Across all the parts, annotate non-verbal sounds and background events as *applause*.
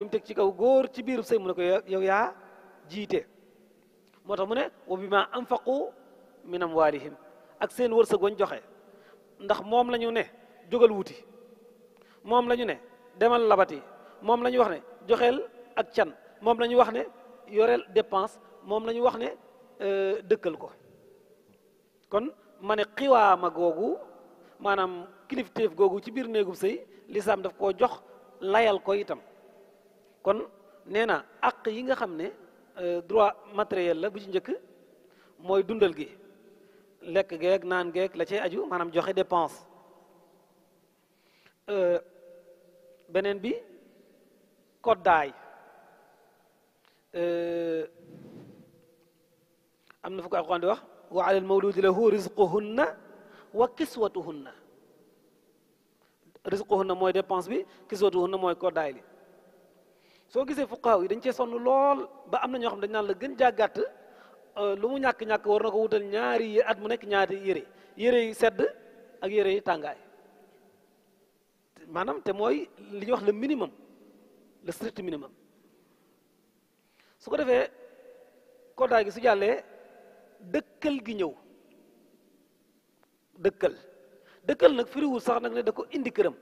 bi mu teg ci kaw góor ci biiru sëy mu ne ko yow yaa jiite moo tax mu ne wa bi ma anfaqu min amwaalihim ak seen wërsëg joxe ndax moom lañu ne jógal wuti moom la ñu ne demal labati moom la wax ne joxeel ak can moom la ñu wax ne yoreel dépense moom la wax ne euh, dëkkal ko kon ma ne xiwaama googu maanaam kilifteef googu ci biir néegub sëy lisaam daf koo jox layal ko itam kon nee na àq yi nga xam ne euh, droit matériel la bu ci njëkk mooy dundal gi lekk geeg naan geeg la cay aju maanaam joxe dépense euh, beneen bi koddaay euh, am na fu ko alquran di wax wa ala almawludi lahu rizquhunna wa kiswatuhunna na mooy dépense bi na mooy koddaay li soo gisee fuqaaw yi dañ cee sonn lool ba am na ñoo xam dañ naan la gën jàggatt euh, lu mu ñàkk-ñàkk war na ko wutal ñaari at mu nekk ñaari yére yére yi sedd ak yére yi tàngaay maanaam te mooy li ñuy wax le minimum le strict minimum su ko defee koddaay gi su jàllee dëkkal gi ñëw dëkkal dëkkal nag firiwul sax nag ne da ko indi këram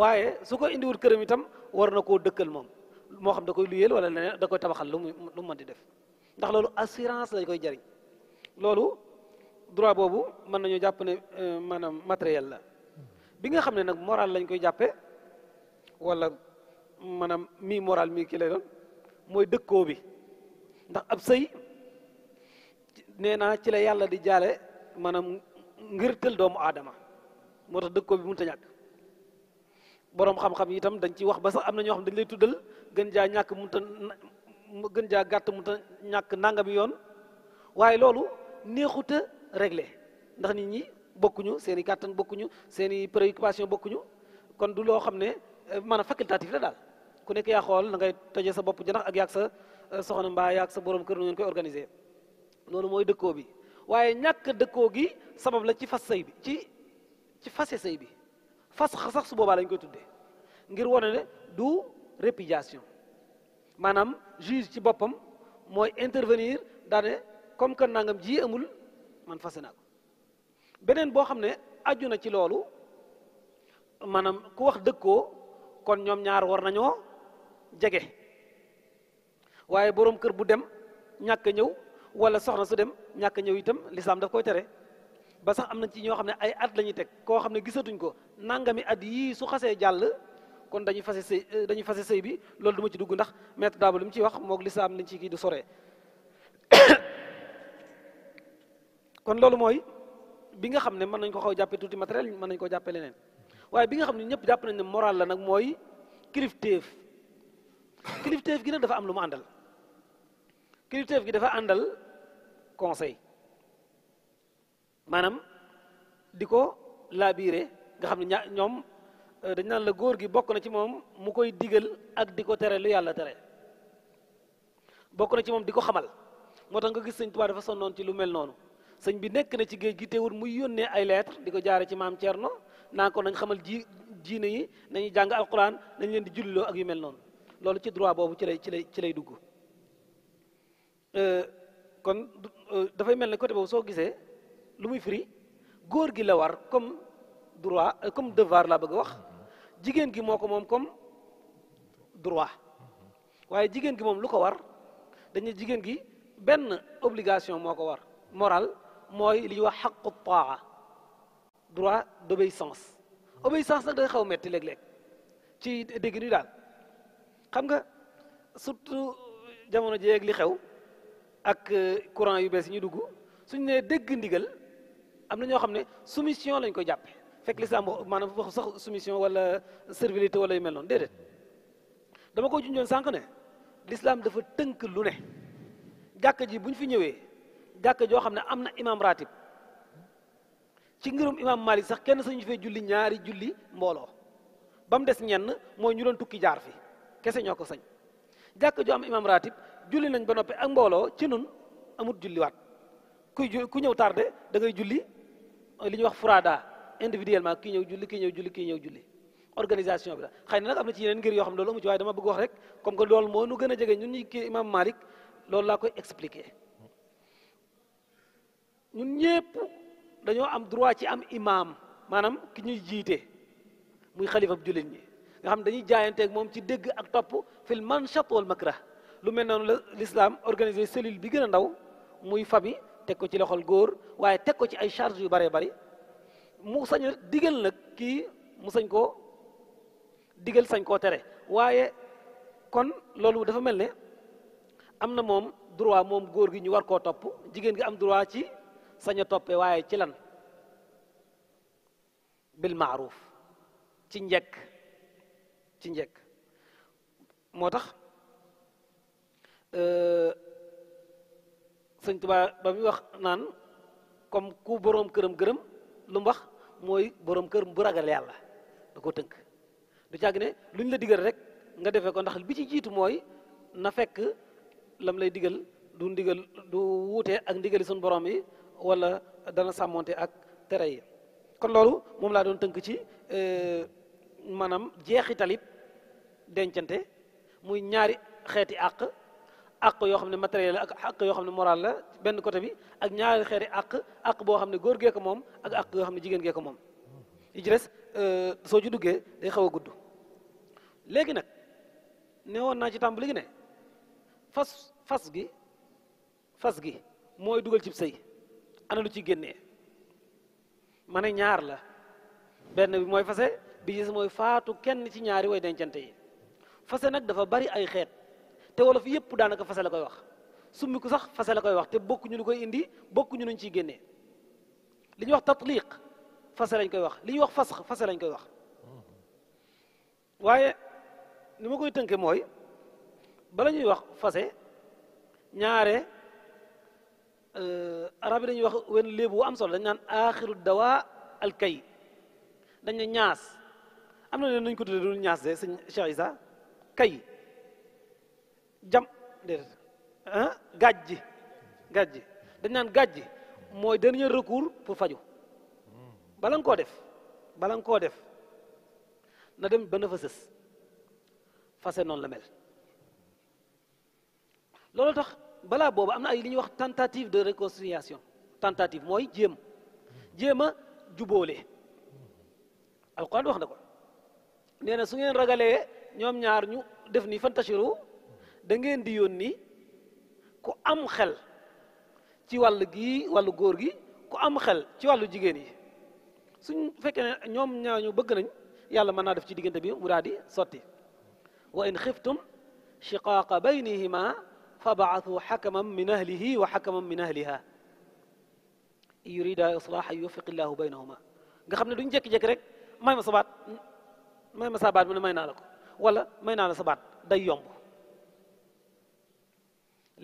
waaye su ko indiwul këram itam war na koo dëkkal moom moo xam da koy luyeel wala leneen da koy tabaxal lu mu lu mu mën def ndax loolu assurance lañ koy jariñ loolu droit boobu mën nañu jàpp ne euh, maanaam matériel la bi nga xam ne nag moral lañ koy jàppe walla maanaam mi moral mi ki mooy dëkkoo bi ndax ab sëy nee naa ci la yàlla di jaale maanaam tël doomu aadama moo tax dëkkoo bi mun a ñàkk boroom xam-xam yi itam dañ ci wax ba sax am na ñoo xam dañ lay tuddal gën jaa ñàkk munta gën jaa gàtt munta ñàkk nangami yoon waaye loolu neexut a ndax nit ñi bokkuñu seen i kàttan bokkuñu seeni i bokkuñu kon du loo xam ne eh, maanaam facultatif la daal ku nekk yaa xool na ngay toje sa bopp janax ak yaag sa eh, soxna mbaa yaag sa boroom kër nu ngeen koy organiser loolu mooy dëkkoo bi waaye ñàkk dëkkoo gi sabab la ci fas say bi ci ci fase sëy bi fas sax su boobaa lañ koy tuddee ngir wane ne du répudiation maanaam juge ci boppam mooy intervenir daane comme que nangam ji amul man fase naa ko beneen boo xam ne aju na ci loolu maanaam ku wax dëkkoo kon ñoom ñaar war nañoo jege waaye boroom kër bu dem ñàkk ñëw wala soxna su dem ñàkk ñëw itam lislaam daf koy tere ba sax am na ci ñoo xam ne ay at la ñuy teg koo xam ne gisatuñ ko nangami at yii su xasee jàll kon dañuy fase sëy euh, dañuy fase sëy bi loolu du ma ci dugg ndax maître Dabo li mu ciy wax moog li lañ ci kii du soree *coughs* kon loolu mooy bi nga xam ne mën nañ ko xaw jàppee tuuti matériel mën nañ ko jàppee leneen waaye bi nga xam ne ñëpp jàpp nañ ne moral la nag mooy kilifteef kilifteef gi nag dafa am lu mu àndal kilifteef gi dafa àndal conseil maanaam di ko laabiire nga xam ne ña ñoom Euh, dañ naan la góor gi bokk na ci moom mu koy digal ak di ko tere lu yàlla tere bokk na ci moom di ko xamal moo tax nga gis sëñ Tuubaa dafa sonnoon lu mel noonu sëñ bi nekk na ci géej gi teewul muy yónnee ay lettre di ko jaare ci maam Thierno naa ko nañ xamal jii diine yi nañu jàng alquran nañ leen di julliloo ak yu mel noonu loolu ci droit boobu ci lay ci lay ci lay dugg euh, kon euh, dafay mel ne côté boobu soo gisee lu muy firi góor gi la war comme droit comme devoir laa bëgg a wax jigéen gi moo ko moom comme droit waaye jigéen gi moom lu ko war dañu jigéen gi benn obligation moo ko war moral mooy li ñuy wax xaqu taa droit d'obéissance obéissance nag day xaw metti léeg-léeg ci dégg ni daal xam nga surtout jamono jeeg li xew ak euh, courant yu bees yi ñu dugg suñ nee dégg ndigal am na ñoo xam ne soumission lañ koy jàppe fekk lislaam maanaam wax sax soumission wala servilité wala yu mel noonu déedéet dama ko junjoon sànq ne lislaam dafa tënk lu ne jàkka ji bu ñu fi ñëwee jàkka joo xam ne am na imaam ratib ci ngirum imaam Malik sax kenn sañu fee julli ñaari julli mbooloo ba mu des ñenn mooy ñu doon tukki jaar fi kese ñoo ko sañ jàkka joo am imaam ratib julli nañ ba noppee ak mbooloo ci nun amut julliwaat kuy ku ñëw tardé da julli li wax furaada individuellement kii ñëw julli kii ñëw julli kii ñëw julli organisation bi la xëy na nag ci yeneen ngir yoo xam ne loolu ci waaye dama bëgg wax rek comme que loolu moo nu gën jege ñun ñi kii imam Malik loolu laa koy expliqué ñun ñëpp dañoo am droit ci am imam maanaam ki ñuy jiite muy xalifa bu jullit ñi nga xam dañuy jaayanteeg moom ci dégg ak topp fil manshat wal makrah lu mel noonu l'islam organisé cellule bi gën ndaw muy famille teg ko ci loxol góor waaye teg ko ci ay charge yu bëree bëri mu sañ a digal nag kii mu sañ koo digal sañ koo tere waaye kon loolu dafa mel ne am na moom droit moom góor gi ñu war koo topp jigéen gi am droit ci sañ toppe waaye ci lan bil maaruf ci njekk ci njekk moo tax euh, sëñ Tuubaa ba muy wax naan comme ku boroom këram gërëm lu mu wax mooy borom kër bu ragal yàlla da ko tënk du càgg ne lu ñu la digal rek nga defee ko ndax bi ci jiitu mooy na fekk lam lay digal du diggal du wuute ak ndigali suñu borom yi wala dana sàmmoonte ak tere yi kon loolu moom laa doon tënk ci euh, maanaam jeexitalib dencante muy ñaari xeeti àq àq yoo xam ne matériel la ak àq yoo xam ne moral la benn côté bi ak ñaari yi àq àq boo xam ne góor gee ko moom ak àq yoo xam ne jigéen gee ko moom euh, soo ci duggee day xaw a gudd léegi nag ne woon naa ci tàmbali gi ne fas fas gi fas gi mooy dugal ci sëy ana lu ci génnee ma ñaar la benn bi mooy fase bi gis mooy faatu kenn ci ñaari way dencante yi fase nag dafa bari ay xeet te wolof yépp daanaka fase la koy wax summi ko sax fase la koy wax te bokkuñu lu koy indi bokkuñu luñ ciy génnee li ñuy wax tatliq fase lañ koy wax li wax fas fase lañ koy wax waaye ni ma koy tënkee mooy bala ñuy wax fase ñaare euh, arab yi dañuy wax wenn léebu am solo dañ naan aaxiru dawa alkay dañ ne ñaas am na ne nañ ko tudde dul ñaas de sëñ Cheikh Isa kay jam déedéet ah gàjji gàjji dañ naan gàjji mooy dernier recours pour faju bala nga koo def bala koo def na dem ba na fa sës fase noonu la mel loolu tax balaa boobu am na ay li ñuy wax tentative de réconciliation tentative mooy jéem jéem a jubóole alquran wax na ko nee na su ngeen ragalee ñoom ñaar ñu def ni fantashiru da ngeen di yónni ku am xel ci wàllu gii wàllu góor gi ku am xel ci wàllu jigéen yi suñ fekkee ne ñoom ñaañu bëgg nañ yàlla mën naa def ci diggante bi mu daal di sotti wa in xiftum shiqaaqa baynihima fa baatu xakaman min ahlihi wa xakaman min ahliha in yurida islaaha yuwaffiq illaahu baynahuma nga xam ne duñ jékki-jékki rek may ma sa baat may ma sa baat mu ne may naa la ko wala may naa la sa day yomb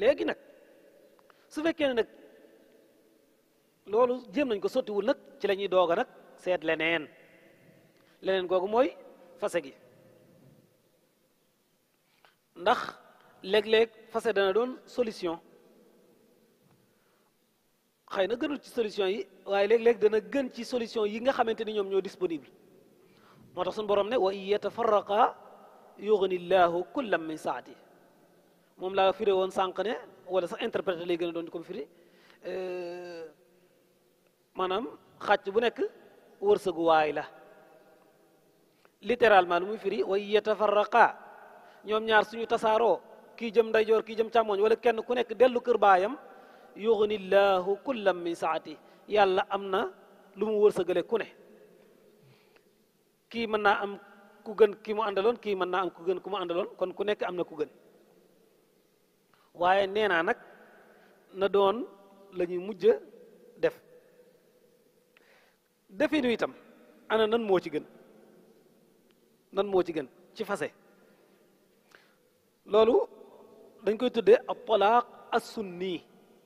léegi nag su fekkee ne nag loolu jëm nañ ko sottiwul nag ci la ñuy doog nag seet leneen leneen googu mooy fase gi ndax léeg-léeg fase dana doon solution xëy na gënul ci solution yi waaye léeg-léeg dana gën ci solution yi nga xamante ni ñoom ñoo disponible moo tax suñu borom ne wa in yatafarraqa yughni llahu kullam min saati moom laa firi woon sànq ne wala sa interprété lay gën doon di ko firi euh, maanaam xàcc bu nekk wërsëgu waay la littéralement lu muy firi way yatafarraqa ñoom ñaar suñu tasaaroo kii jëm ndeyjoor kii jëm càmmoñ wala kenn ku nekk dellu kër baayam yuxnillahu kullam min saati yàlla am na lu mu wërsëgale ku ne kii mën naa am ku gën ki mu àndaloon kii mën naa gën ku mu àndaloon kon ku nekk am na ku gën waaye nee naa nag na doon lañuy ñuy mujj def definu itam ana nan moo ci gën nan moo ci gën ci fase loolu dañ koy tuddee ab talaaq as-sunni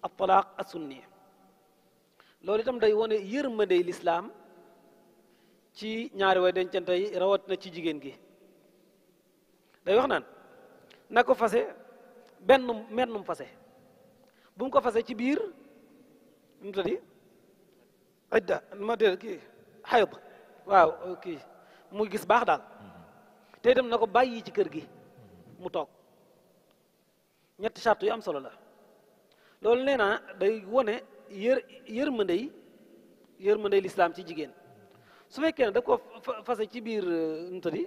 ab talaaq as-sunni loolu itam day wone yërmandey lislaam ci ñaari way dencante yi rawat na ci jigéen gi day wax naan ko fase bennum mennum fase bu mu ko fase ci biir mu tëddi idda ma dé kii xayob waaw mu gis baax daal te itam na ko bàyyi ci kër gi mu toog ñetti charte yu am solo la loolu nee naa day wone yër yërmande yi yërmande lislaam ci jigéen su fekkee ne da ko fase ci biir nu tëddi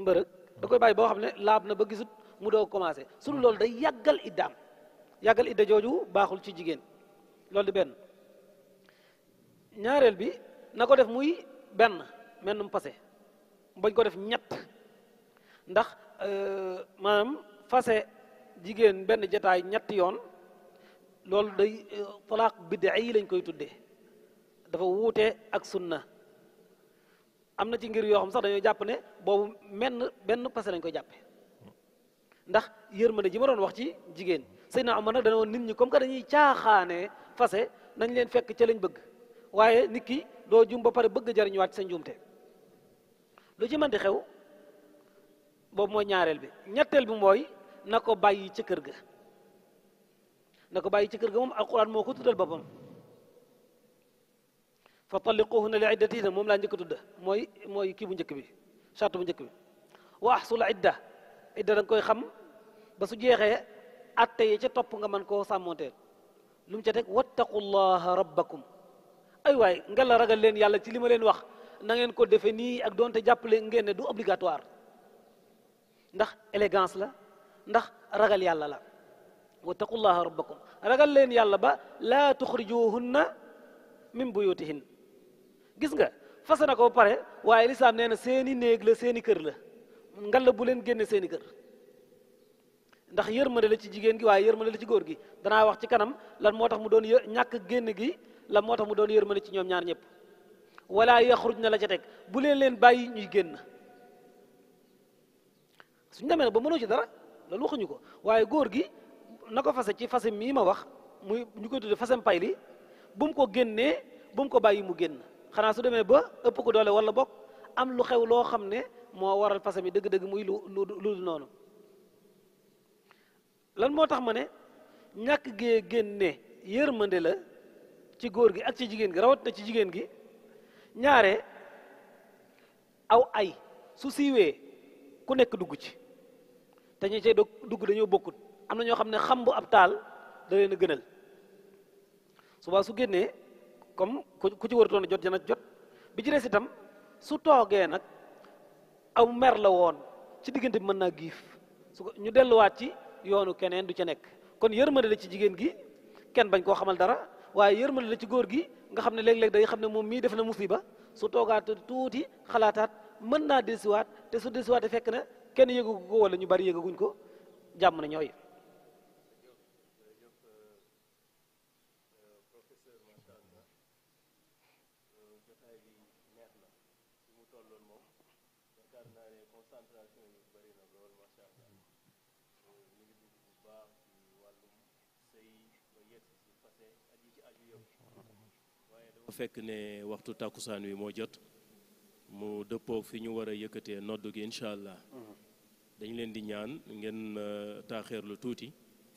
mbërëg da koy bàyyi boo xam ne laab na ba gisut mu doog commencé su dul loolu day yàggal iddaam yàggal idda jooju baaxul ci jigéen loolu di benn ñaareel bi na ko def muy benn menn passé bañ ko def ñett ndax euh, maanaam fase jigéen benn jataay ñetti yoon loolu day euh, talaaq bidda yi lañ koy tuddee dafa wuute ak sunna am na ci ngir yoo xam sax dañoo jàpp ne boobu menn benn passé lañ koy jàppe ndax yërmande ji ma doon wax ci jigéen Seydina Omar nag dana woon nit ñi comme que dañuy caaxaane fase nañ leen fekk ca lañ bëgg waaye nit ki doo jum ba pare bëgg jariñ waat sa njuumte lu ci mën di xew boobu mooy ñaareel bi ñetteel bi mooy na ko bàyyi ci kër ga na ko bàyyi ci kër ga moom alquran moo ko tuddal boppam fa talliquhunna li iddatihinna moom laa njëkk tudda mooy kii bu njëkk bi charte bu njëkk bi wa ahsul idda idda da nga koy xam ba su jeexee atte yi ca topp nga mën koo sàmmonteel lu mu ca teg wattaqullaha rabbakum ay waay nga la ragal leen yàlla ci li ma leen wax nangeen ngeen ko defee nii ak doonte jàppale ngeen ne du obligatoire ndax élégance la ndax ragal yàlla la wattaqullaha rabbakum ragal leen yàlla ba laa na min buyutihin gis nga fase na ko pare waaye lislaam nee na seeni néeg la seeni kër la ngal la bu leen génne seeni kër ndax yërmande la ci jigéen gi waaye yërmande la ci góor gi danaa wax ci kanam lan moo tax mu doon ñàkk génn gi lan moo tax mu doon yërmande ci ñoom ñaar ñëpp wala yaxruj na la ca teg bu leen leen bàyyi ñuy génn suñ demee ba mënoo ci dara loolu waxuñu ko waaye góor gi na ko fase ci fase mii ma wax muy ñu koy tudde fasem pay li bu mu ko génnee bu mu ko bàyyi mu génn xanaa su demee ba ëpp ko doole wala bokk am lu xew loo xam ne moo waral fase mi dëgg-dëgg muy lu lu lu noonu lan moo tax ma ne ñàkk gee génne yërmande la ci góor gi ak ci jigéen gi rawat na ci jigéen gi ñaare aw ay su siiwee ku nekk dugg ci te ñi cay dugg dañoo bokkut am na ñoo xam ne xam bu ab taal daleen a gënal subaa su génnee comme ku ci waratoon a jot dana jot bi ci des tam su toogee nag aw mer la woon ci diggante mën naa giif su ñu delluwaat ci yoonu keneen du ca nekk kon yërmande la ci jigéen gi kenn bañ koo xamal dara waaye yërmande la ci góor gi nga xam ne léeg-léeg day xam ne moom mii def na musiba su toogaat tuuti xalaataat mën naa desiwaat te su desiwaatee fekk na kenn yëgagu ko wala ñu bari yëgaguñ ko jàmm na ñooy fekk ne waxtu tàkkusaan wi moo jot mu dëppoog fi ñu war a yëkkatee noddu gi incha allah dañ leen di ñaan ngeen euh, taaxeerlu tuuti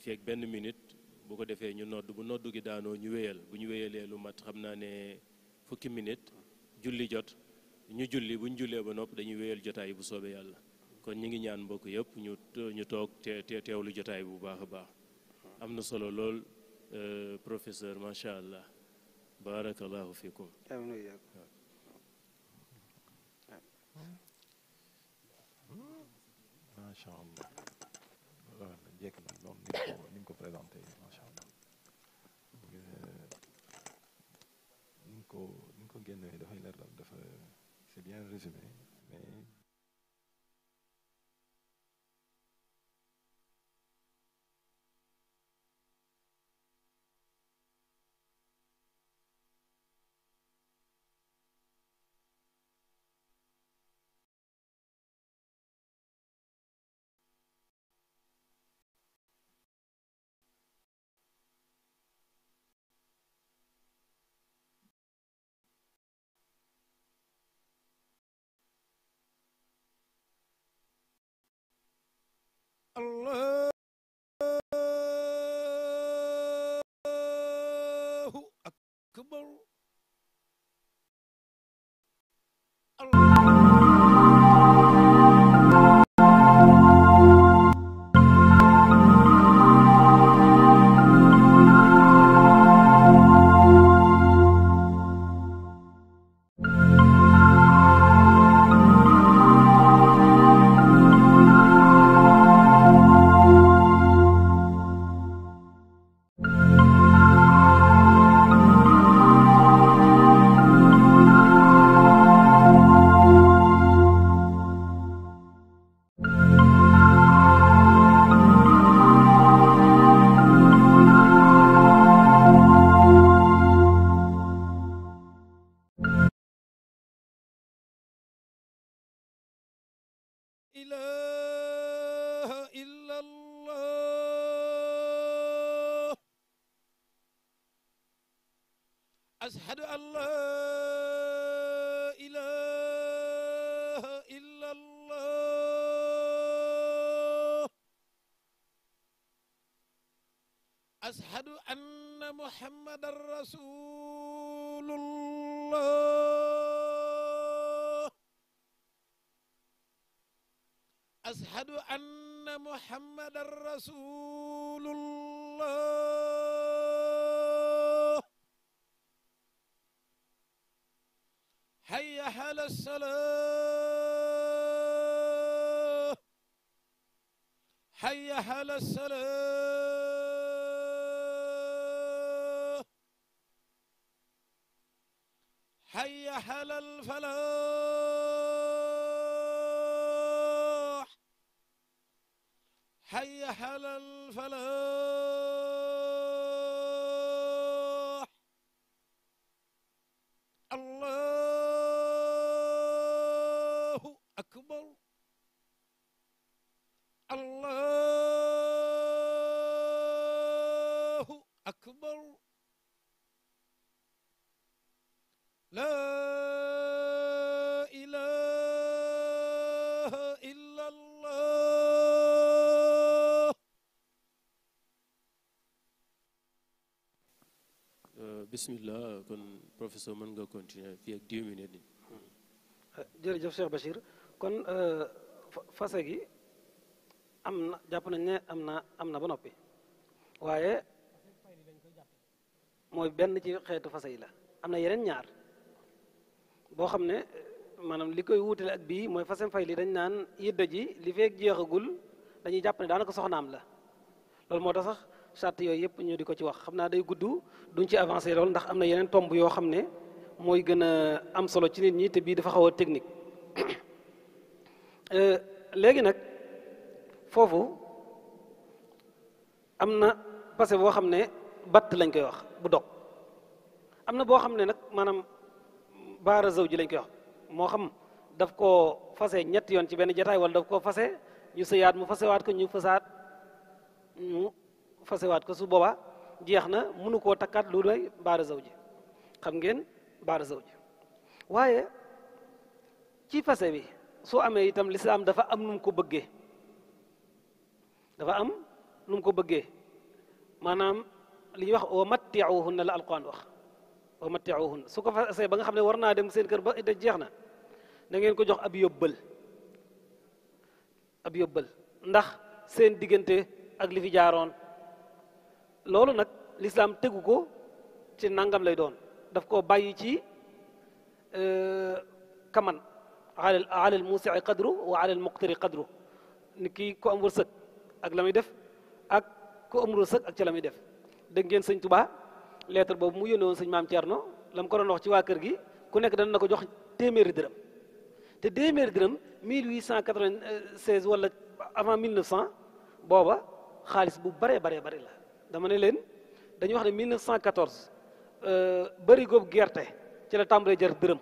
fi benn minute bu ko defee ñu nodd bu noddu gi daanoo ñu wéyal bu ñu wéyalee lu mat xam naa ne fukki minute julli jot ñu julli bu ñu jullee ba nopp dañu wéyal jotaay bu soobee yàlla kon ñu ngi ñaan mbokk yëpp ñu ñu toog te teewlu jotaay bu baax a baax am na solo lool euh, professeur macha allah Barakallahu fikum. Amin ve Maşallah. Öğrenecek mi? Nimko, nimko prezante. Maşallah. Ee, nimko, nimko gene dafaylarda dafa c'est bien résumé. Allah أشهد ان محمد رسول الله اشهد ان محمد رسول الله هيا على الصلاه هيا على الصلاه رحل الفلاح حي على الفلاح bismillah kon professeur mën nga continuer fii ak 10 minutes yi. Euh, jërëjëf Cheikh Bachir kon euh, fase gi am na jàpp nañ ne am na am na ba noppi waaye mooy benn ci xeetu fase yi la am na yeneen ñaar boo xam ne euh, maanaam li koy wuutale ak bii mooy fasem fay li dañ naan yidda ji li feek jeexagul dañuy jàpp ne daanaka soxnaam la loolu moo tax sax charte yooyu yëpp ñu di ko ci wax xam naa day gudd duñ ci avancé lool ndax am na yeneen tomb yoo xam ne mooy gën a am solo ci nit ñi te bii dafa xaw a technique *coughs* euh, léegi nag foofu am na passé boo xam ne batt lañ koy wax bu dog am na boo xam ne nag maanaam baara zaw ji lañ koy wax moo xam daf koo fase ñetti yoon ci benn jataay wala daf koo fase ñu sëyaat mu fasewaat ko ñu fasaat ñu fasewaat ko su boobaa jeex na mënu koo takkaat lu doy baara zaw xam ngeen baara zaw waaye ci fase bi su amee itam lislaam dafa am nu mu ko bëggee dafa am nu ko bëggee maanaam li ñuy wax wa mattiuhunna la alquran wax wa mattiuhunna su ko fasee ba nga xam ne war naa dem seen kër ba ite jeex na na ngeen ko jox ab yóbbal ab yobbal ndax seen diggante ak li fi jaaroon lolu nak l'islam tegu ci nangam lay doon daf ko bàyyi ci euh kaman ala ala al musi qadru wa ala al muqtiri qadru niki ko am wursak ak lamuy def ak ko am wursak ak ci lamuy def deug ngeen seigne touba lettre bobu mu yónnee woon sëñ maam Thierno la ko don wax ci wa keur gi ku nek dan nako jox téeméeri dërëm te téeméeri dërëm 1896 wala avant 1900 boba khalis bu bare bare bare la dama ne leen dañuy wax ne 1914 euh, bëri góob gerte ci la tàmbalee jar dërëm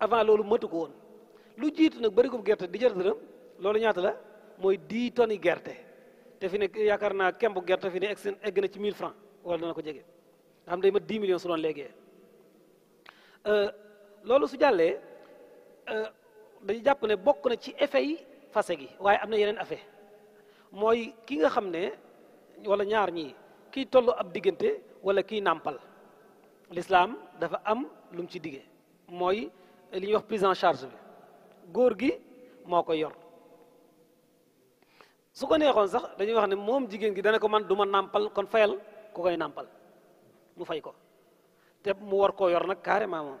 avant loolu matu ko woon lu jiitu nag bëri góob gerte di jar dërëm loolu ñaata la mooy 10 tonnes gerte te fi ne yaakaar naa kemb gerte fi ne egg seen egg na ci 1000 francs wala dana ko jege nga xam day mat 10 millions su doon léegi euh, loolu su jàllee euh, dañu jàpp ne bokk na ci effet yi fase gi waaye am na yeneen effet mooy ki nga xam ne. wala ñaar ñii kii tollu ab diggante wala kii nàmpal lislaam dafa am lum ci digee mooy li ñuy wax prise en charge bi góor gi moo ko yor su ko neexoon sax dañuy wax ne moom jigéen gi dana ko man du ma nàmpal kon fayal ku koy nàmpal mu fay ko te mu war koo yor nag carrément moom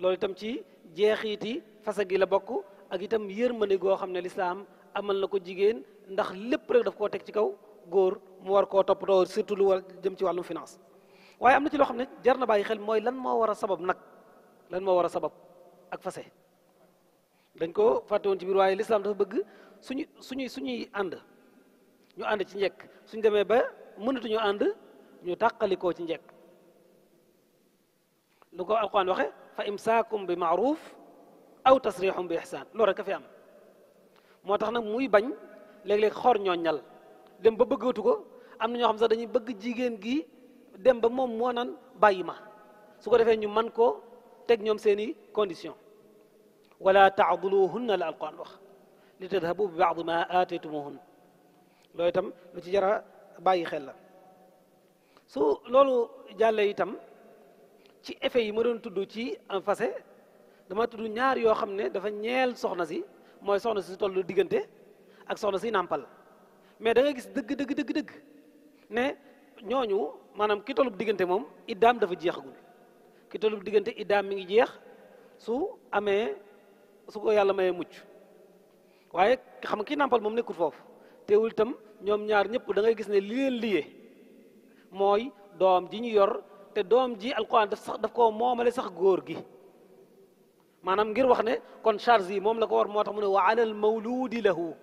loolu itam ci jeexiiti fasa gi la bokk ak itam yërmande goo xam ne lislaam amal na ko jigéen ndax lépp rek daf koo teg ci kaw góor mu war koo toppatoo surtout lu war jëm ci wàllum finance waaye am na ci loo xam ne jar na bàyyi xel mooy lan moo war a sabab nag lan moo war a sabab ak fase dañ ko fàtte woon ci biir waaye lislaam dafa bëgg suñu suñuy suñuy ànd ñu ànd ci njekk suñ demee ba mënatuñu ànd ñu tàqalikoo ci njekk lu ko alquran waxe fa imsaakum bi maaruf aw tasrixum bi ihsaan loolu rek a fi am moo tax nag muy bañ léeg-léeg xor ñooñal dem ba bëggatu ko am na ñoo xam sax dañuy bëgg jigéen gi dem ba moom moo naan bàyyi ma su ko defee ñu man ko teg ñoom seen i condition wala taaduluhunna la alquran wax li tadhabu bi baadi ma aataytumuhun loolu itam lu ci jara bàyyi xel la su loolu jàllee itam ci effet yi ma doon tudd ci en face dama tudd ñaar yoo xam ne dafa ñeel soxna si mooy soxna si su tollu diggante ak soxna si nàmpal mais da nga gis dëgg dëgg dëgg dëgg ne ñooñu maanaam ki tolub diggante moom iddaam dafa jeexagul ki tolub diggante iddaam mi ngi jeex su amee su ko yàlla mayee mucc waaye xam nga ki nàmpal moom nekkul foofu teewul itam ñoom ñaar ñëpp da ngay gis ne li leen liyee mooy doom ji ñu yor te doom ji alquran daf ko moomale sax góor gi maanaam ngir wax ne kon charge yi moom la ko war moo tax mu ne wa alal mawluudi lahu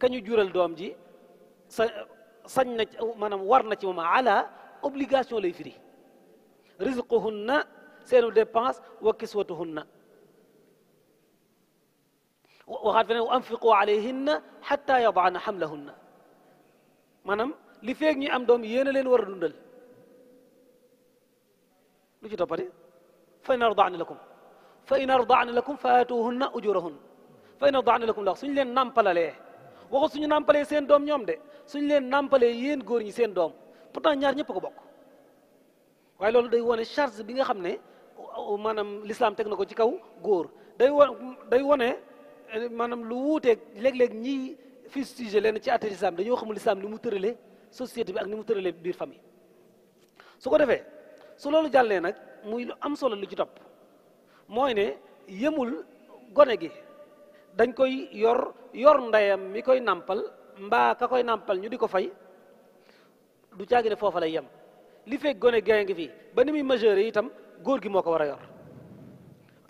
kañu jural doom ji sañ na maanaam war na ci moom ala obligation lay firi rizquhunna seenu dépense wa kiswatuhunna waxaat feneen wa anfiqu alayhinna xatta yadaana xamlahunna maanaam li feeg ñuy am doom yéen a leen war a dundal lu ci toppati fa in ardaana lakum fa in ardaana lakum fa aatuhunna ujurahun fa in ardaana lakum la suñ leen nàmpalalee waxu suñu nàmpalee seen doom ñoom de suñ leen nàmpalee yéen góor ñi seen doom pourtant ñaar ñëpp ko bokk waaye loolu day wone charge bi nga xam ne maanaam l'islam teg na ko ci kaw góor day won day wone maanaam lu wuuteeg léeg-léeg ñiy fustiger leen ci atte l'islam dañoo xamul l'islam ni mu tërale société bi ak ni mu tërale biir famille su ko defee su loolu jàllee nag muy lu am solo lu ci topp mooy ne yemul gone gi dañ koy yor yor ndeyam mi koy nàmpal mbaa ka koy nàmpal ñu di ko fay du caagi ne foofa lay yem li fekk gone gaye ngi fii ba ni muy majeur itam góor gi moo ko war a yor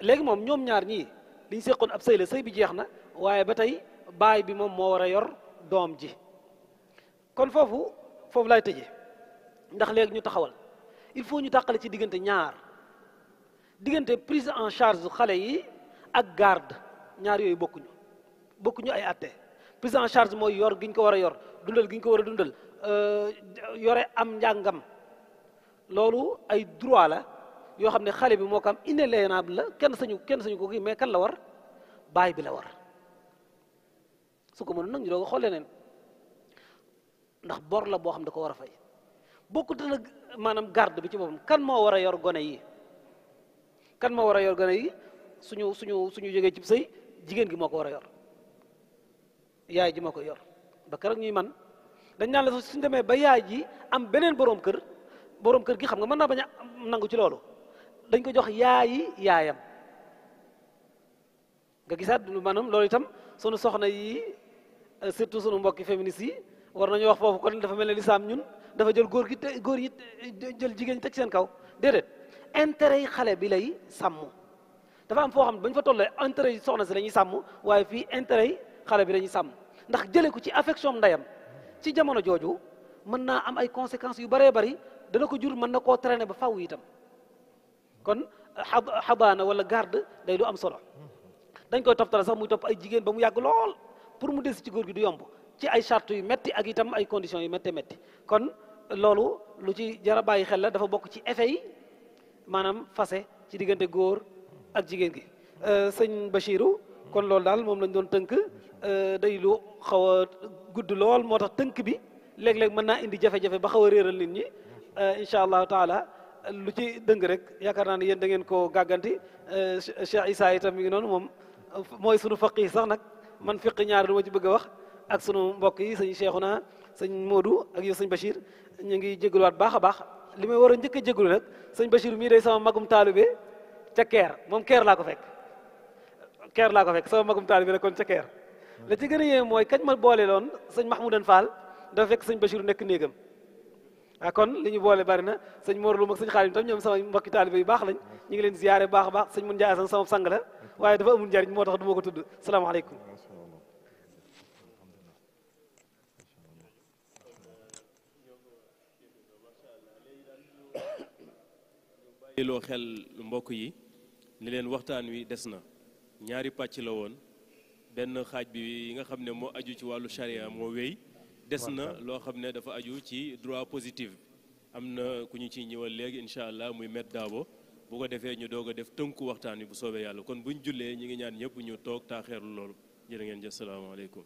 léegi moom ñoom ñaar ñi liñ seqoon ab sëy la sëy bi jeex na waaye ba tey baay bi moom moo war a yor doom ji kon foofu foofu lay tëje ndax léegi ñu taxawal il faut ñu tàqale ci diggante ñaar diggante prise en charge xale yi ak garde ñaar yooyu bokkuñu bokkuñu ay atte prise en charge mooy yor gi ko war a yor dundal giñ ko war a dundal euh, yore am njàngam loolu ay droit la yoo xam ne xale bi moo ko am inaliénable la kenn sañu kenn sañu ko kii mais kan la war baay bi la war su ko mënoon nag ñu doog a xool leneen ndax bor la boo xam da ko war a fay bokkut nag maanaam garde bi ci boppam kan moo war a yor gone yi kan moo war a yor gone yi suñu suñu suñu jógee cib say jigéen gi moo ko war a yor yaay ji mako yor ba ak ñuy man dañ naan la sax suñ demee ba yaay ji am benen borom kër borom kër gi xam nga man na baña nangu ci lolu dañ ko jox yi yaayam nga gisaat manam lolu itam sunu soxna yi euh, surtout sunu mbokk féministe yi war nañu wax fofu kon dafa melni ne ñun dafa jël góor gi te yi euh, jël jigéen tek seen kaw dedet intérêt yi xalé bi lay sammu dafa am fo xam ne bañ fa tollé intérêt yi soxna ci lañuy sammu waye fi intérêt xale bi dañuy sam ndax jëlé ko ci affection ndayam ci jamono jooju mën na am ay conséquences yu bëree bëri dana ko jur mën na ko traîner ba faw itam kon habana wala garde day lu am solo dañ koy tara sax muy top ay jigéen ba mu yàgg lool pour mu dess ci góor gi du yomb ci ay charte yu metti ak itam ay conditions yu metti metti kon loolu lu ci jara a bàyyi xel la dafa bokk ci effet yi maanaam fase ci diggante góor ak jigéen gi euh, Bachirou kon loolu daal moom lañu doon tënk euh, day lu xawa gudd lool moo tax tënk bi léeg-léeg mën naa indi jafe-jafe ba xaw a réeral nit ñi euh, incha allahu taala lu ci dëng rek yaakaar naa ne yéen da ngeen koo gàgganti euh, Cheikh Issa itam mi ngi noonu moom mooy sunu faqih sax nag man fiq ñaar lu ma ci bëgg a wax ak sunu mbokk yi sëñ Cheikhouna sëñ Modou ak yow sëñ Bachir ñu ngi jégaluwaat baax a baax li may war a njëkk a jégalu nag sëñ Bachir mii day sama magum taalibe ca Keer moom Keer laa ko fekk. keer laa ko fekk sama magum taal bi la kon ca keer la ci gën a yéeme mooy kañ ma boole loon sëñ Mahmoudan Fall dafa fekk sëñ Bachir nekk néegam ah kon li ñu boole bari na sëñ Mor Lu mag sëñ Xaadim tam ñoom sama mbokki taalibe yu baax lañ ñu ngi leen ziyaare baax a baax sëñ Mun Njaay Asan sama sang la waaye dafa amul njariñ moo tax du ma ko tudd salaamaaleykum loo xel mbokk yi ni leen waxtaan wi des na ñaari pàcc la woon benn xaaj bi yi nga xam ne moo aju ci wàllu charia moo wéy des na loo xam ne dafa aju ci droit positive bi am na ku ñu ci ñëwal léegi incha allah muy met daabo bu ko defee ñu doog a def tënku waxtaan wi bu soobee yàlla kon ñu jullee ñu ngi ñaan ñëpp ñu toog taaxeerlu loolu jërë ngeen jëf salaamaaleykum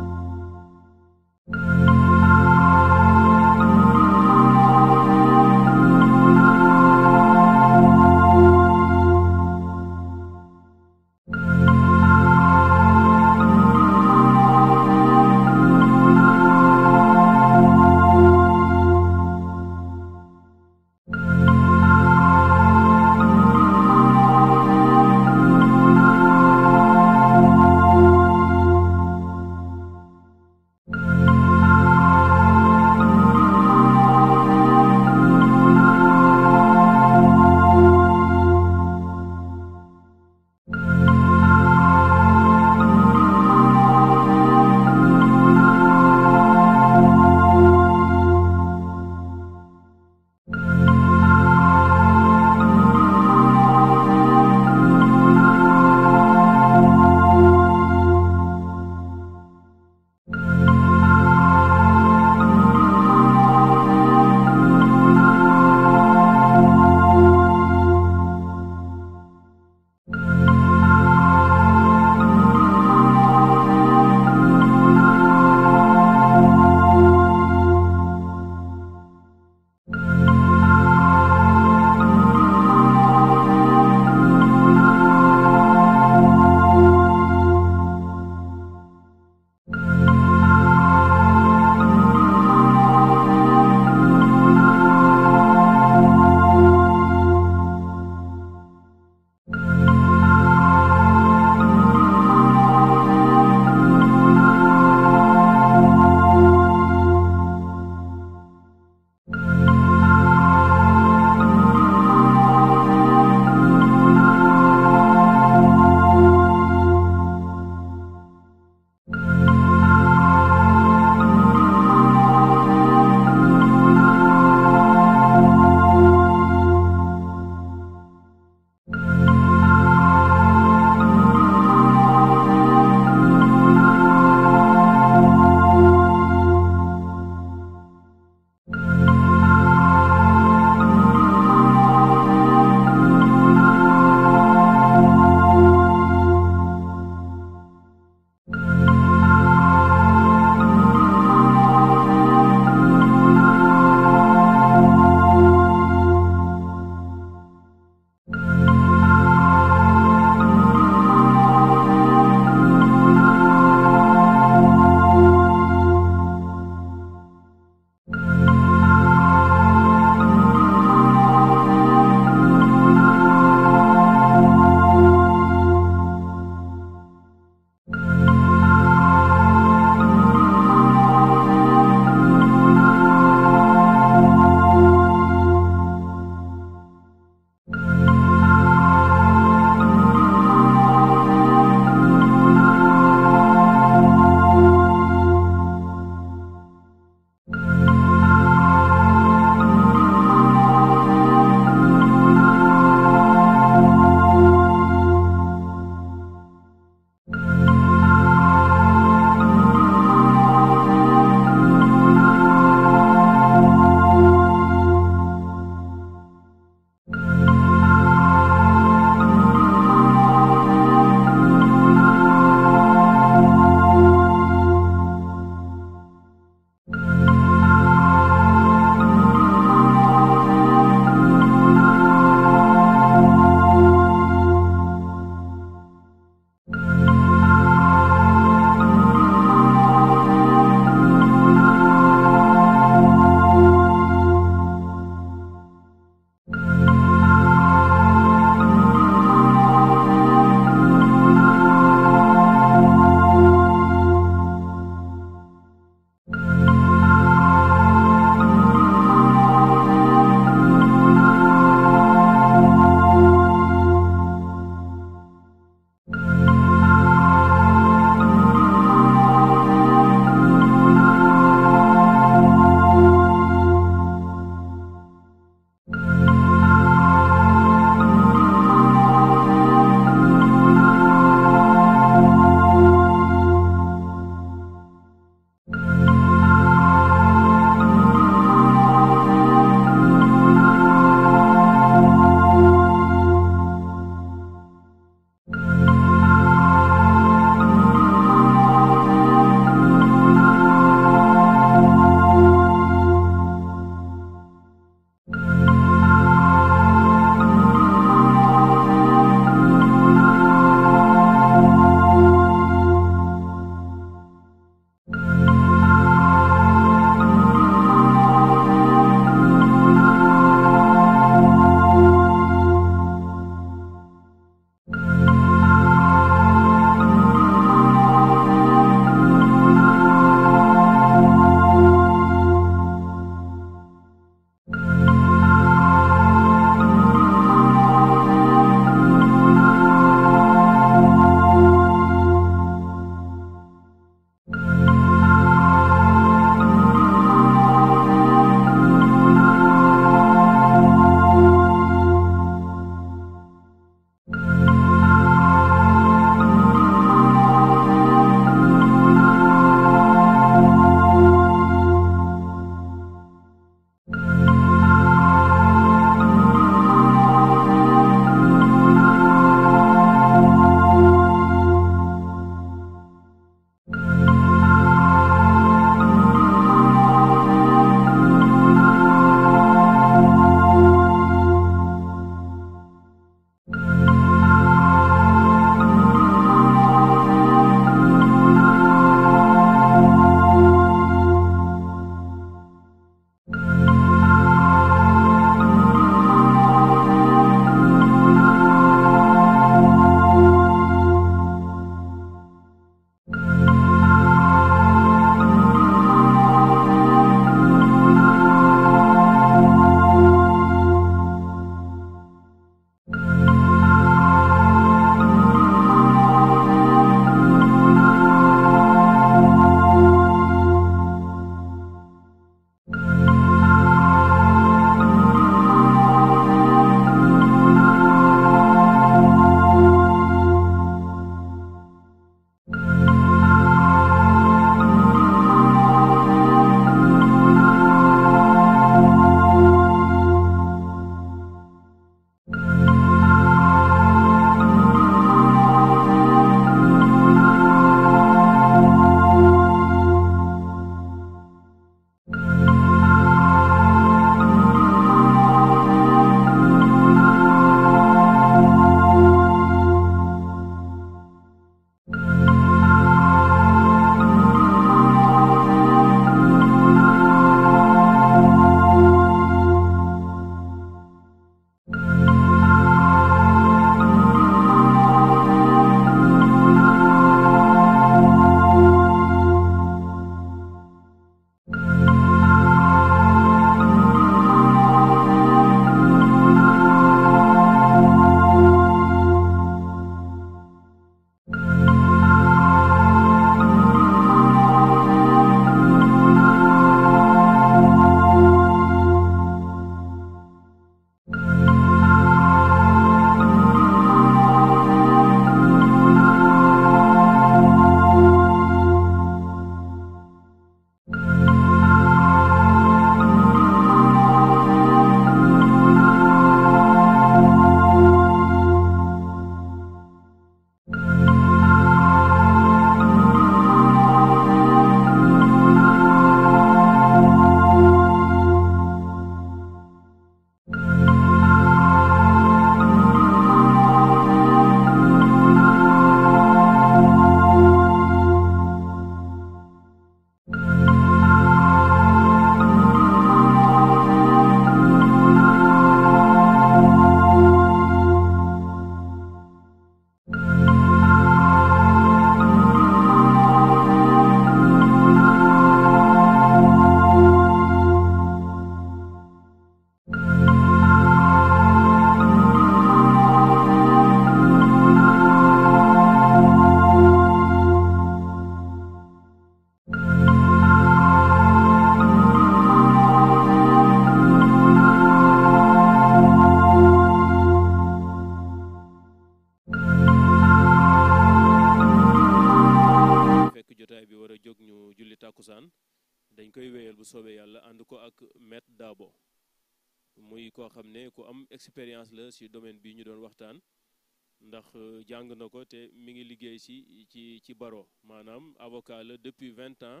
ci ci ci baro maanaam avocat la depuis vingt ans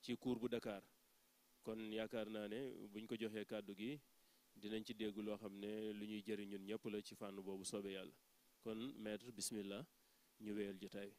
ci cour bu dakar kon yaakaar naa ne buñ ko joxee kàddu gi dinañ ci dégg loo xam ne lu ñuy jëri ñun ñëpp la ci fànn boobu soobe yàlla kon maître bismillah ñu wéyal jotaay bi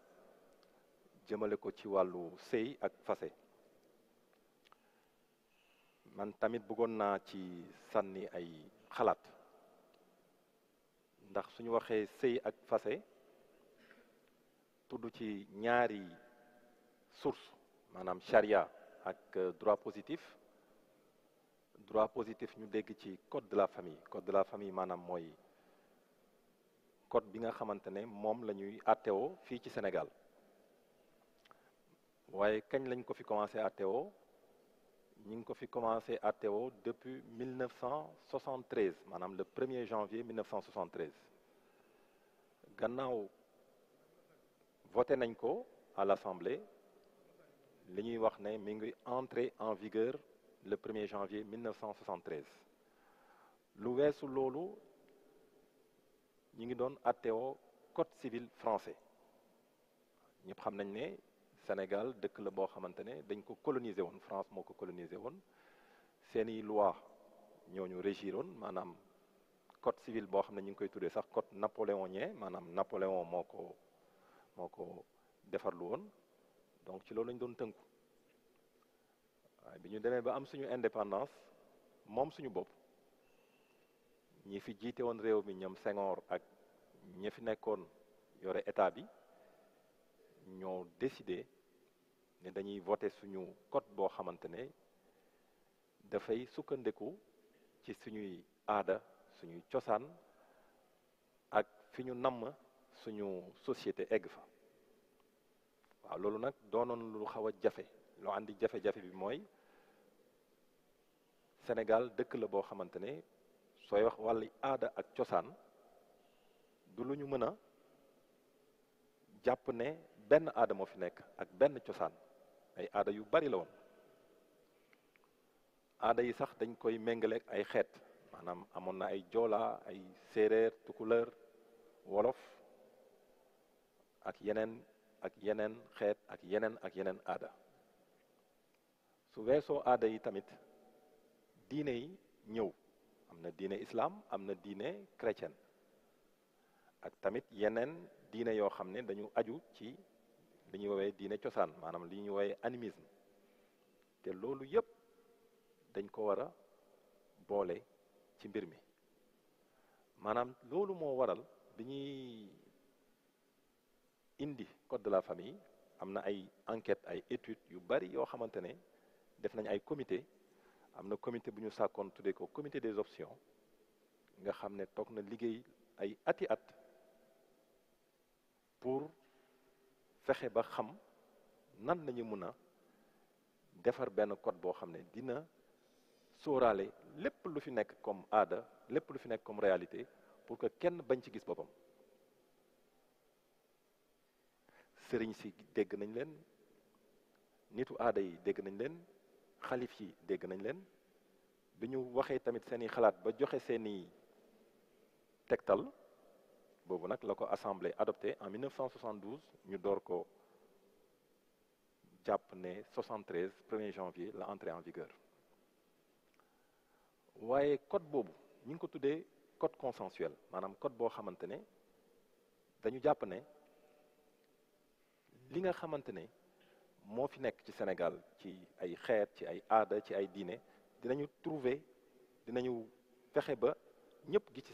jëmale ko ci wàllu sëy ak fase man tamit bëggoon naa ci sànni ay xalaat ndax suñu waxee sëy ak fase tudd ci ñaari source maanaam charia ak euh, droit positif droit positif ñu dégg ci code de la famille code de la famille maanaam mooy code bi nga xamante ne moom la ñuy àttewoo fii ci Sénégal quand quand lañ ko commencé à théo, nous avons commencé à théo depuis 1973 madame, le 1er janvier 1973 gannaaw voté à l'Assemblée li wax en vigueur le 1er janvier 1973 lu weesu à ñu code civil français Nous xam Sénégal dëkk la boo xamante ne dañ ko coloniser woon France moo ko coloniser woon seeni loi ñooñu régiroon maanaam code civil boo xam ne ñu ngi koy tuddee sax code ñee maanaam Napoléon moo ko moo ko defarlu woon donc ci loolu lañ doon tënku waaye bi ñu demee ba am suñu indépendance moom suñu bopp ñi fi jiite woon réew mi ñoom sengoor ak ñi fi nekkoon yore état bi ñoo décidé ne dañuy voté suñu code boo xamante ne dafay sukkandiku ci suñuy aada suñuy cosaan ak fi ñu namm suñu société egg fa waaw loolu nag doonoon lu xaw a jafe loo andi jafe-jafe bi mooy Sénégal dëkk la boo xamante ne sooy wax wàllu aada ak cosaan du lu ñu mën a jàpp ne benn aada moo fi nekk ak benn cosaan ay aada yu bari la woon aada yi sax dañ koy méngaleek ay xeet maanaam amoon na ay joola ay séeréer tukulër wolof ak yeneen ak yeneen xeet ak yeneen ak yeneen aada su weesoo aada yi tamit diine yi ñëw am na diine islaam am na diine chrétienne ak tamit yeneen diine yoo xam ne dañu aju ci li ñuy woowee diine cosaan maanaam li ñuy woowee animisme te loolu yëpp dañ ko war a boole ci mbir mi maanaam loolu moo waral bi indi code de la famille am na ay enquête ay étude yu bari yoo xamante ne def nañ ay comité am comité bu ñu sàkkoon tuddee ko comité des options nga xam ne toog na liggéey ay ati at pour fexe ba xam nan lañu mun a defar benn code boo xam ne dina sóoraale lépp lu fi nekk comme aada lépp lu fi nekk comme réalité pour que kenn bañ ci gis boppam sëriñ si dégg nañ leen nitu aada yi dégg nañ leen xalif yi dégg nañ leen bi ñu waxee tamit seeni xalaat ba joxe seeni tegtal bobu nak lako assemblée en 1972 ñu dor ko 73 1er janvier la entrée en vigueur waye code Bobu, ko code consensuel manam code bo dañu j'app ne li nga fi ci Sénégal ci ay xéet ci ay aada ci ay dinañu trouver dinañu ba ci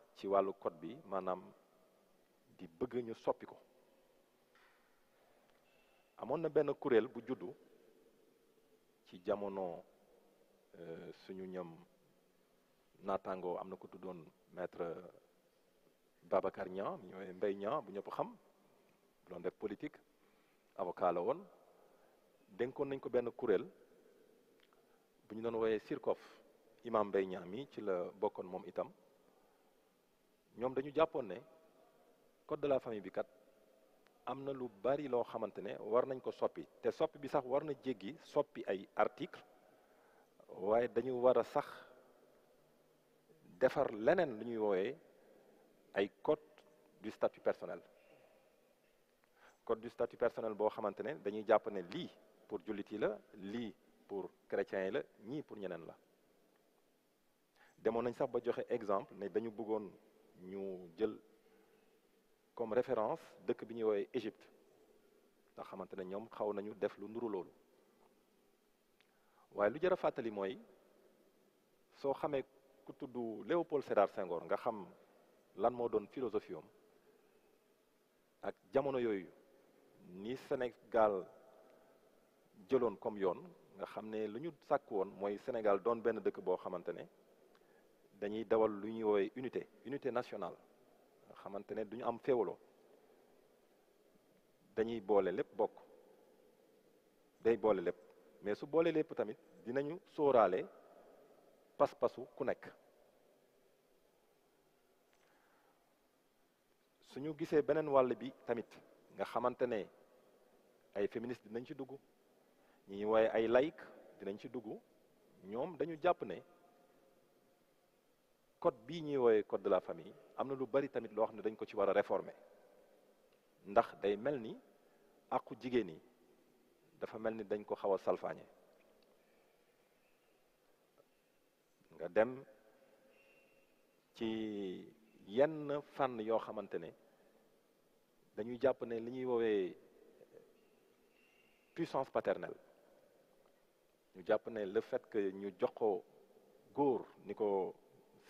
ci walu code bi manam di bëgg ñu soppi ko Kurel, na qui bu juddu ci jamono euh, suñu ñam natango am ko tudon maître Babacar Niang ñoy Mbaye Niang bu xam doon def politique avocat la woon dénkoon nañ ko ben bu ñu woyé Sirkof imam Mbaye mi ci la itam ñoom dañu japonais, code de la famille bi kat am na lu bari loo xamante ne war nañ ko soppi te soppi bi sax war na jéggi soppi ay article waaye dañu war sax defar leneen lu ñuy ay code du statut personnel code du statut personnel boo xamante dañuy jàpp ne pour jullit la pour chrétiens yi la pour ñeneen la demoon nañ sax ba exemple ne dañu ñu jël comme référence dëkk bi ñuy woowee Égypte ndax xamante ne ñoom xaw nañu def lu nuru loolu waaye lu jar a fàttali mooy soo xamee ku tudd Léopold Sédar Senghor nga xam lan moo doon philosophie am ak jamono yooyu ni Sénégal jëloon comme yoon nga xam ne lu ñu sàkk woon Sénégal doon benn dëkk bo xamante dañuy dawal lu ñuy woowee unité unité nationale nga xamante ne du ñu am féewaloo dañuy boole lépp bokk day boole lépp mais su boole lépp tamit dinañu sóoraale pas-pasu ku nekk suñu gisee beneen wàll bi tamit nga xamante ne ay féministes dinañ ci dugg ñi waaye ay laïc dinañ ci dugg ñoom dañu jàpp ne code bii ñuy woowee code de la famille am na lu bari tamit loo xam ne dañ ko ci war a ndax day mel ni àqu jigéen ñi dafa mel ni dañ ko xaw a salfaañe nga dem ci yenn fànn yoo xamante ne dañuy jàpp ne li ñuy woowee puissance paternelle ñu jàpp ne le fait que ñu jox ko góor ni ko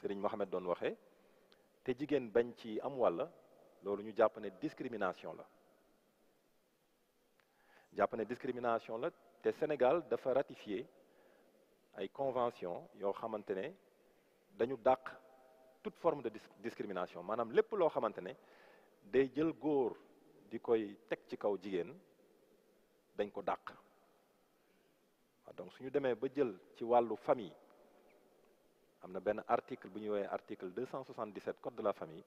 serigne Mohamed doon waxé té jigen bañ ci am wàll lolu ñu japp né discrimination la japp né discrimination la té Sénégal dafa ratifier ay convention yo xamante dañu dàq toute forme de discrimination manam lépp lo xamante ne day jël gor di koy teg ci kaw jigen dañ ko dàq donc suñu démé ba jël ci walu famille y ben article buñu woyé article 277 code de la famille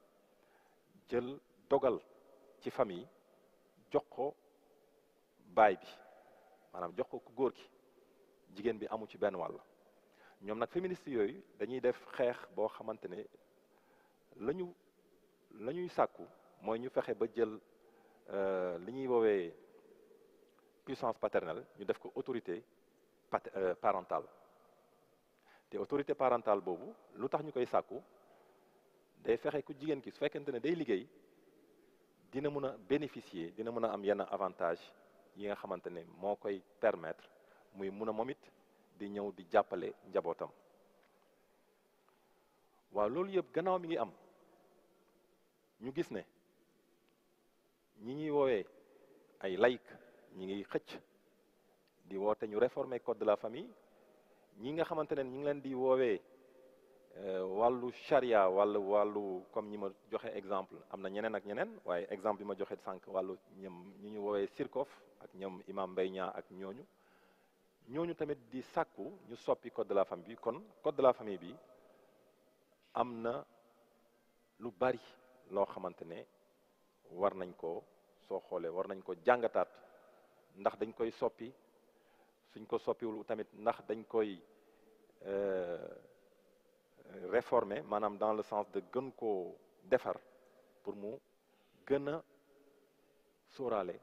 jël dogal ci famille jox ko bay bi manam jox ko ku ki jigen bi amu ci ben ñom nak féministes dañuy def xex qui xamantene ne la ñu moy ñu ba euh, puissance paternelle ñu def ko autorité euh, parentale te autorité parentale boobu lu tax ñu koy sàkku day fexe ku jigéen ki su fekkente ne day liggéey dina mën a bénéficier dina mën a am yenn avantage yi nga xamante ne moo koy permettre muy mun a moom di ñëw di jàppale njabootam waaw loolu yëpp gannaaw mi ngi am ñu gis ne ñi ñuy woowee ay laïc ñi ngi xëcc di woote ñu réformer code de la famille ñi nga xamante ne ñi ngi leen di woowee euh, wàllu charia wàllu wàllu comme ñi ma joxe exemple am na ñeneen ak ñeneen waaye exemple yi ma joxe sànq wàllu ñoom ñi ñu woowee Sirkof ak ñoom imam Mbaye ak ñooñu ñooñu tamit di sàkku ñu soppi code de la famille bi kon code de la famille bi am na lu bari loo xamante ne war nañ ko soo xoolee war nañ ko jàngataat ndax dañ koy soppi suñ ko soppiwul tamit ndax dañ koy euh, réformer maanaam dans le sens de gën koo defar pour mu gën a sóoraale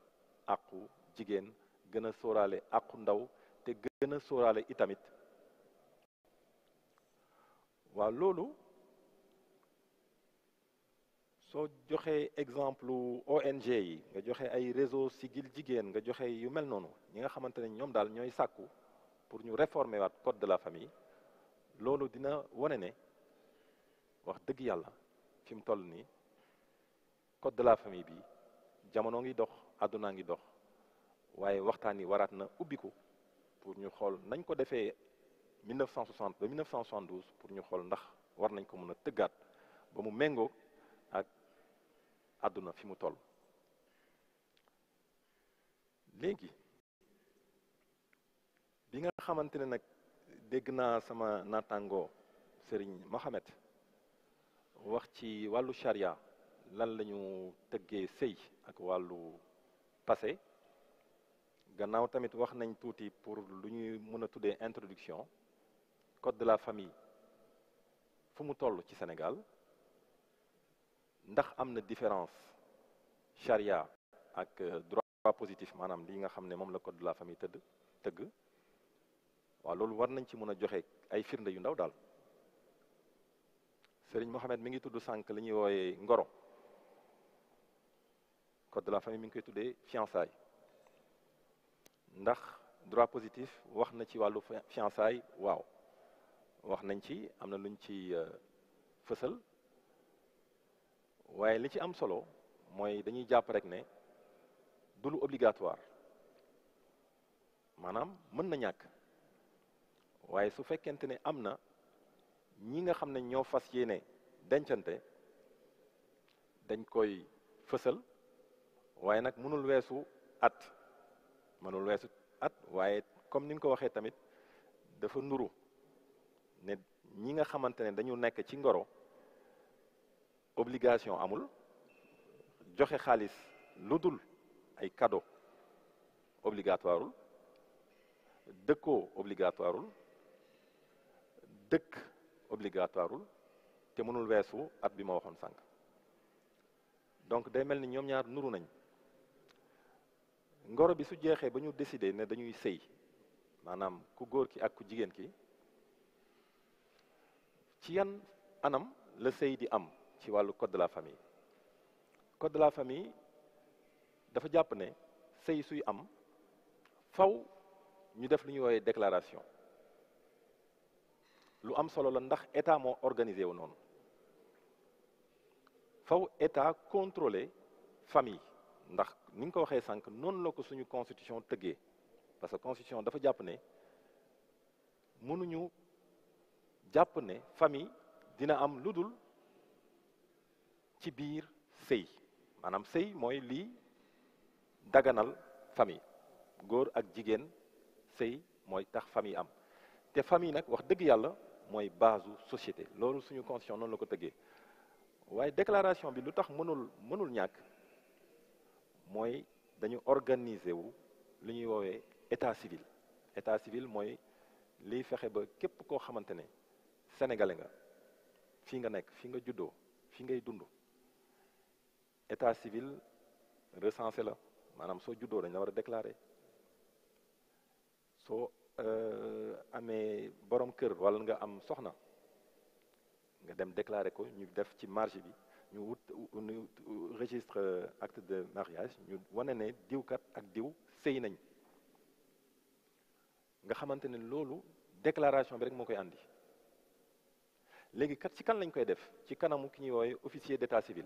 àqu jigéen gën a sóoraale àqu ndaw te gën a sóoraale itamit waaw loolu soo joxee exemple ONG yi nga joxe ay réseau sigil jigéen nga joxe yu mel noonu ñi nga xamante ne ñoom daal ñooy sàkku pour ñu réformer waat code de la famille loolu dina wone ne wax dëgg yàlla fi mu toll nii code de la famille bi jamono ngi dox àdduna ngi dox waaye waxtaan yi waraat na ubbiku pour ñu xool nañ ko defee 1960 ba 1972 pour ñu xool ndax war nañ ko mën a tëggaat ba mu méngoo ak aduna fi mu toll léegi bi nga xamante ne nag dégg naa sama natango Sëriñ Mohamed wax ci wàllu charia lan lañu ñu tëggee sëy ak wàllu passé gannaaw tamit wax nañ tuuti pour lu ñuy mën introduction code de la famille fu mu toll ci Sénégal ndax am na différence charia ak euh, droit positif maanaam li nga xam ne moom la code de la famille tëdd tëgg waaw loolu war nañ ci mën a joxe ay firnde yu ndaw daal sëriñ Mohamed mi ngi tudd sànq li ñuy wooyee ngoro code de la famille mi ngi koy tuddee fiançailles ndax droit positif wax na ci wàllu fiançailles waaw wax nañ ci am na luñ ci euh, fësal waaye li ci am solo mooy dañuy jàpp rek ne du lu obligatoire maanaam mën na ñàkk waaye su fekkente ne am na ñi nga xam ne ñoo fas yéene dencante dañ koy fësal waaye nag mënul weesu at mënul weesu at waaye comme ni nga ko waxee tamit dafa nuru ne ñi nga xamante ne dañu nekk ci ngoro obligation amul joxe xaalis ludul ay cadeau obligatoireul deko obligatoireul dekk obligatoireul te mënul weesu at bi ma waxoon donc day melni ñom ñaar nuru nañ ngoro bi su jexé bañu décider ne dañuy sey manam ku góor ki ak ku jigen ki ci yan anam le sey di am ci walu code de la famille code de la famille dafa japp ne sey suy am faw ñu def lu ñu woyé déclaration lu am solo la ndax état mo organisé wu non faw état contrôler famille ndax ni nga ko waxee sànq noonu la ko suñu constitution tëggee parce que constitution dafa japp ne mënuñu japp ne famille dina am lu ci biir sey manam sey moy li daganal famille góor ak jigen sey moy tax famille am te famille nak wax deug yalla moy baasu société lolu suñu conscience non la ko tëggee waaye déclaration bi lutax mënul mënul ñak moy dañu organiser wu lu ñuy état civil état civil moy Li fexé ba képp ko xamantene sénégalais nga fi nga nek fi nga juddo fi ngay dundou état civil recensé la manam so juddoo dañ la wara déclarer So, euh amé borom kër wala nga am soxna nga dem déclarer ko ñu def ci marge bi ñu wut registre acte de mariage ñu wane ne kat ak diw sey nañ nga xamante ne déclaration bi rek moo koy andi légui kat ci kan lañ koy def ci kanamu ki ñuy woowe officier d'état civil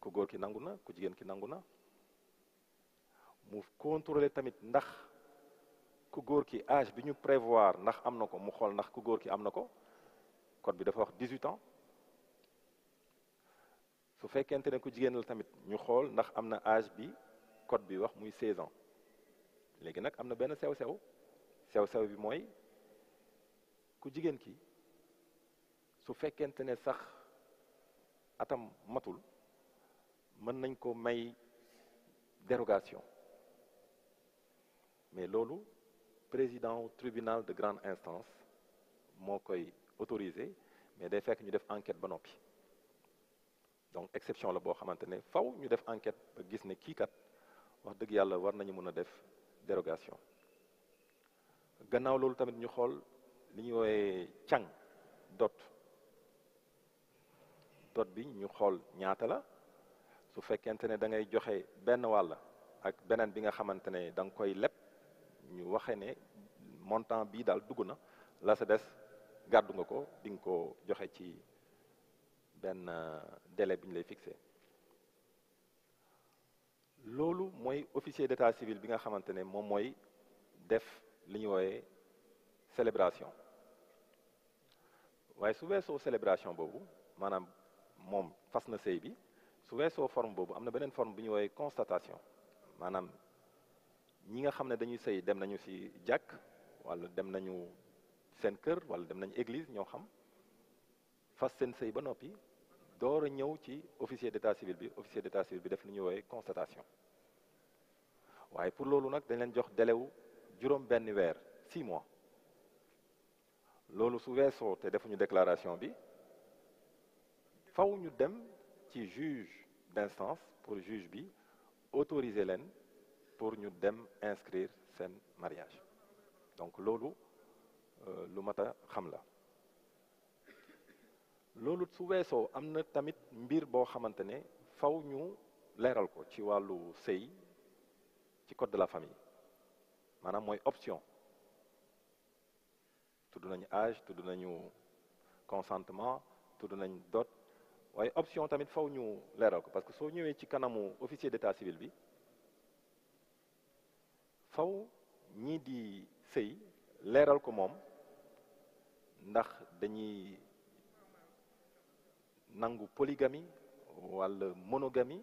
ku góor ki nangu na ku jigéen ki nangu na mu contrôler tamit ndax ku góor ki âge bi ñu prévoir ndax am na ko mu xool ndax ku góor ki am na ko code bi dafa wax 18 ans su fekkente ne ku jigéen la tamit ñu xool ndax am na âge bi code bi wax muy 16 ans léegi nag am na benn sew-sew sew-sew bi mooy ku jigéen ki su fekkente ne sax atam matul mën nañ ko may dérogation mais loolu président tribunal de grande instance moo koy autorisé mais day fekk ñu def enquête ba noppi donc exception la boo xamante ne faw ñu def enquête ba gis ne kii kat wax dëgg yàlla war nañu mën a def dérogation gannaaw loolu tamit ñu xool li ñuy wooyee càng dot dot bi ñu xool ñaata la su fekkente ne da ngay joxe benn wàll ak beneen bi nga xamante ne da nga koy leb ñu waxe ne montant bii daal dugg na la sa des gàddu nga ko di nga ko joxe ci benn euh, délai bi ñu lay fixé loolu mooy officier d'état civil bi nga xamante ne moom mooy def li ñu wooyee célébration waaye su weesoo célébration boobu maanaam moom fas na sëy bi su weesoo forme boobu am na beneen forme bu ñu woowee constatation maanaam ñi nga xam ne dañuy sëy dem nañu ci jàkk wala dem nañu seen kër wala dem nañu église ñoo xam fas seen sëy ba noppi door a ñëw ci officier d'état civil bi officier d'état civil bi def lu ñuy woowee constatation waaye pour loolu nag dañ leen jox délai wu juróom benn weer six mois loolu su weesoo te defuñu déclaration bi faw ñu dem ci juge d'instance ben pour le juge bi autoriser leen pour ñu dem inscrire sen mariage donc loolu euh, lu mata xam la lolu su wesso amna tamit mbir bo xamantene faw ñu leeral ko ci walu sey ci code de la famille manam moy option tudd nañ âge tudd nañu consentement tudd nañ dot waye option tamit faw ñu leeral ko parce que so ñëwee ci kanamu officier d'état civil bi faw ñi di sëy leral ko mom ndax dañuy nangu polygamie walla monogamie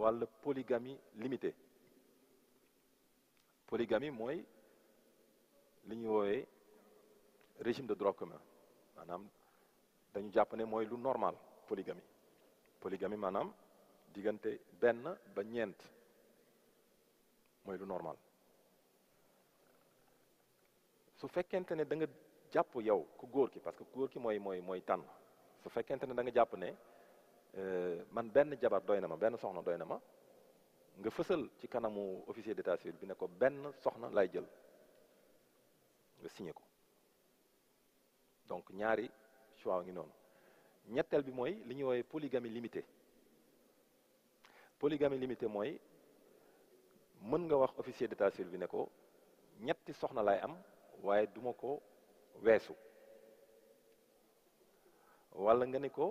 walla polygamie limitée polygamie moy li ñu woowee régime de droit commun maanaam dañu jàpp ne mooy lu normal polygamie polygamie maanaam diggante benn ba ñeent mooy lu normal su fekkente ne da nga jàpp yow ku góor ki parce que góor ki mooy mooy mooy tànn su fekkente ne danga jàpp ne euh, man benn jabar doy na ma benn soxna doy na ma nga fësal ci kanamu officier d'état civil bi ne ko benn soxna lay jël nga signé ko donc ñaari choix ngi noonu ñetteel bi mooy li ñuy woowee polygamie limité polygamie limitée mooy mën nga wax officier d'état civil ne ko ñetti soxna laay am waaye duma ko weesu walla nga ne ko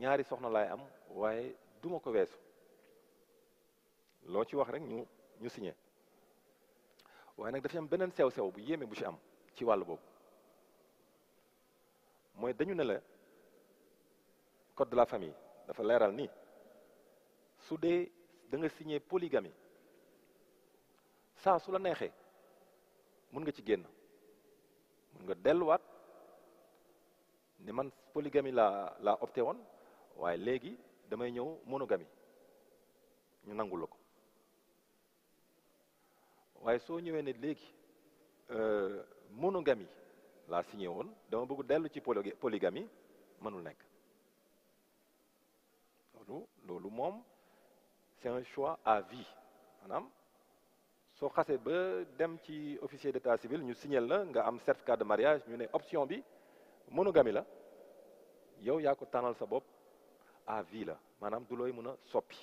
ñaari soxna laay am waaye duma ko weesu loo ci wax rek ñu ñu signé waaye nag dafa am beneen sew-sew bu yéeme bu ci am ci wàll boobu mooy dañu ne la code de la famille dafa leeral nii su dee da nga signé polygamie saa su la neexee mun nga ci génn mun nga delluwaat ne man polygamie laa laa opté woon waaye léegi damay ñëw monogamie ñu nangul la ko waaye soo ñëwee ne léegi euh, monogamie La signé won dama bëgg dellu ci polygamie mënul nekk loolu loolu mom c'est un choix à vie manam so xasse ba dem ci officier d'état civil ñu signal la nga am certificat de mariage ñu né option bi monogamie la yow ya ko tanal sa bop à vie la manam du looy mëna soppi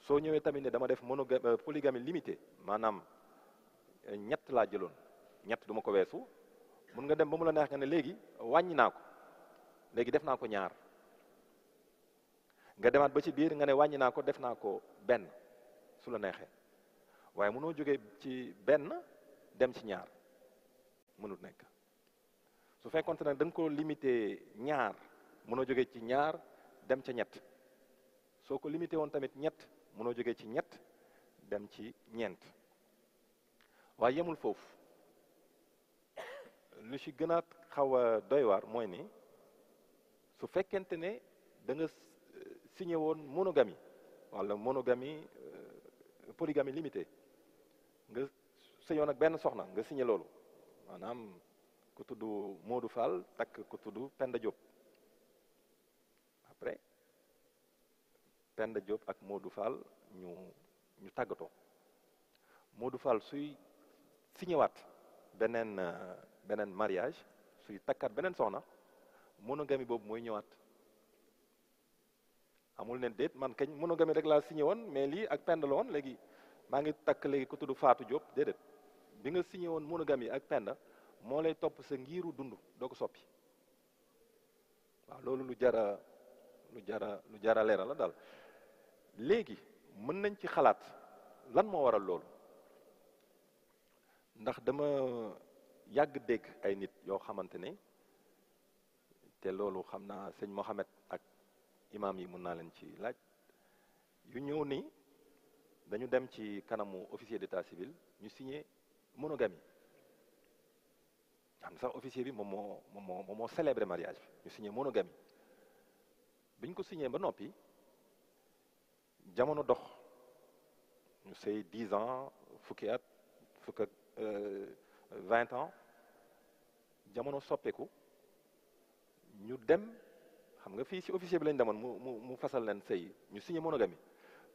so ñëwé tamit ne dama def monogamie euh, polygamie limitée manam euh, ñett la jëlone ñett duma ko wessu mën nga dem ba mu la neex nga ne léegi wàññi naa ko léegi def naa ko ñaar nga demaat ba ci biir nga ne wàññi naa ko def naa ko benn su la neexee waaye mënoo jógee ci benn dem ci ñaar mënut nekk su fekkonte nag dañ ko limité ñaar mënoo jógee ci ñaar dem ca ñett soo ko limité woon tamit ñett mënoo jógee ci ñett dem ci ñeent waaye yemul foofu lu si gën a xaw a doy waar mooy ni su fekkente ne da nga signé woon monogamie wala monogamie euh, polygamie limite nga sëyoon ak benn soxna nga signé loolu maanaam ku tudd Modou Fall takk ku tudd Penda Diop après Penda Diop ak Modou Fall ñu tàggatoo Modou Fall suy signé beneen. Euh, beneen mariage suy takkaat beneen soxna monogamie boobu mooy ñëwaat amul ne déet man kañ monogamie rek laa signé woon mais lii ak pend loon léegi maa ngi takk léegi ku tudd faatu Diop déedéet bi nga signé woon monogamie ak pend moo lay topp sa ngiiru dund doo ko soppi waaw loolu lu jara lu jara lu jara leera la daal léegi mën nañ ci xalaat lan moo waral loolu ndax dama yàgg deg ay nit yo xamantene té lolu xamna seigne naa Mohamed ak imam yi mun naa leen ci laaj yu ñëw ni dañu dem ci kanamu officier d'état civil ñu signé monogamie xam sax officier bi moom moo moo moom moo mariage ñu signé monogamie biñ ko signé ba nopi jamono dox ñu sëy dix ans fukki at fukk 20 euh, vingt ans jamono soppeeku ñu dem xam nga fii ci officier bi lañ demoon mu mu mu fasal leen sëy ñu signé monogamie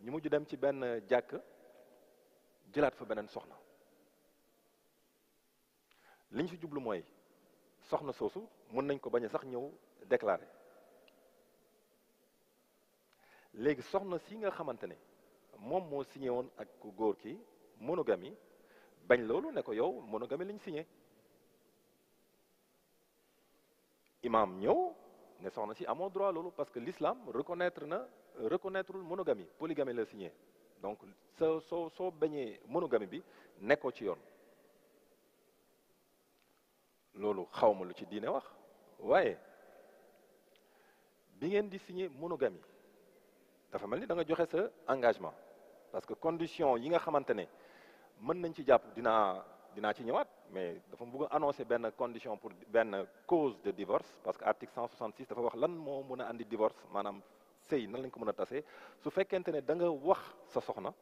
ñu mujj dem ci benn jàkk jëlaat fa beneen soxna liñ si jublu mooy soxna soosu mën nañ ko bañ a sax ñëw déclaré léegi soxna si nga xamante ne moom moo signé woon ak ku góor ki monogamie bañ loolu ne ko yow monogamie lañ signé imam ñëw ne à mon droit parce que l'islam reconnaître na monogamy, monogamie polygamie le signé donc so so soo pas. monogamie bi ko ci yoon loolu xawma lu ci wax bi ngeen di signé monogamie dafa da nga engagement parce que condition yi nga xamante ne nañ ci mais dafa bëgg annoncer benn condition pour benn cause de divorce parce que article 166 dafa wax lan moo mën a andi divorce maanaam sëy nan lañ ko mën a su fekkente ne da nga wax sa soxna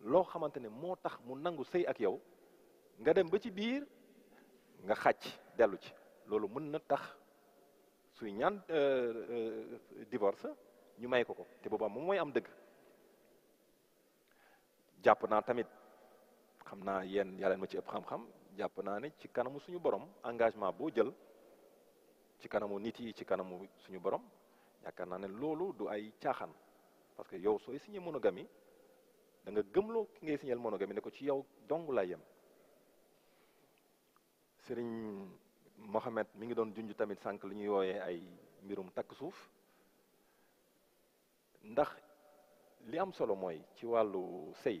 loo xamante ne moo tax mu nangu sëy ak yow nga dem ba ci biir nga xàcc dellu ci loolu mën na tax suy ñaan euh, euh, divorce ñu may ko ko te boobaa moom mooy am dëgg jàpp naa tamit. xamna yeen yen ma ci ep xam-xam japp na ni ci kanamu suñu borom engagement boo jël ci kanamu nit yi ci kanamu suñu borom yaakaar na ne lolu du ay tiaxan parce que yow soy signé monogamie da nga gëmloo ki ngay signé monogamie ne ko ci yow dong la yem serigne mohamed mi ngi doon junj tamit sank li ñuy wooyee ay mbirum tak suuf ndax li am solo moy ci walu sey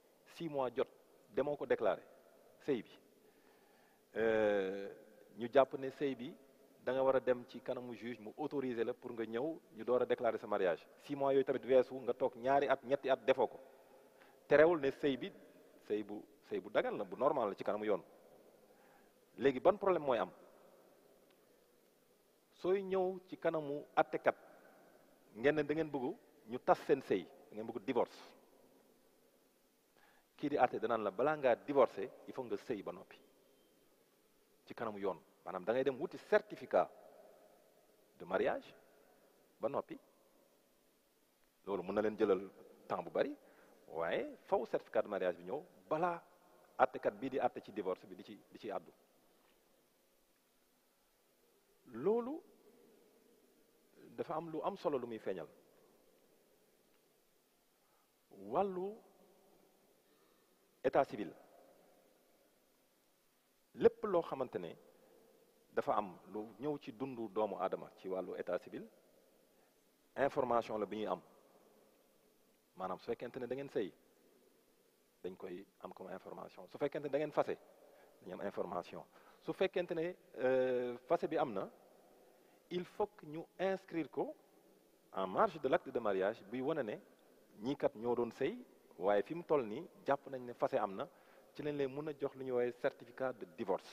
six mois jot demoo ko déclaré sëy bi euh, ñu japp ne sey bi da nga wara dem ci kanamu juge mu autoriser la pour nga ñew ñu doora déclarer sa mariage six mois yoy tamit wessu nga tok ñaari at ñetti at defoko téréwul terewul ne bi sey bu sey bu dagal la bu normal la ci kanamu yoon légui ban problème moy am Soy ñew ci kanamu attekat ngeen ne da ngeen bëgg ñu tass sen sey ngeen bëgg divorce kii di àtte danaan la balaa ngaa divorcé il faut nga sëy ba noppi ci kanamu yoon maanaam da ngay dem wuti certificat de mariage ba noppi loolu mën na leen jëlal temps bu bari waaye faw certificat de mariage bi ñëw balaa àttekat bii di àtte ci divorce bi di ci di ci àddu loolu dafa am lu am solo lu muy feeñal wàllu état civil lépp lo xamantene dafa am lu ñëw ci dundu doomu adama ci walu état civil information la biñuy am manam su fekkente ne da ngeen sëy dañ koy am comme information su fekkente da ngeen fase dañu am information su fekkente ne fase bi amna il faut que ñu inscrire ko en marge de l'acte de mariage bi wane ne ñii kat ñoo doon sëy waaye fi mu toll nii jàpp nañ ne fase am na ci lañ lay mën a jox lu ñuy woowee certificat de divorce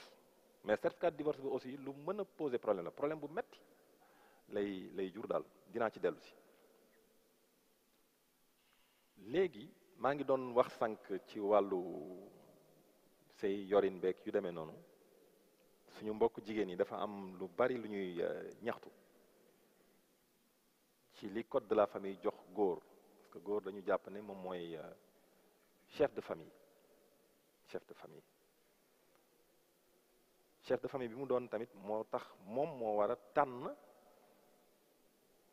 mais certificat de divorce bi aussi lu mën a poser problème la problème bu metti lay lay jur daal dinaa ci dellu si léegi maa ngi doon wax sànq ci wàllu say yorin beeg yu demee noonu suñu mbokk jigéen yi dafa am lu bari lu ñuy eh, ñaxtu ci li code de la famille jox góor parce que New dañu japp ne mom moy euh, chef de famille chef de famille chef de famille bi mu doon tamit mo tax mom mo wara tan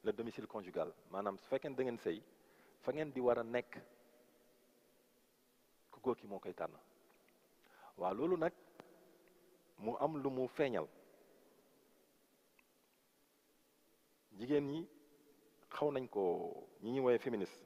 le domicile conjugal Manam, su fekkene da ngeen sey fa ngeen di wara nek ku ki mo koy tan wa lolu nak mu am lu mu feñal jigen ñi xaw nañ ko ñi ñi woy féministe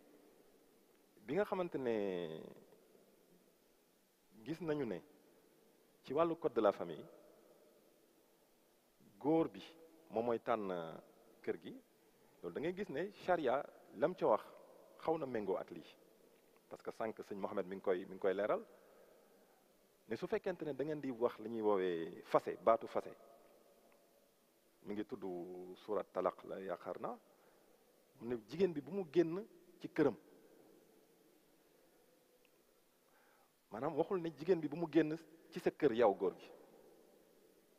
bi nga xamante ne gis nañu ne ci wàllu code de la famille góor bi moom mooy tànn kër gi loolu da ngay gis ne charia lam ca wax xaw na méngoo ak lii parce que sànq sëñ Mohamed mi ngi koy mi ngi koy leeral ne su fekkente ne da ngeen di wax lañuy woowee fase baatu fase mu ngi tudd surat talaq la yaakaar na mu ne jigéen bi bu mu génn ci këram maanaam waxul ne jigéen bi bu mu génn ci sa kër yow góor gi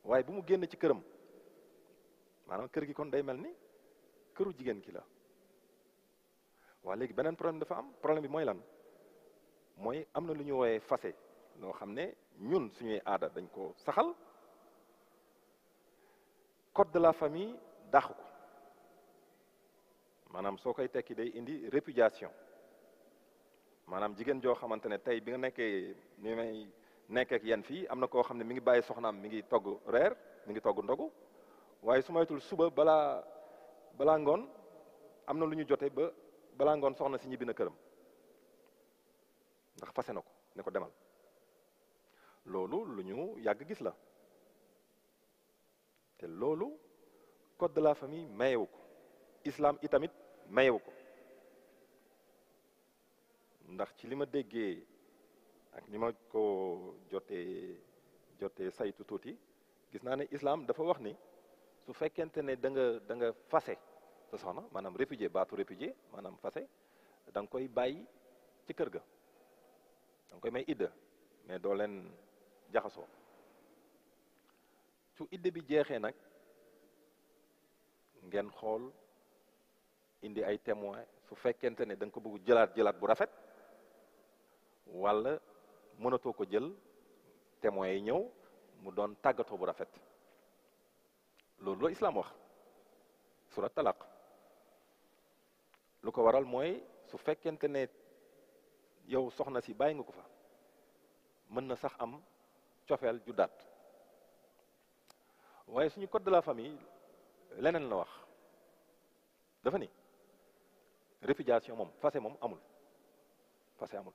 waaye bu mu génn ci këram maanaam kër gi kon day mel ni këru jigéen ki la waa léegi beneen problème dafa am problème bi mooy lan mooy am na lu ñu wooyee fase loo xam ne ñun suñuy aada dañ ko saxal code de la famille dàq ko maanaam soo koy tekki day indi répudiation maanaam jigéen joo xamante ne tey bi nga nekkee ni may fii am na koo xam ne mi ngi bàyyi soxnaam mi ngi togg reer mi ngi togg ndogu waaye su maytul suba balaa balaa ngoon am na lu ñu jote ba balaa ngoon soxna si ñibbi na këram ndax fase na ko ne ko demal loolu lu ñu yàgg gis la te loolu code de la famille mayewu ko islam itamit mayewu ko ndax ci lima déggee ak ni ma ko jote jote saytu tuuti gis naa ne islam dafa wax ni su fekkente ne da nga da nga fase sa soxna maanaam réfugié baatu réfugié maanaam fase da nga koy bàyyi ci kër ga da nga koy may idda mais doo leen jaxasoo su idda bi jeexee nag ngeen xool indi ay témoin su fekkente ne da nga ko bëgg jëlaat jëlaat bu rafet walla mënatoo ko jël témoins yi ñëw mu doon tàggatoo bu rafet loolu la islaam wax surat talaq lu ko waral mooy su fekkente ne yow soxna si bàyyi nga ko fa mën na sax am cofeel ju daat waaye suñu code de la famille leneen la wax dafa ni répudiation moom fase moom amul fase amul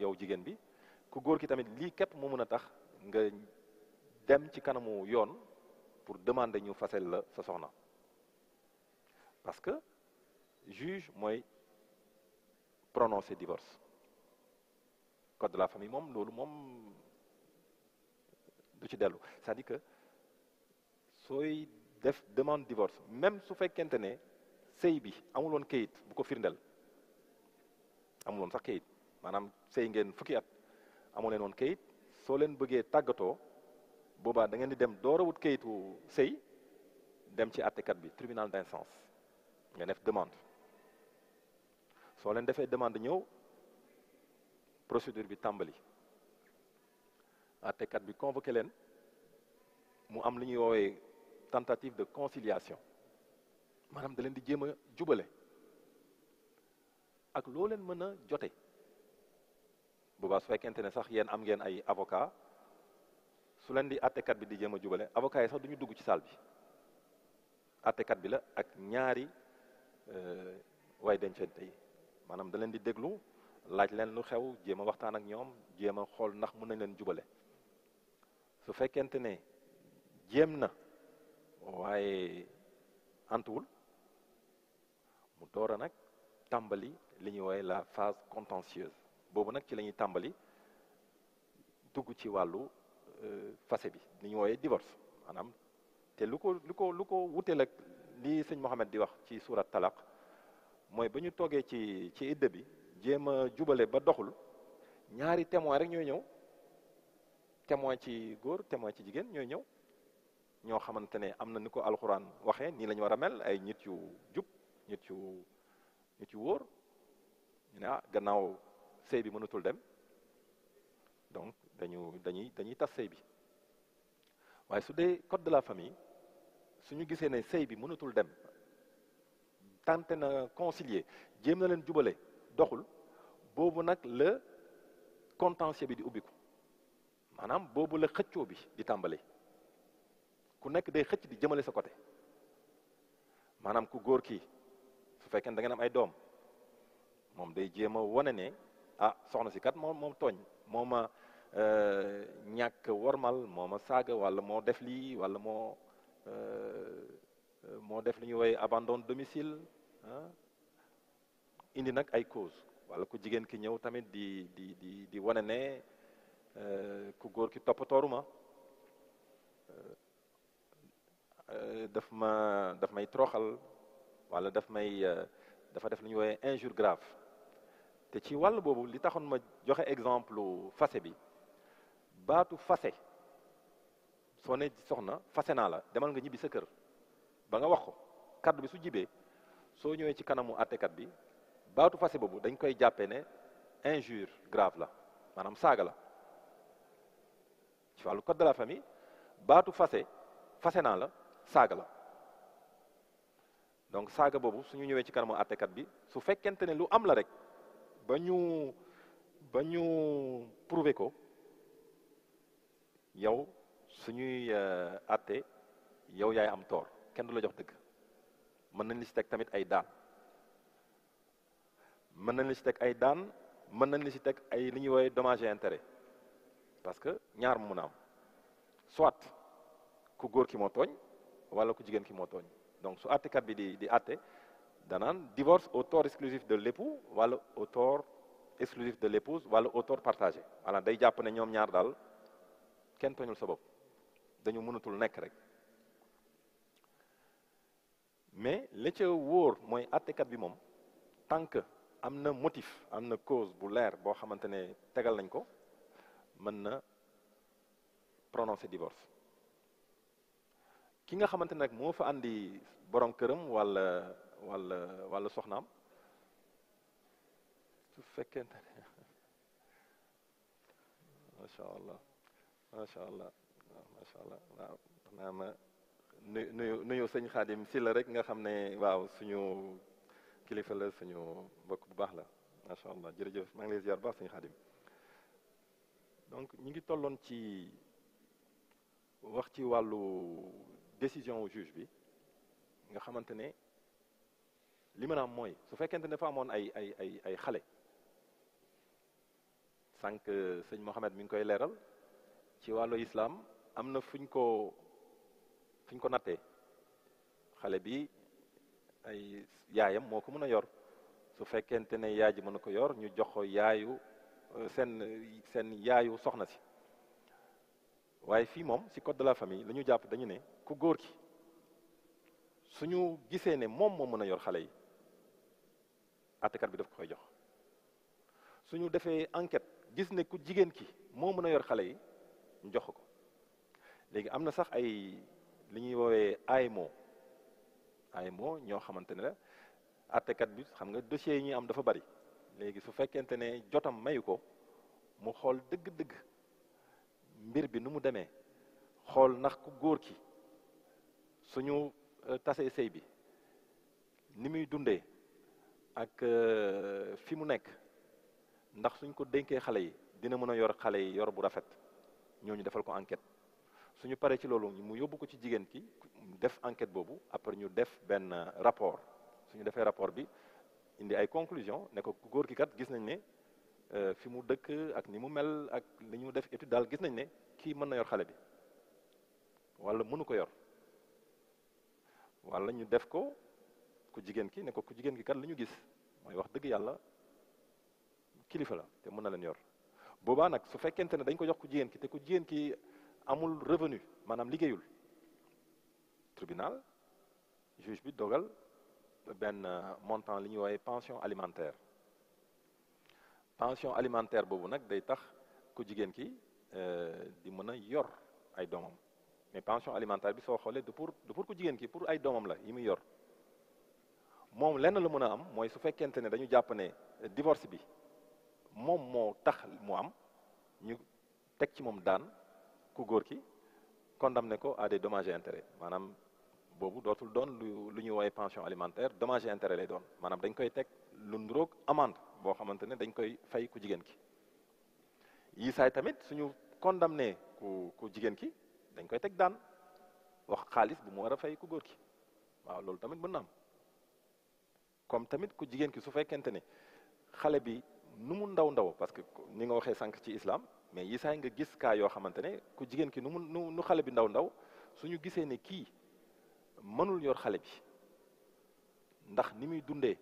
yow jigéen bi ku góor ki tamit lii képp moo mën a tax nga dem ci kanamu yoon pour demander ñu fasel la sa soxna parce que juge mooy prononcer divorce code de la famille moom loolu moom du ci dellu cest di que sooy def demande divorce même su fekkente ne sëy bi amuloon kayit bu ko firndeel amuloon sax kayit maanaam sëy ngeen fukki at amu leen woon kayit soo leen bëggee tàggatoo boobaa da ngeen di dem door a kayitu sëy dem ci àttekat bi tribunal d'instance nga def demande soo leen defee demande ñëw procédure bi tàmbali àttekat bi convoqué leen mu am lu ñuy woowee tentative de conciliation maanaam da leen di jéem a jubale ak loo leen mën a jote boobaa su fekkente ne sax yéen am ngeen ay avocat su leen di attekat bi di jéem a jubale avocat yi sax du ñu dugg ci salle bi attekat bi la ak ñaari euh, waaye dencante tey maanaam da leen di déglu laaj leen lu xew jéem a waxtaan ak ñoom jéem a xool ndax mun nañ leen jubale su fekkente ne jéem na waaye antuwul mu door a nag tàmbali li ñuy woowe la phase contentieuse boobu nag ci lañuy tàmbali dugg ci wàllu euh, fase bi ni ñu wooyee divorce maanaam te lu ko lu ko lu ko wuteel ak li sëñ Mohamed di wax ci surat talaq mooy ba ñu toogee ci ci idda bi jéem a jubale ba doxul ñaari témoin rek ñooy ñëw témoin ci góor témoin ci jigéen ñooy ñëw ñoo xamante ne am na ni ko alxuraan waxee nii la ñu war a mel ay nit yu jub nit yu nit yu wóor ñu ne ah gannaaw sëy bi mënatul dem donc dañu dañuy dañuy tas sëy bi waaye su dee code de la famille su ñu gisee ne sëy bi mënatul dem tante na concilier jéem na leen jubale doxul boobu nag la contentieux bi di ubbiku maanaam boobu la xëccoo bi di tàmbali ku nekk day xëcc di jëmale sa côté maanaam ku góor ki su fekkee da ngeen am ay doom moom day jéem a wane ne ah soxna si kat moom moom tooñ mooma ma eh, ñàkk wormal moo ma saaga walla moo def lii wala moo eh, moo def lu ñuy woowee abandon domicile ah indi nag ay cause walla ku jigéen ki ñëw tamit di di di di wane ne eh, ku góor ki toppatooruma daf ma daf may troxal walla daf may dafa def lu ñuy woowee injure grave te ci wàll boobu li taxoon ma joxe exemple fase bi baatu fase soo ne soxna fase naa la demal nga ñibbi sa kër ba nga wax ko kaddu bi su jibee soo ñëwee ci kanamu àttekat bi baatu fase boobu dañ koy jàppee ne injure grave la maanaam saaga la ci wàllu baatu fase fase naa la saaga la donc saaga boobu suñu ñëwee ci kanamu àttekat bi su fekkente ne lu am la rek ba ñu ba ñu ko yow suñuy eh, até, yow yaay am tort kenn du la jox dëgg mën nañ li ci tek tamit ay daan mën nañ li ci tek ay daan mën nañ li ci tek ay li ñuy woowee dommage intérêt parce que ñaar mu mun am soit ku góor ki mo togn wala ku jigen ki mo togn donc su àttekat bi di di àtte d'Anan, divorce au exclusif de l'époux wala au exclusif de l'épouse wala au tort partagé maanaam day jàpp ne ñoom ñaar daal kenn toñul sa bopp dañu mënatul nekk rek mais li ca wóor mooy àttekat bi moom tant que am na motif am cause bu leer boo xamante ne tegal nañ ko mën na prononcer divorce ki nga xamantene nak mo fa andi borom këram wala wala wala soxnaam su fekkente ne macha allah macha allah waaw macha allah naama xanaa ma nuyu nuyu sëñ Xaadim si la rek nga xam ne waaw suñu kilifa la suñu mbokk bu baax la macha allah jërëjëf maa ngi lay ziar baax sëñ Xaadim donc ñu ngi tolloon ci wax ci wàllu décision au juge bi nga xamante ne li mën a mooy su fekkente ne dafa amoon ay ay ay ay xale sànq sëñ Mohamed mi ngi koy leeral ci wàllu islam am na fuñ ko fuñ ko nattee xale bi ay yaayam moo ko mën a yor su fekkente ne yaay ji mën a ko yor ñu jox yaayu euh, seen seen yaayu soxna si waaye fii moom si code de la famille la ñu jàpp dañu ne ku góor ki suñu gisee ne moom moo mën a yor xale yi attekat bi daf ko koy jox suñu defee enquête gis ne ku jigéen ki moo mën a yor xale yi ñu jox ko léegi am na sax ay li ñuy woowee ay AMO ñoo xamante ne la attekat bi xam nga dossiers yi ñuy am dafa bari léegi su fekkente ne jotam mayu ko mu xool dëgg-dëgg mbir bi nu mu demee xool ndax ku góor ki su ñu euh, tasee sëy bi ni muy dundee ak euh, fi mu nekk ndax suñ ko dénkee xale yi dina mën a yor xale yi yor bu rafet ñoo ñu defal ko enquête suñu paree ci loolu mu yóbbu ko ci jigéen ki def enquête boobu après ñu def benn euh, rapport suñu defee rapport bi indi ay conclusion ne ko góor ki kat gis nañ ne euh, fi mu dëkk ak ni mu mel ak li ñu def étude daal gis nañ ne kii mën na yor xale bi wala mënu ko yor wala ñu def ko ku jigéen ki ne ko ku jigéen ki kat li ñu gis mooy wax dëgg yàlla kilifa la te mën na leen yor boobaa nag su fekkente ne dañ ko jox ku jigéen ki te ku jigéen ki amul revenu maanaam liggéeyul tribunal juge bi dogal benn montant li ñuy pension alimentaire pension alimentaire boobu nag day tax ku jigéen ki euh, di mën a yor ay doomam mais pension alimentaire bi soo xoolee du pour du pour ku jigéen ki pour ay doomam la yi muy yor moom lenn la mën a am mooy su fekkente ne dañu jàpp ne divorce bi moom moo tax mu am ñu teg ci moom daan ku góor ki condamné ko à des dommages et maanaam boobu dootul doon lu lu ñuy woowee pension alimentaire dommages et intérêts lay doon maanaam dañ koy teg lu nduroog amende boo xamante ne dañ koy fay ku jigéen ki yi saay tamit suñu condamné ku ku jigéen ki dañ koy teg daan wax xaalis bu mu war a fay ku góor ki waaw loolu tamit mën na am comme tamit ku jigéen ki su fekkente ne xale bi nu mu ndaw ndaw parce que ni nga waxee sànq ci islaam mais yi saay nga gis kaa yoo xamante ne ku jigéen ki nu mu nu nu xale bi ndaw ndaw suñu gisee ne kii mënul yor xale bi ndax ni muy dundee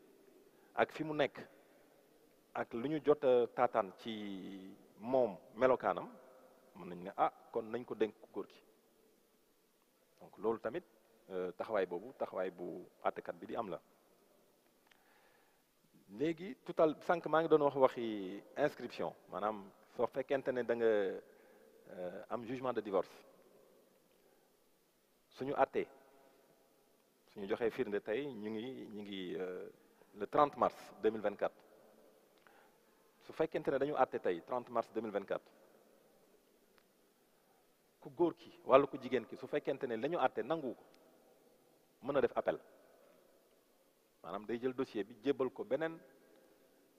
ak fi mu nekk ak lu ñu jot a taataan ci moom melokaanam mën nañ ne ah kon nañ ko dénk ku góor gi donc loolu tamit euh, taxawaay boobu taxawaay bu àttekat bi di am la léegi toutal sank sànq maa ngi doon wax waxi inscription manam so fekente ne da nga euh, am jugement de divorce suñu àttee suñu joxé firnde tay ñu ngi ñu ngi euh, le 30 mars 2024 su fekente ne dañu àtte tay 30 mars 2024 ku góor ki walla ku jigéen ki su fekente ne lañu ñu àtte nangu ko def appel manam day jël dossier bi djébal ko benen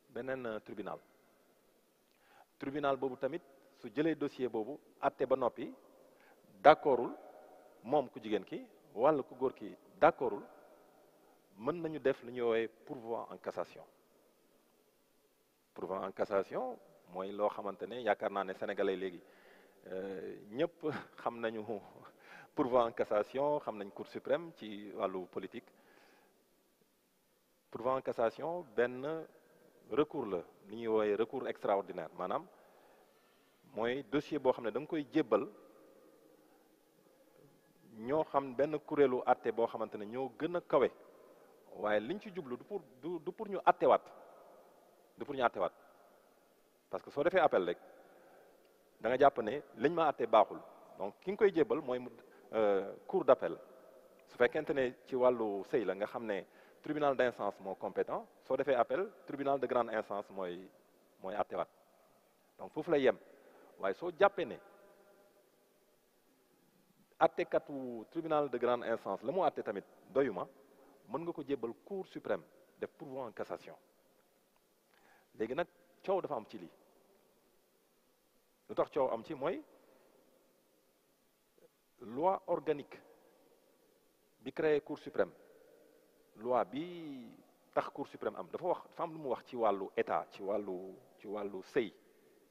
benen euh, tribunal tribunal bobu tamit su jëlé dossier Bobu. atté ba nopi d'accordul mom ku jigéen ki walla ku góor ki d'accordul mën nañu def lu ñuy pourvoi en cassation pourvoi en cassation moy lo xamante ne yaakaar naa ne sénégalais léegi euh, ñëpp *laughs* xam nañu *laughs* pourvoi en cassation xam nañ cour suprême ci walu politique pour en cassation ben recours le, ni ñuy recours extraordinaire madame. Moi, dossier bo xam dang koy djébal ño xam ben courrelu atté bo xamante ño gëna kawé a liñ ci djublu du pour du pour ñu wat du pour ñu wat parce que so défé appel rek da nga japp né liñ ma atté baaxul donc ki nga koy moy euh cour d'appel su fekkente ne ci walu sey la nga xamné tribunal d'instance mon compétent soo fait appel tribunal de grande instance moy, moy attewaat donc foofu la yem so soo jàppee ne attekatu tribunal de grande instance le mot atte tamit doyuma mën nga ko djébal cour suprême def pourvoi en cassation légui nak coow dafa am ci li lu tax coow am ci moy loi organique bi créé cour suprême loi bi tax cour suprême am dafa wax dafa am lu mu wax ci walu état ci walu ci walu sey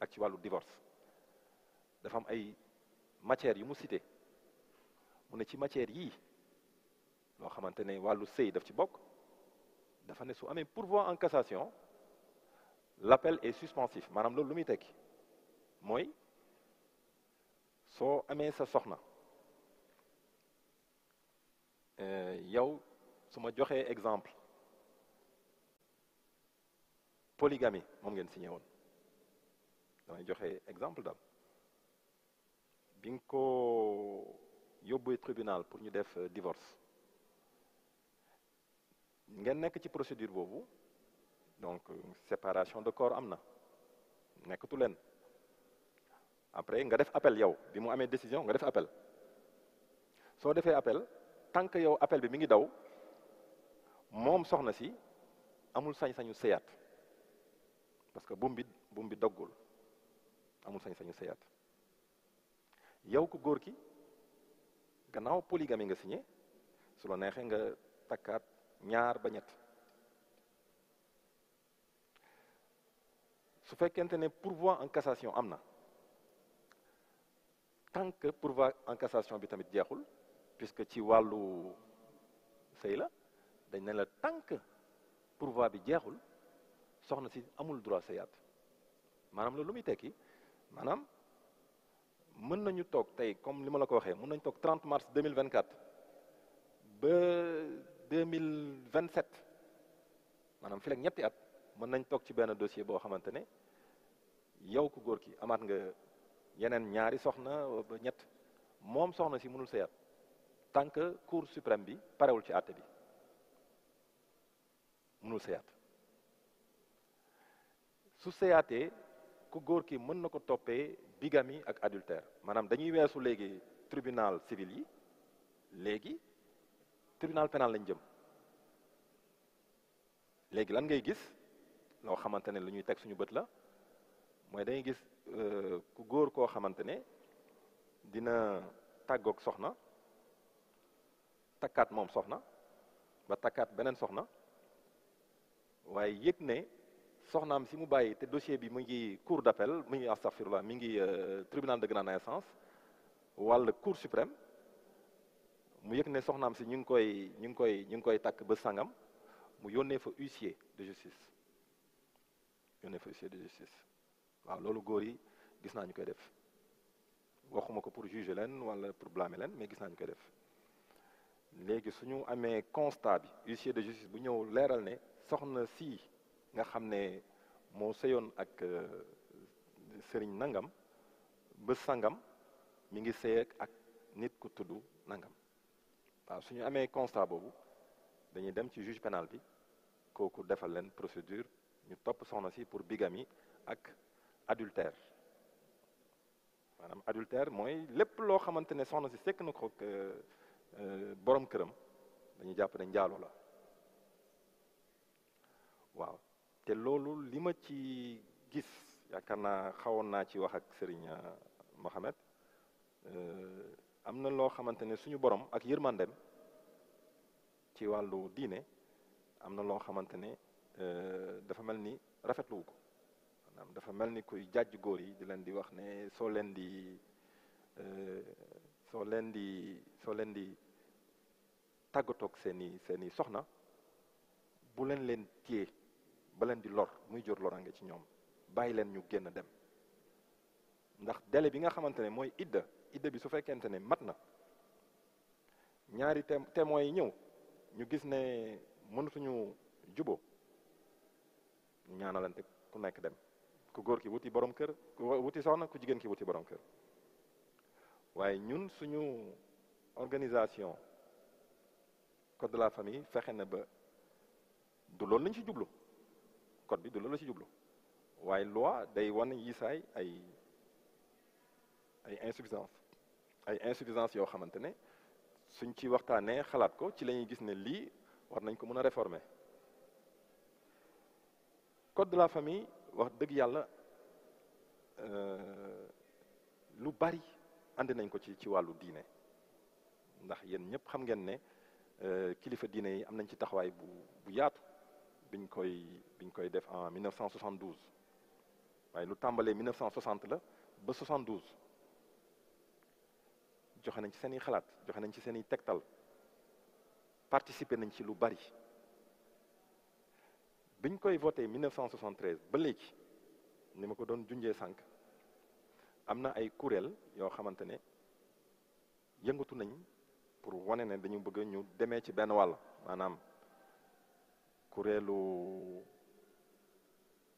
ak ci walu divorce dafa am ay matières yu mu cité mu ne ci matière yi loo xamante ne daf ci bokk dafa ne su amee pourvoi en cassation l'appel est suspensif maanaam loolu lu muy tekki mooy soo amee sa soxna euh, yow suma ma joxee exemple polygamie moom ngeen signé woon damay joxe exemple daal bi nga ko yóbbu tribunal pour ñu def euh, divorce ngeen nekk ci procédure boobu donc euh, séparation de corps am na nekkatu leen après nga def appel yow bi mu amee décision nga def appel soo defee appel tant que yow appel bi mi ngi daw moom soxna si amul sañ-sañu sëyaat parce que buum bi bi doggul amul sañ-sañu sëyaat yow ko góor ki gannaaw polygamie nga siñe su la neexee nga takkaat ñaar ba ñett su fekkente ne pourvoi en cassation am na tant que pourvoi en bi tamit jeexul puisque ci wàllu sëy la dañ ne la tànk pourvoi bi jeexul soxna si amul droit sëyaat maanaam loolu lu muy tekki maanaam mën nañu toog tey comme li ma la ko waxee mën nañu toog 30 mars 2024 ba 2027 maanaam fi leeg ñetti at mën nañ toog ci benn dossier boo xamante ne yow ku góor ki amaat nga yeneen ñaari soxna ba ñett moom soxna si mënul sëyaat tant que cour suprême bi parewul ci àtte bi mënul seyaat su seyaatee ku góor ki mën na ko toppee bigami ak adultère maanaam dañuy weesu léegi tribunal civil yi léegi tribunal pénal lañ jëm léegi lan ngay gis loo xamante ne lu ñuy teg suñu bët la mooy dañuy gis euh, ku góor koo xamante ne dina tàggook soxna takkaat moom soxna ba takkaat beneen soxna waaye yëg soxnam si mu baye te dossier bi mu ngi cour d'appel mu ngi astaghfirullah mu ngi euh, tribunal de grande instance wala cour suprême mu yekne soxnam si ñu ngi koy ñu ngi koy ñu ngi koy tak ba sangam mu yónnee fa huissier de justice yónnee fa huissier de justice wa lolu goor yi gis nañu koy def waxuma ko pour juger leen wala pour blâmer leen mais gis nañu koy def légui suñu amé constat bi huissier de justice bu ñew leeral ne soxna si nga xamné mo moo ak euh, serigne nangam bés sangam mi ngi sëy ak nit ku tudd nangam wa suñu amé constat bobu dañuy dem ci juge pénal bi koku defal leen procédure ñu top soxna si pour bigamie ak adultère manam adultère moy lepp lo xamantene soxna si sekk na ko euh, euh, borom kërëm dañuy japp ne njaaloo la waaw te loolu li ma ci gis yaakaar naa xawoon naa ci wax ak Serigne euh, Mohamed euh, am na loo xamante ne suñu borom ak yërmandem ci wàllu diine am na loo xamante ne euh, dafa mel ni rafetlu wu ko dafa mel ni kuy jàjj góor yi di leen di wax ne soo leen di soo leen di soo leen di tàggatook seen i seen i soxna bu leen leen téye ba leen di lor muy jur lorange ci ñoom bàyyi leen ñu génn dem ndax délai bi nga xamante ne mooy idda idda bi su fekkente ne mat na ñaari témoins yi ñëw ñu gis ne mënatuñu jubo ñu ñaanalante ku nekk dem ku góor ki wuti borom kër ku wuti jigéen ki wuti borom kër waaye ñun suñu organisation code de la famille fexe na ba du loolu lañ ci jublu code bi du la ci jublu waye loi day won yiisaay ay ay insuffisance ay insuffisance yo xamantene suñ ci waxtane xalat ko ci lañuy ñuy gis ne li war nañ ko mëna réformer code de la famille wax deug yalla euh lu bari andi nañ ko ci ci walu diiné ndax yeen ñëpp xam ngeen ne euh kilifa diiné yi am nañ ci taxaway bu bu yaatu biñ koy biñ koy def en 1972 waaye lu tàmbalee 1960 la ba 72 joxe nañ ci seen i xalaat joxe nañ ci seen i tegtal participer nañ ci lu bari biñ koy voté 1973 ba léegi ni ma ko doon junjee sànq am na ay kuréel yoo xamante ne yëngatu nañ pour wane ne dañu bëgg ñu demee ci benn wàll maanaam kuréelu.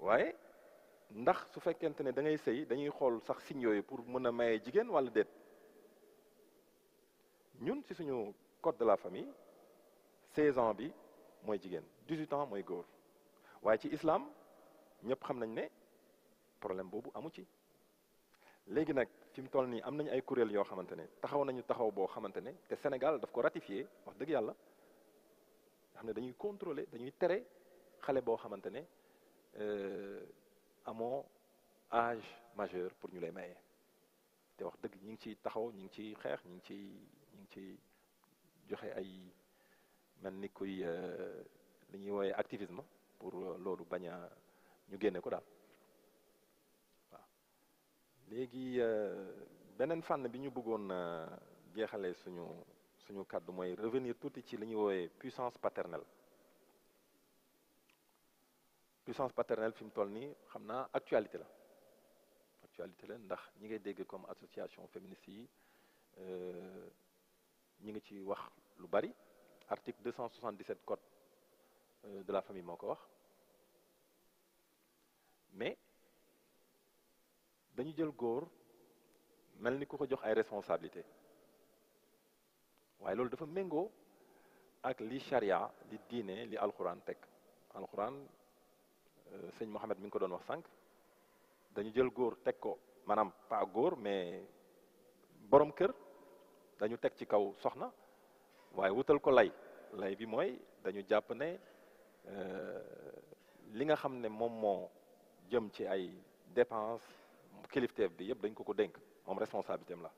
waaye ndax su fekkente ne da ngay sëy dañuy xool sax signes yooyu pour mën a maye jigéen wala déet ñun ci suñu code de la famille 16 ans bi mooy jigéen 18 ans mooy góor waaye ci islam ñëpp xam nañ ne problème boobu amu ci léegi nag fi mu toll nii am nañu ay kuréel yoo xamante ne taxaw nañu taxaw boo xamante ne te Sénégal daf ko ratifié wax dëgg yàlla xam ne dañuy contrôler dañuy tere xale boo xamante ne Euh, amoo âge majeur pour ñu lay maye te wax dëgg ñu ngi ciy taxaw ñu ngi ciy xeex ñu ngi ci ñu ngi ciy joxe ay mel ni kuy euh, li ñuy activisme pour euh, lolu baña ñu génne ko daal waaw léegi beneen fànn bi ñu bëggoon jéxalé suñu suñu kaddu moy revenir tuuti ci li ñuy wooye puissance paternelle puissance paternelle film tolni toll actualité la actualité la ndax ñi ngay dégg comme association féministe yi euh, ñi ngi ci wax lu bari article 277 code euh, de la famille moko wax mais dañu jël góor melni ni ku ko jox ay responsabilité waaye avec dafa mengo ak li charia li diine li alcorane tek Euh, sëñ Mohamed mi ngi ko doon wax sànq dañu jël góor teg ko maanaam pas góor mais borom kër dañu teg ci kaw soxna waaye wutal ko lay lay bi mooy dañu jàpp ne euh, li nga xam ne moom moo jëm ci ay dépense kilifteef bi yëpp dañ ko ko dénk moom responsabilité la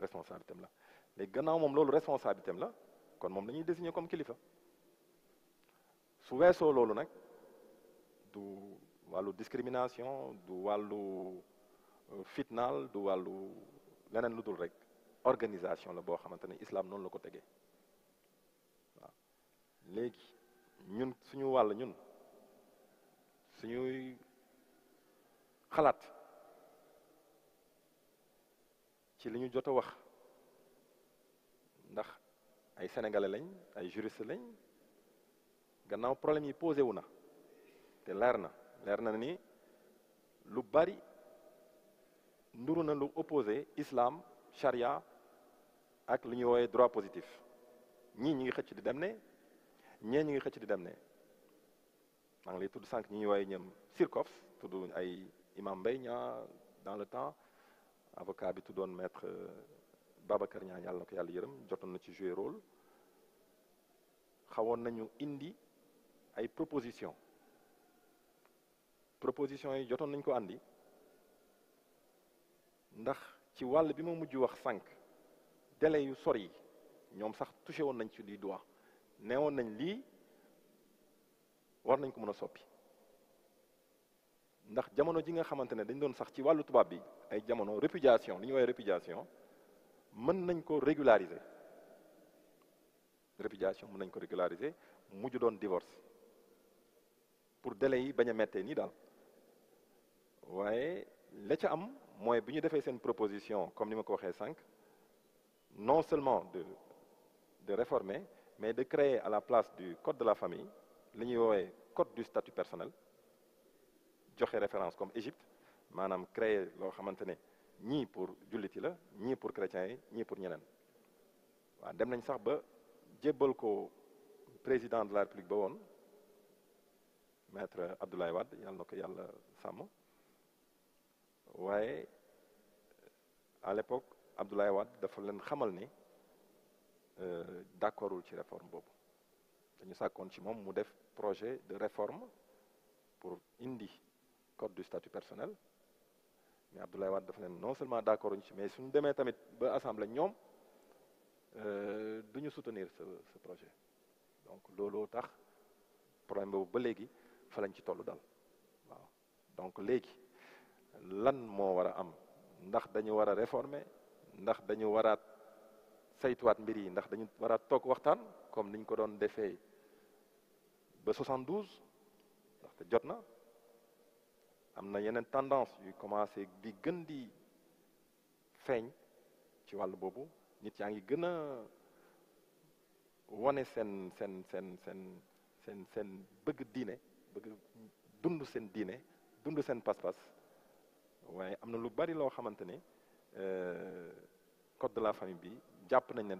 responsabilité la léegi gannaaw moom loolu responsabilité la kon moom la ñuy désigner comme kilifa Souvent, weesoo loolu nag du walu discrimination du walu euh, fitnal du walu leneen lu rek organisation la bo xamante islam non la ko tegee légui ñun suñu wal ñun suñu xalaat ci liñu ñu wax ndax ay sénégalais lañ ay juristes lañ gannaaw problème yi posé wu na te leer na leer na ni lu bari nduru na lu opposé islam charia ak li ñuy woowee droit positif ñii ñi ngi xëcc di dem ne ñee ñi ngi xëcc di dem ne maa ngi tudd sànq ñi ñuy woowee ñoom Sirkov tudd ay imam mbay ñaa dans le temps avocat bi tuddoon maître euh, Babacar ñaa yàlla na ko yàlla yërëm jotoon na ci jouer rôle xawoon nañu indi ay proposition proposition yi jotone nagn ko andi ndax ci délai yu sori ñom sax touché won nañ ci doigt n'est on nañ li war nañ ko mëna soppi ndax jamono ji nga xamantene dañ doon sax ci walu tubab répudiation li régulariser répudiation régulariser divorce pour délai yi bañ a Vous voyez, daal waaye la ci am moy défé une proposition comme nima l'ai ko non seulement de réformer mais de créer à la place du code de la famille le woyé code du statut personnel joxé référence comme Égypte mais créer lo xamante ne ni pour les la pour chrétiens ni pour les chrétiens. dem nañ sax ba djébal ko président de la république ba won maître Abdoulaye Wade il y a le Samo. Oui, à l'époque Abdoulaye Wad, Wade dafa leen xamal euh, d'accord avec la réforme boobu dañu sàkkoon ci mu def projet de réforme pour indi code du statut personnel mais Abdoulaye Wade dafa leen non seulement d'accord ci mais suñu demee tamit ba assemblée ñoom euh, duñu soutenir ce ce projet donc looloo le problème boobu ba fa lañ ci toll dal waaw donc léegi lan moo war a am ndax dañu war a réformer ndax dañu waraat saytuwaat mbir yi ndax dañu war a toog waxtaan comme niñ ko doon defee ba 72 ndaxte jot na am na yeneen tendance yu commencé di gën di feeñ ci wàll boobu nit yaa ngi gën a wone seen seen seen seen seen seen bëgg diine dund sen diine dund sen pas-pas waye lu bari euh, code de la famille bi japp nañ ne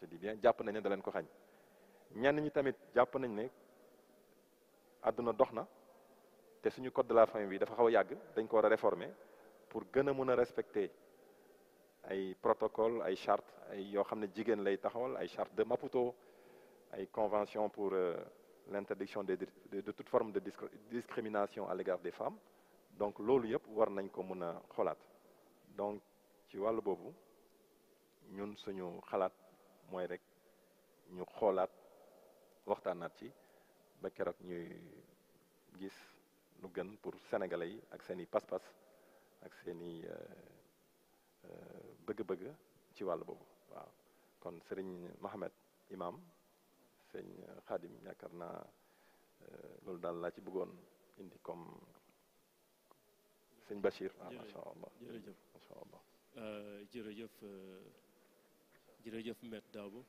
je dis bien japp nañ ne dalen ko xagn ñi tamit nañ ne code de la famille bi dafa xawa a pour gëna respecter ay protocole ay charte ay yohamne xamne jigen lay de Maputo ay convention pour euh, l'interdiction de, toute forme de discrimination à l'égard des femmes donc loolu war nañ ko donc ci ñun suñu rek ñu ci ba gis lu pour sénégalais pas-pas euh, euh, bëgg-bëgg ci waaw kon Mohamed Imam sëñ Xaadim yaakaar naa eh, loolu daal laa ci bëggoon indi comme sëñ Bachir ah, jërëjëf macha jërëjëf eh, jërëjëf Daabo eh,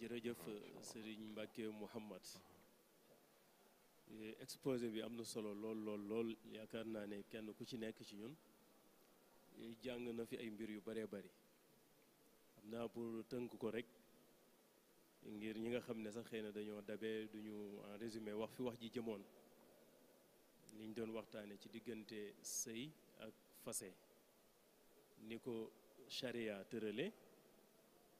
jërëjëf sëriñ Mbàkke Muhammad exposé bi am na solo lool lool yaakaar naa ne kenn ku ci nekk ci ñun jàng na fi ay mbir yu baree bari xam naa pour tënk ko rek ngir ñi nga xam ne sax xëy na dañoo dabe duñu en résumé wax fi wax ji jëmoon niñ doon waxtaane ci diggante sëy ak fase ni ko charia tërale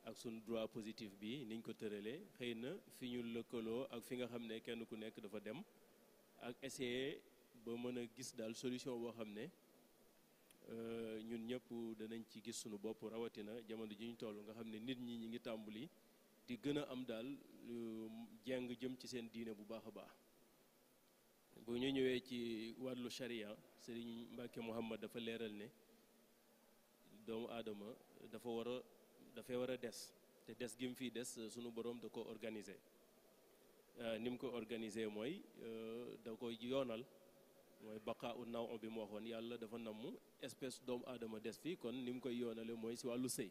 ak sunu droit positif bi niñ ko tërale xëy na fi ñu lëkkaloo ak fi nga xam ne kenn ku nekk dafa dem ak essayer ba mën a gis daal solution boo xam ne euh, ñun ñëpp danañ ci gis sunu bopp rawatina jamono ji ñu toll nga xam ne nit ñi ñi ngi tàmbali di gën a am daal jàng jëm ci seen diine bu baax a baax bu ñu ñëwee ci wàllu sharia sëriñ Mbàkke Muhammad dafa leeral ne doomu aadama dafa war a dafay war a des te des gi mu fiy des sunu borom da ko organiser euh, ni mu ko organiser mooy euh, da ko yoonal mooy baqaa u naw bi mu waxoon yàlla dafa namm espèce doomu aadama des fii kon ni mu koy yoonale mooy si wàllu sëy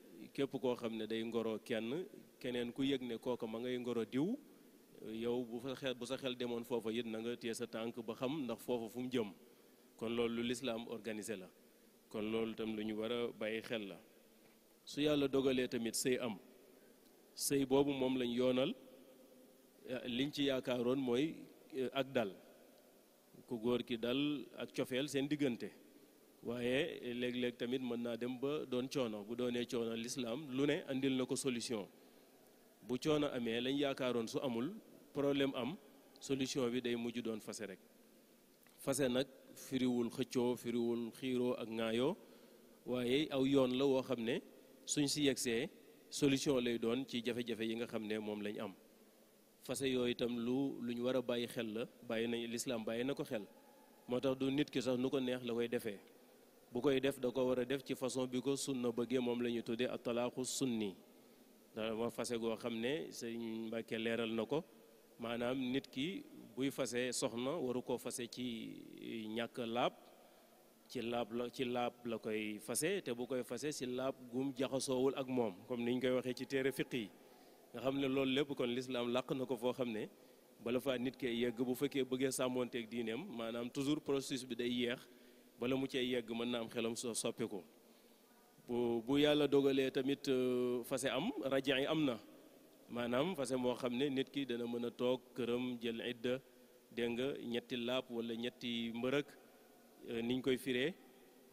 képp koo xam ne day ngoro kenn keneen ku yëg ne kooka ma ngay ngoro diw yow bu sa xel demoon foofa it na nga téye sa tànk ba xam ndax foofa fu mu jëm kon loolu lislaam organisé la kon loolu tam lu ñu war a bàyyi xel la su yàlla dogalee tamit sëy am sëy boobu moom lañ yoonal liñ ci yaakaaroon mooy eh, ak dal ku góor ki dal ak cofeel seen diggante waaye léeg-léeg tamit mën naa dem ba doon coono bu doonee coono lislaam lu ne indil na ko solution bu coono amee lañ yaakaaroon su amul problème am solution bi day mujj doon fase rek fase nag firiwul xëccoo firiwul xiiroo ak ŋaayoo waaye aw yoon la woo xam ne suñ si yegsee solution lay doon ci jafe-jafe yi nga xam ne moom lañ am fase yooyu itam lu lu ñu war a bàyyi xel la bàyyi nañ lislaam bàyyi na ko xel moo tax du nit ki sax nu ko neex la koy defee bu def da ko war def ci façon bi ko sunna bëggee moom la ñu tuddee sunni dama fase goo xam ne sëñ Mbàkke leeral na ko maanaam nit ki buy fase soxna waru ko fase ci ñàkk laab ci la ci laab la koy fase si laab gum jaxasoowul ak comme niñ koy waxee ci téere fiq nga xam loolu lépp kon lislaam làq na ko foo bala faa nit yegg bu toujours processus bi day bala mu ci yegg mën na am xelam so soppiku bu bu yàlla dogalee tamit euh, fase am raja yi am na maanaam fase moo xam ne nit ki dana mën a toog këram jël idda dégg nga ñetti laap wala ñetti mbërëk euh, niñ koy firee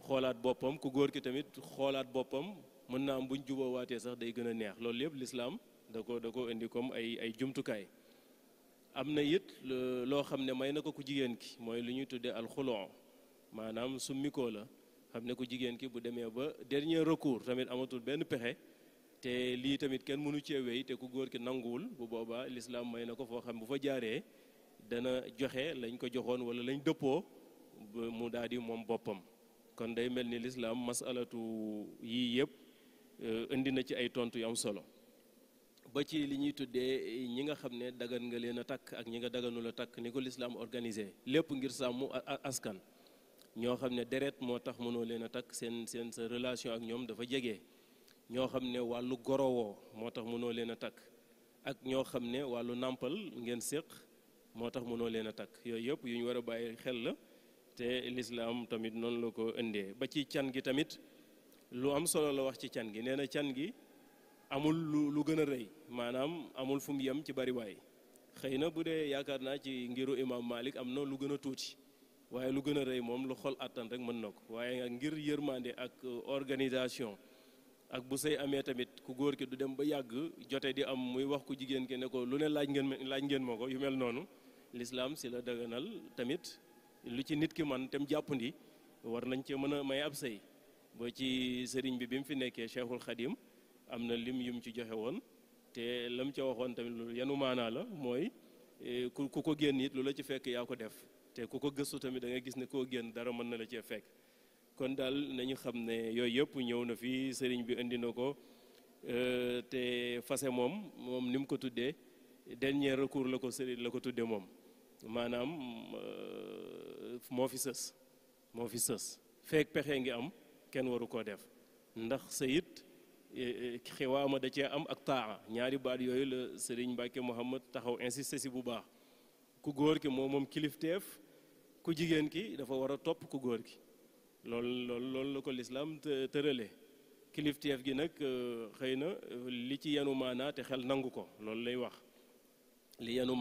xoolaat boppam ku góor ki tamit xoolaat boppam mën na am buñ juboowaatee sax day gën a neex loolu yëpp lislaam da ko da ko indi comme ay ay jumtukaay am na it loo xam ne may na ko ku jigéen ki mooy lu ñuy tuddee alxuloo maanaam summikoo la xam ne ko jigéen ki bu demee ba dernier recours tamit amatul benn pexe te lii tamit kenn mënu cee wéy te ku góor ki nanguwul bu boobaa lislaam may na ko foo xam bu fa jaaree dana joxe lañ ko joxoon wala lañ dëppoo mu daal moom boppam kon day mel ni lislaam masalatu yii yëpp euh, indi na ci ay tontu yu solo ba ci li ñuy tuddee ñi nga xam ne dagan nga leen a takk ak ñi nga daganul takk ni ko lislaam organisé lépp ngir sàmm askan ñoo xam ne deret moo tax mënoo leen a takk seen seen sa relation ak ñoom dafa jege ñoo xam ne wàllu gorowoo moo tax mënoo leen a takk ak ñoo xam ne wàllu nàmpal ngeen séq moo tax mënoo leen a takk yooyu yëpp yu ñu war a bàyyi xel la te lislaam tamit noonu la ko indee ba ci can gi tamit lu am solo la wax ci can gi nee na can gi amul lu lu gën a rëy maanaam amul fu mu yem ci bari waay xëy na bu dee yaakaar naa ci ngiru imam malik am na lu gën a tuuti waaye lu gën a rëy moom lu xol attan rek mën na ko waaye ngir yërmande ak euh, organisation ak bu sëy amee tamit ku góor ki du dem ba yàgg jote di am muy wax ku jigéen ki ne ko lu ne laaj ngeen laaj ngeen ma ko yu mel noonu lislaam si la daganal tamit lu ci nit ki man tem jàppandi war nañ cee mën a may ab sëy ba ci sëriñ bi bi mu fi nekkee Cheikhul Khadim am na lim yum ci joxe woon te lam ca waxoon tamit lu yanu maanaa la mooy euh, ku ko génn it lu la ci fekk yaa ko def te ku ko gëstu tamit da gis ne koo génn dara mën na la cee fekk kon daal nañu xam ne yooyu yëpp ñëw na fi sëriñ bi indi na ko euh, te fase moom moom ni mu ko tuddee dernier recours la ko sëriñ la ko tuddee moom maanaam euh, moo fi sës moo fi sës feek pexe ngi am kenn waru koo def ndax sayit e, e, xiwaama da cee am ak taa ñaari baat yooyu la sëriñ Mbàkke Muhammad taxaw insisté si bu baax ku góor ki moo moom kilifteef ku jigéen ki dafa war a topp ku góor ki loolu loolu la ko lislaam tërale kilifteef gi nag euh, xëy na euh, li ci yanu maanaa xel nangu ko loolu lay wax li yanu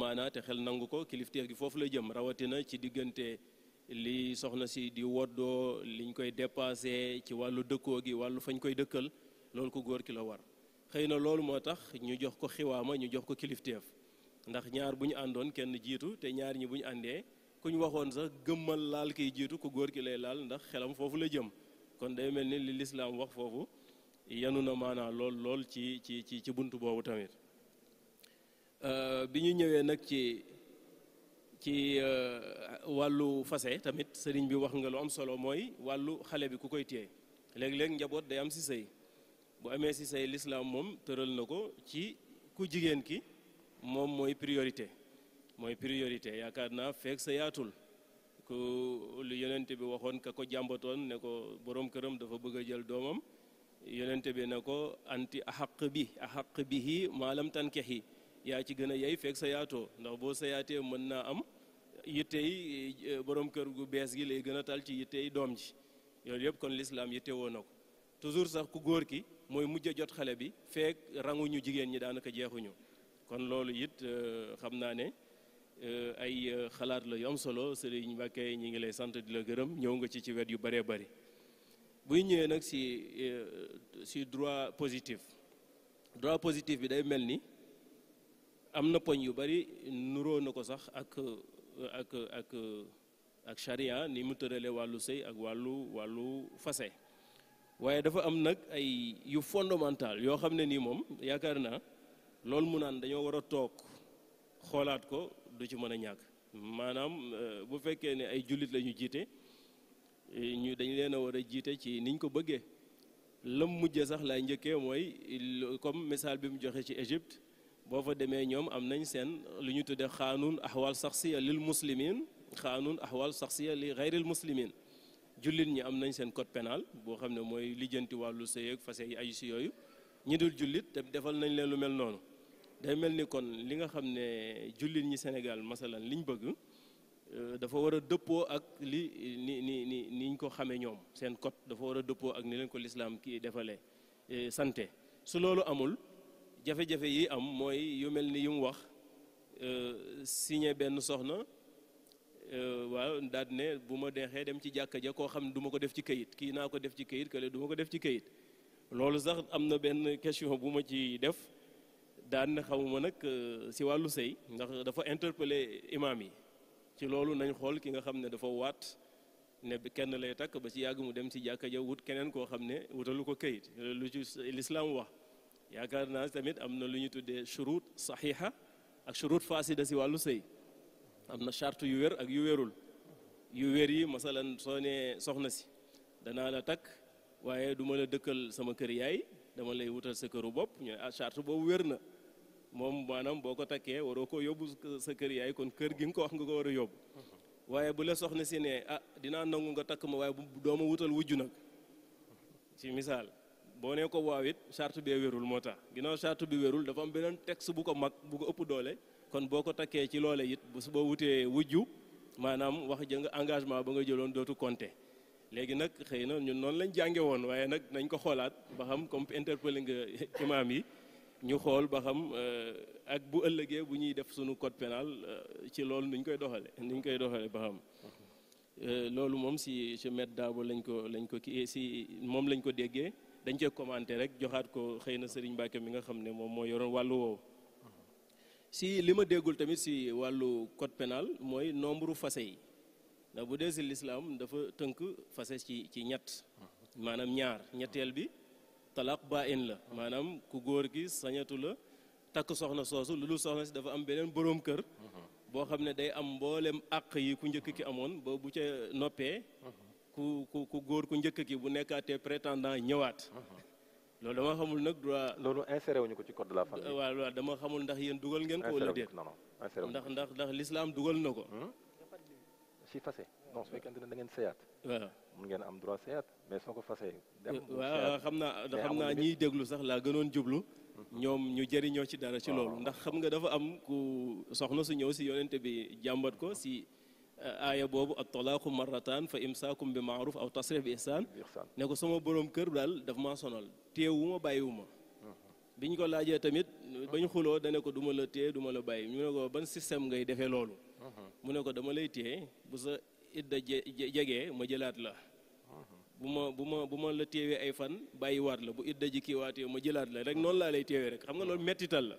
xel nangu ko kilifteef gi foofu la jëm rawatina ci diggante li soxna si di woddoo liñ koy dépassé ci wàllu dëkkoo gi wàllu fañ koy dëkkal loolu ku góor ki la war xëy na loolu moo tax ñu jox ko xiwaama ñu jox ko kilifteef ndax ñaar bu ñu àndoon kenn jiitu te ñaar ñi bu ñu àndee ku ñu waxoon sax gëmmal laal kiy jiitu ku góor ki lay laal ndax xelam foofu la jëm kon day mel ni li lislaam wax foofu yanu na maanaa lool lool ci ci ci ci bunt boobu tamit euh, bi ñu ñëwee nag ci ci euh, wàllu fase tamit sëriñ bi wax nga lu am solo mooy wàllu xale bi ku koy téye léeg-léeg njaboot day am si sëy bu amee si sëy lislaam moom tëral na ko ci ku jigéen ki moom mooy priorité mooy priorité yaakaar naa feek sa yaatul ku lu yonente bi waxoon ka ko jàmbatoon ne ko borom këram dafa bëgg a jël doomam yonente bi ne ko anti axaq bi axaq bihi maalam tankehi yaa ci gën a yey feek sa yaato ndax boo sa yaatee mën naa am yittey e, borom kër gu bees gi lay gën a tal ci yittey doom ji yooyu yëpp kon lislaam yitte woo na ko toujours sax ku góor ki mooy mujj a jot xale bi feek ranguñu jigéen ñi daanaka jeexuñu kon loolu it euh, xam naa ne euh, ay euh, xalaat la yu am solo Serigne Mbacké ñi ngi lay sant di la gërëm ñëw nga ci ci wet yu bëree bari buy ñëwee nag si si droit positif droit positif bi day mel ni am na poñ yu bëri nuroo na ko sax ak ak ak ak charia ni mu tëralee wàllu sëy ak wàllu wàllu fase waaye dafa am nag ay yu fondamental yoo xam ne nii moom yaakaar naa loolu mu naan dañoo war a toog xoolaat ko du ci mën a ñàkk maanaam euh, bu fekkee ne ay jullit lañu jiite ñu dañ leen a war a jiite ci niñ ko bëggee lam mujje sax laay njëkkee mooy comme misaal bi mu joxe ci Égypte boo fa demee ñoom am nañ seen lu ñu tuddee xaanuun axwaal saxsiya lil muslimin xaanuun axwaal saxsiya li xayril muslimin jullit ñi am nañ seen code pénal boo xam ne mooy lijjanti wàllu sëyeeg fase yi ayu si yooyu ñi dul jullit te defal nañ leen lu mel noonu day melni kon li nga xam ne jullit ñi Sénégal masalan liñ bëgg euh, dafa wara a ak li ni ni ni niñ ko xamé ñom sen code dafa wara a ak ni leen ko lislaam kii defalee euh, santé su lolu amul jafé jafé yi am moy yu melni yum wax euh signé benn soxna euh, waaw daal ne bu ma deexee dem ci jakka ja ko xam duma ko def ci kayit ki na ko def ci kayit kële duma ko def ci kayit lolu sax amna na question buma ci def daan ne xamuma nag si wàllu sëy ndax dafa interpeller imam yi ci loolu nañ xool ki nga xam ne dafa waat ne kenn lay takk ba ci yàgg mu dem ci jàkka ja wut keneen koo xam ne wutalu ko këyit lu ci lislaam wax yaakaar naa tamit am na lu ñu tuddee churut saxiixa ak churut faasida si wàllu sëy am na charte yu wér ak yu wérul yu wér yi masalan soo ne soxna si danaa la takk waaye du ma la dëkkal sama kër yaay dama lay wutal sa këru bopp ñooy charte boobu wér na mom manam boko takke takkee waroo ko yóbbu sa keur yaay kon keur gi ko wax nga ko war a waye bu la soxna si ne ah dina nangu nga takuma waye bu dooma wutal wujju nak ci misal bo ne ko waaw charte bi werul mota charte bi werul dafa am benen texte bu ko mag bu ko upp doole kon boko takke ci lolé yit bu bo wuté wujju manam wax nga engagement ba nga jëloon dotu konté légui nak xeyna ñun non lañ jànge won waye nak nañ ko xolaat ba xam comme nga *laughs* yi ñu xool ba xam euh, ak bu ëllëgee bu ñuy def suñu code pénal euh, ci loolu nuñ koy doxale nuñ koy doxale ba xam euh, loolu moom si si maître Dabo lañ ko lañ ko kii si moom lañ ko déggee dañ cee commenté rek joxaat ko xëy na Serigne Mbacke mi nga xam ne moom moo yoroon wàllu woowu si li ma déggul tamit si wàllu code pénal mooy nombre fase yi ndax bu dee si lislaam dafa tënk fase ci ci ñett maanaam ñaar ñetteel bi talaaq baa in la maanaam ku góor gi sañatu la takk soxna soosu lu dul soxna si dafa am beneen boroom kër boo xam ne day am mboolem àq yi ku njëkk ki amoon ba bu ca noppee ku ku góor ku njëkk ki bu nekkaatee prétendant ñëwaat loolu dama xamul nag droit loolu inséré wuñu ko ci code de la famille waaw waaw dama xamul ndax yéen dugal ngeen ko wala déet ndax ndax ndax l'islam dugal na ko hmm? si fase non su fekkee da mun am droit seet mais soo ko fasee. Eh, waaw xam naa xam naa ñiy déglu sax laa gënoon jublu. Mhm. ñoom ñu jariñoo ci dara ci loolu. ndax xam nga dafa am ku soxna su ñëw si yonent bi jàmbat ko si. Eh, aaya boobu ak talaaqu marratan fa imsaakum bi maaruf aw tasrif bi ihsaan ne ko sama boroom kër daal daf maa sonal téewuma bàyyiwuma mhm. bi ñu ko laajee tamit bañ xuloo dane ko du ma la téye du ma la bàyyi ñu ne ko ban système ngay defee loolu mhm. mu ne ko dama lay téye bu sa idda jegee ma jëlaat la bu ma bu ma bu ma la téewee ay fan bàyyi waat la bu idda ji kiiwaatee ma jëlaat la rek noonu laa lay téewee rek xam nga loolu mettital la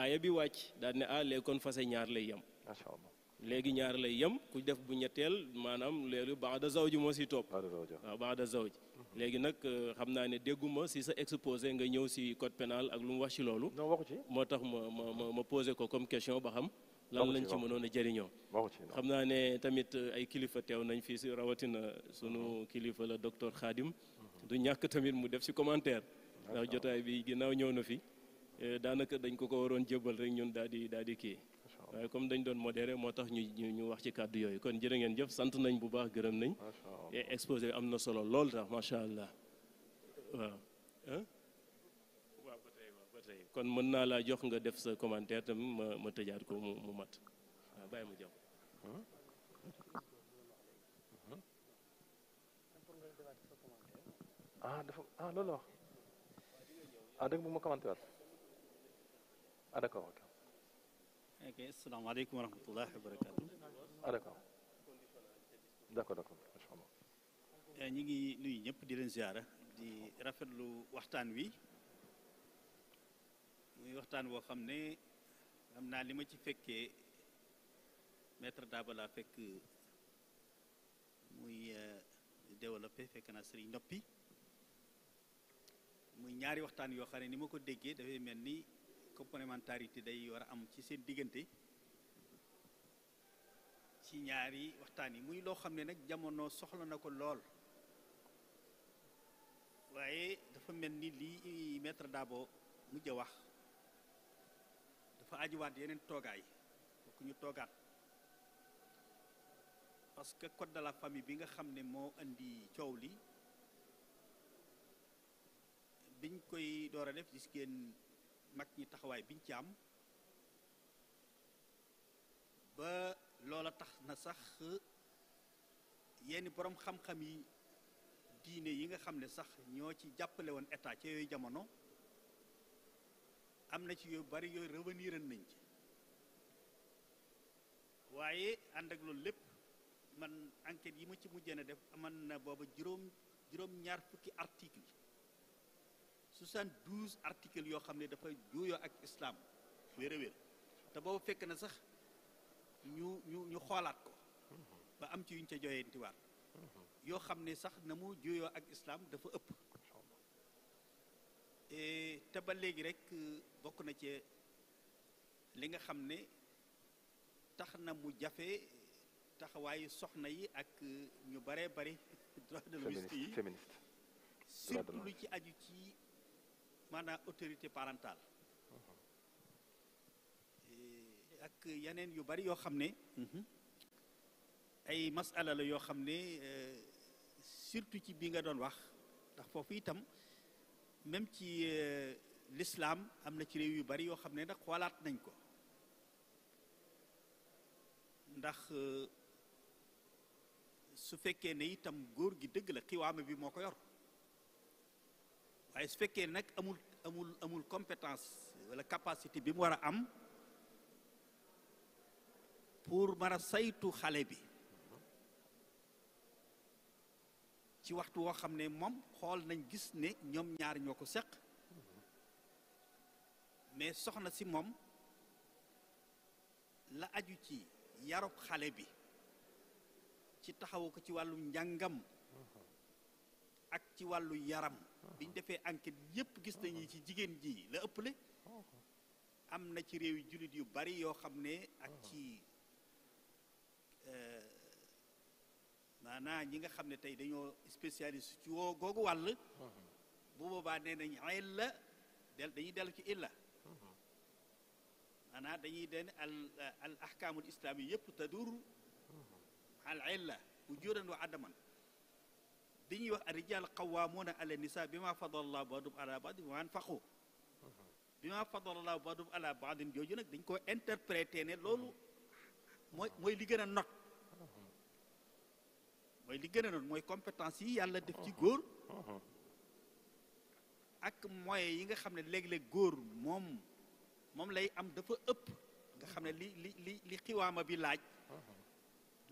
aaya bi wàcc daal ne ah léegi kon fase ñaar lay yem léegi ñaar lay yem ku def bu ñetteel maanaam léegi baada zawji moo si topp waaw baada zawji léegi nag euh, xam naa ne dégguma si sa exposé nga ñëw si code pénal ak lu mu wax ci loolu moo tax ma ma ma posé ko comme question ba xam lan lañ ci mënoon a jëriñoo xam naa ne tamit euh, ay kilifa teew nañ fii si rawatina sunu mhm. kilifa la docteur xaadim mhm. du ñàkk tamit mu def si commentaire ndax jotaay bi ginnaaw ñëw na fi euh, daanaka dañ ko ko waroon jébbal rek ñun daal di daal di kii waaye comme dañ doon modéré moo tax ñu ñu wax ci kàddu yooyu kon jëre ngeen jëf sant nañ bu baax gërëm nañ exposé am na solo lool tax macha allah waaw kon mën naa laa jox nga def sa commentaire tam ma ma tëjaat ko mu mu mat waaw bàyyi ma jaw ah dafa ah loolu ah dëgg bu ma commentaire waat ah d'accord ok ok asalaamaaleykum wa rahmatullah wa barakatuh. ah d'accord d'accord d'accord eh, ñu ngi nuyu ñëpp di leen ziara di rafetlu waxtaan wi muy waxtaan woo xam ne am naa li ma ci fekkee maître Dabala fekk muy euh, développé fekk naa sëriñ noppi muy ñaari waxtaan yoo xam ne ni ma ko déggee dafay mel ni complémentarité day war a am ci seen diggante ci ñaari waxtaan yi muy loo xam ne nag jamono soxla na ko lool waaye dafa mel ni lii maître Dabo mujj a wax aji wat yenen toogaay bokku ñu toogaat parce que code de la famille bi nga xam mo andi ciowli biñ koy doora def gis mag ñi taxaway biñ ci am ba lola tax na sax yenn borom xam-xam yi diine yi nga xam ne sax ñoo ci jàppale woon état ci yooyu jamono am na ci yu bari yooyu revenir nañ ci waaye ànd ak loolu lépp man enquête yi ma ci mujjee na def aman na booba juróom juróom-ñaar fukki article 72 article yoo xam ne dafa juuyoo ak islaam wér a te booba fekk na sax ñu ñu ñu xoolaat ko ba am ci yuñ ca joyantiwaat yoo xam ne sax na mu juuyoo ak islaam dafa ëpp te ba léegi rek euh, bokk na ci li nga xam ne tax na mu jafe taxawaayu soxna yi ak euh, ñu baree bari *laughs* droit de l'hommiste yi féministe surtout lu ci aju ci maanaam autorité parentale ak yeneen yu bari yoo xam ne mhm. ay masala la yoo xam ne euh, surtout ci bi nga doon wax ndax foofu itam même ci euh, lislaam am na ci réew yu bari yoo xam ne nag xoolaat nañ ko ndax euh, su fekkee ne itam góor gi dëgg la xiwaama bi moo ko yor waaye su fekkee ne nag amul amul amul compétence wala capacité bi mu war a am pour mën a saytu xale bi ci waxtu woo xam ne moom xool nañ gis ne ñoom ñaar ñoo ko seq mais soxna si moom la aju ci yarub xale bi ci taxawu ko ci wàllu njàngam ak ci wàllu yaram biñ defee enquête yépp gis nañu ci jigéen ji la ëpple am na ci réew yi jullit yu bari yoo xam ne ak ci euh, maanaam ñi nga xam ne tey dañoo spécialiste ci woo googu wàll mm-hmm. bu boobaa nee nañ illa dañuy dellu ci illa maanaam mm-hmm. dañuy den al al islaami yëpp tadur mm-hmm. al illa wujudan wa adaman bi wax arijaal qawaamuuna ala nisa bi ma fadalallaahu baadum ala baadin ala baadin jooju nag dañ ko interprété ne loolu mooy mooy li gën a not mooy li gën a doon mooy compétence yi yàlla def ci uh-huh. góor uh-huh. ak moyens yi nga xam ne léeg góor moom moom lay am dafa ëpp nga xam ne li li li xiwaama bi laaj uh-huh.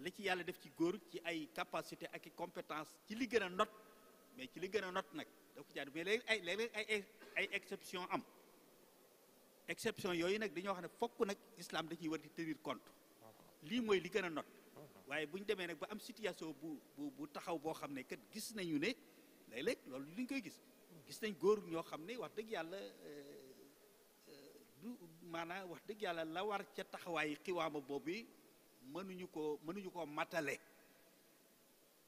li ci yàlla def ci góor ci ay capacité ak i compétence ci li gën a not mais ci li gën a not nag da ko jaadu mais léegi ay léeg ay ay exception am exception yooyu nag dañoo xam ne fokk nag islam da ciy war di tenir compte lii mooy li gën not waaye buñ demee nag ba am situation bu bu taxaw boo xam ne kat gis nañu ne léeg-léeg loolu li ñu koy gis gis nañ góor ñoo xam ne wax dëgg yàlla euh, euh, du wax dëgg yàlla la war ca taxawaayu xiwaama boobu mënuñu ko mënuñu ko matale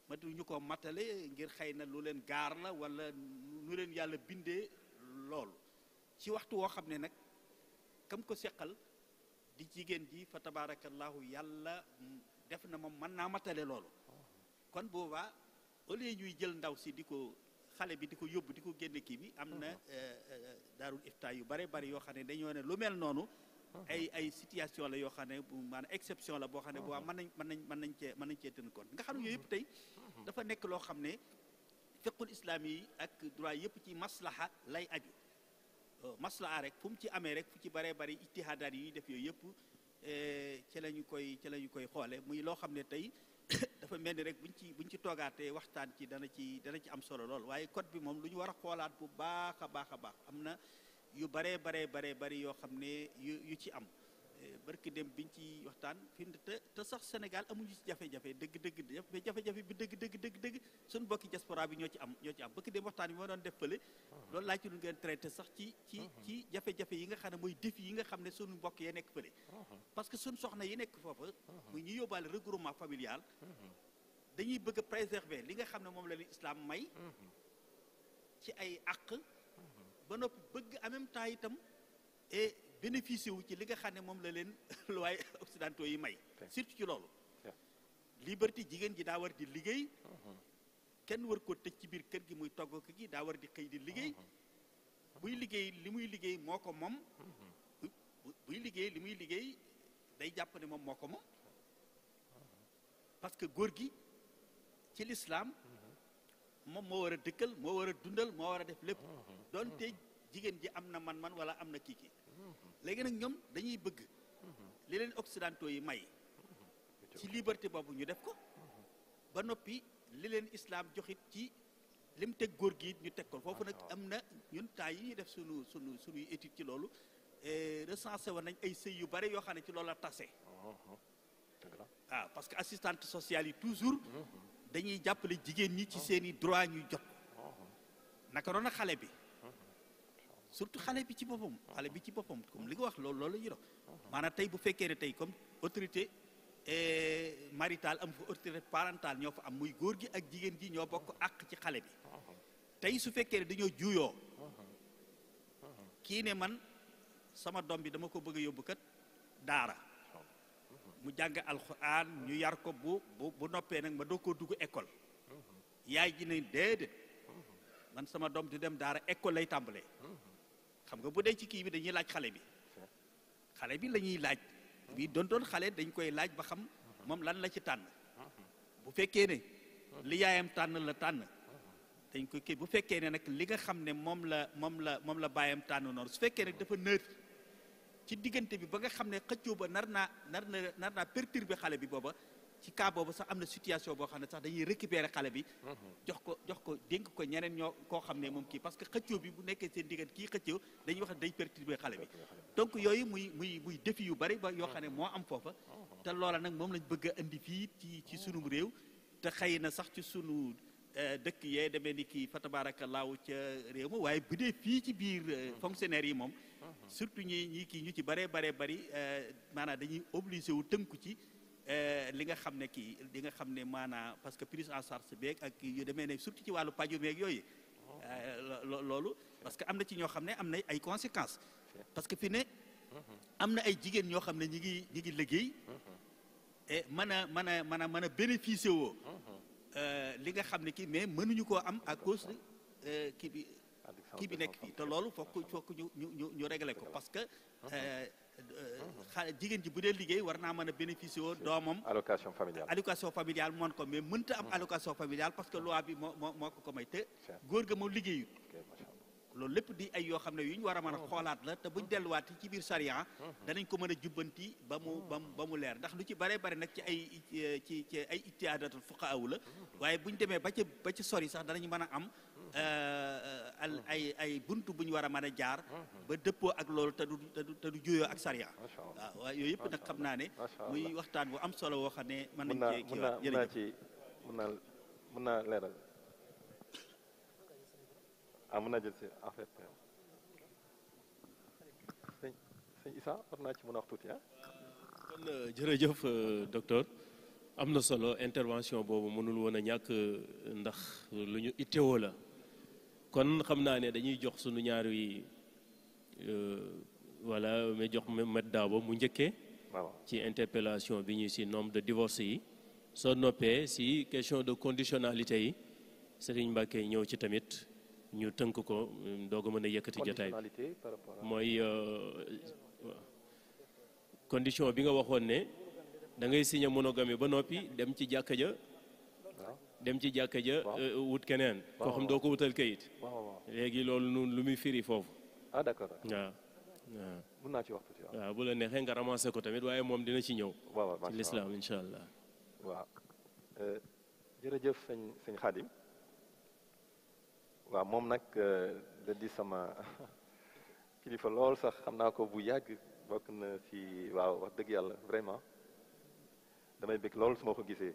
mënuñu ko matale ngir xëy na lu leen gaar la walla nu leen yàlla bindee lool ci waxtu woo xam ne nag kam ko seqal di jigéen ji fa tabaarakallaahu yàlla def na moom mën naa matale loolu kon boobaa au lieu jël ndaw si di ko xale bi di ko yóbbu di ko génn kii bi am na uh-huh. eh, eh, daarul ifta yu bare bari yoo xam ne dañoo ne lu mel noonu uh-huh. ay ay situation la yoo xam ne bu maanaam exception la boo xam ne boobaa uh-huh. mën nañ mën nañ mën nañ cee mën nañ cee tënk kon nga xam ne yooyu yëpp tey dafa nekk loo xam ne fiqul islaam yi ak droit yëpp ci maslaha lay aju oh, maslaha rek fu mu ci amee rek fu ci baree bari ijtihaadaat yi def yooyu yëpp Eh, ci la koy ci la ñu koy xoole muy loo xam ne tey *coughs* dafa mel ni rek buñ ci buñ ci toogaatee waxtaan ci dana ci dana ci am solo lool waaye code bi moom lu ñu war a xoolaat bu baax a baax a baax am na yu baree baree baree bari yoo xam ne yu yu ci am barki dem biñ ci waxtaan fi te te sax Sénégal amuñu ci jafe-jafe dëgg dëgg jafe-jafe bi dëgg dëgg bokki diaspora bi ñoo ci am ñoo waxtaan bi moo doon def fële loolu laaj ci lu ngeen traité sax ci ci jafe-jafe yi nga xam ne mooy défi yi nga xam ne suñu mbokk yee nekk fële parce que suñu soxna yi nekk foofa muy ñu yóbbaale regroupement familial dañuy bëgg a préserver li nga xam ne moom la islam may ci ay àq ba noppi bëgg en même itam bénéficié wu ci li nga xam ne moom la leen waaye *laughs* occidentaux yi may surtout ci loolu liberté jigéen ji daa war di liggéey mm-hmm. kenn war koo tëj ci biir kër gi muy togg ko gi daa war di xëy di liggéey mm-hmm. buy liggéey li muy liggéey moo ko moom mm-hmm. buy liggéey li muy liggéey day jàpp ne moom moo ko moom parce que góor gi ci lislaam moom moo war a dëkkal moo war a dundal moo war a def lépp doonte jigéen ji am na man-man wala am na kii kii léegi nag ñoom dañuy bëgg li leen occidentaux yi may ci liberté boobu ñu def ko ba noppi li leen islam joxit ci lim teg góor gi ñu teg ko foofu nag am na ñun temps yi ñuy def sunu sunu suñuy étude ci loolu recensé woon nañ ay sëy yu bare yoo xam ne ci loolu la tase waaw ah, parce que assistante sociale yi toujours dañuy jàppale jigéen ñi ci seeni droit ñuy jot naka noonu xale bi surtout xalé bi ci boppam xalé bi ci boppam comme li Mana wax lolou lolou la ñuy bu fekke ne tay comme autorité eh, marital am parantal autorité parental ño fa am muy góor gi ak jigen gi ño bok ak ci xalé bi tay su fekke ne dañu ki ne man sama dom bi dama ko bëgg yobbu kat dara mu jang alquran ñu yar ko bu bu noppé nak ma do ko duggu école yaay ji ne dede man sama dom di dem dara école lay tambalé xam nga bu dee ci kii bi dañuy laaj xale bi xale bi lañuy laaj bi doon doon xale dañ koy laaj ba xam moom lan la ci tànn bu fekkee ne li tànn la tànn dañ koy kii bu fekkee ne nag li nga xam ne moom la moom la moom la baayam tànn noonu su fekkee nag dafa neutre ci diggante bi ba nga xam ne xëccoo ba nar naa nar na nar naa perturber xale bi booba ci cas boobu sax am na situation boo xam ne sax dañuy récupérer xale bi jox ko jox ko dénk ko ñeneen ñoo koo xam ne moom kii parce que xëccoo bi bu nekkee seen diggante kii xëccoo dañuy wax ne day perturber xale bi donc yooyu muy muy muy défi yu bari ba yoo ah. xam ne moo am foofa ah. te loola nag moom lañ bëgg a indi fii ci ci ah. sunum réew te xëy na sax ci sunu euh, dëkk yee demee ni kii fa tabaarakallaahu ca réew ma waaye bu dee fii ci biir euh, fonctionnaire yi moom surtout ñi ñi kii ñu ci baree baree bari euh, maanaam dañuy obligé wu tënku ci Euh, li nga xam ne kii li nga xam ne maanaa parce que prise en charge beeg ak yu demee ne surtout ci wàllu paju beeg yooyu euh, loolu parce que am na ci ñoo xam ne am na ay conséquences parce que fi ne am na ay jigéen ñoo xam ne ñi ngi ñi ngi liggéey et mën a mën a mën a mën a bénéficier woo euh, li nga xam ne kii mais mënuñu koo am à cause de kii bi kii nekk fii te loolu fokk ñu ñu ñu ko parce que jigéen ji bu dee liggéey war naa mën a bénéficier woo doomam. allocation familiale allocation familiale mën ko mais mënta am mm. allocation familiale parce que loi bi moo ko ko may te. góor ga moom liggéeyut. loolu lépp di ay yoo xam ne yu ñu war a mën a mm. xoolaat la te buñ mm. delluwaat ci biir sariya danañ ko mën a jubbanti ba mu ba mu ba mu leer ndax lu ci bare bare nag ci ay ci ci ay ijtihaadatul la waaye buñ demee ba ca sori sax danañ mën a am. Euh, ay ay bunt bu ñu war a mën a jaar ba dëppoo ak loolu te du te du ak sariya waaw waaye yooyu yëpp nag xam naa ne muy waxtaan bu am solo woo xam ne mën nañ cee mën naa ci mën naa mën naa leeral ah naa jël si affaire sëñ naa ci mën a wax tuuti ah kon euh, jërëjëf euh, docteur am na solo intervention boobu mënul woona ñàkk ndax lu ñu itteewoo la kon xam naa ne dañuy jox sunu ñaaru yi euh, voilà ma jox met daaw ba mu njëkkee ci interpellation bi ñu si nombre de divorce yi soo noppee si question de conditionnalité yi Serigne Mbacke ñëw ci tamit ñu tënk ko euh, doog a mën a yëkkati jotaay bi à- mooy euh, condition bi nga waxoon ne da ngay signé monogamie ba noppi dem ci jàkka ja dem ci jàkka ja wut keneen koo xam doo ko wutal kayit léegi loolu noonu lu muy firi foofu ah d'accord waaw mën naa ci wax tuuti waaw bu la neexee nga ramassé ko tamit waaye moom dina ci ñëw ci lislaam insha allah waaw jërëjëf sëñ sëñ Khadim waaw moom nag da di sama kilifa lool sax xam naa ko bu yàgg bokk na ci waaw wax dëgg yàlla vraiment damay bëgg lool su ma ko gisee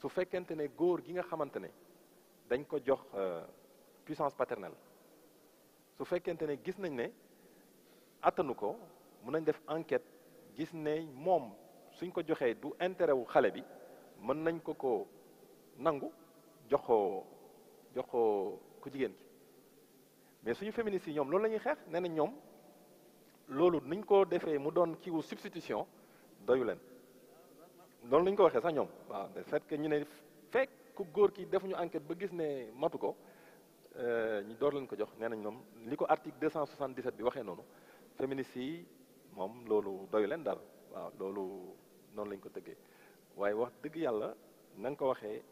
su fekkente ne góor gi nga xamante ne dañ ko jox euh, puissance paternelle su fekkente ne gis nañ ne attanu ko mun nañ def enquête gis ne moom suñ ko joxee du intérêt wu xale bi mën nañ ko ko nangu jox ko ko ku jigéen ki mais suñu féministe yi ñoom loolu la ñuy xeex nee na ñoom loolu nuñ ko defee mu doon kiiwu substitution doyu leen loolu lañ ko waxee sax ñoom waaw le fait que ñu ne fekk ku góor ki defuñu enquête ba gis ne matu ko euh, ñu door lañ ko jox nee nañ ñoom li ko article 277 bi waxee noonu féministes yi moom loolu doy leen daal waaw loolu noonu lañ ko tëggee waaye wax dëgg yàlla na ko waxee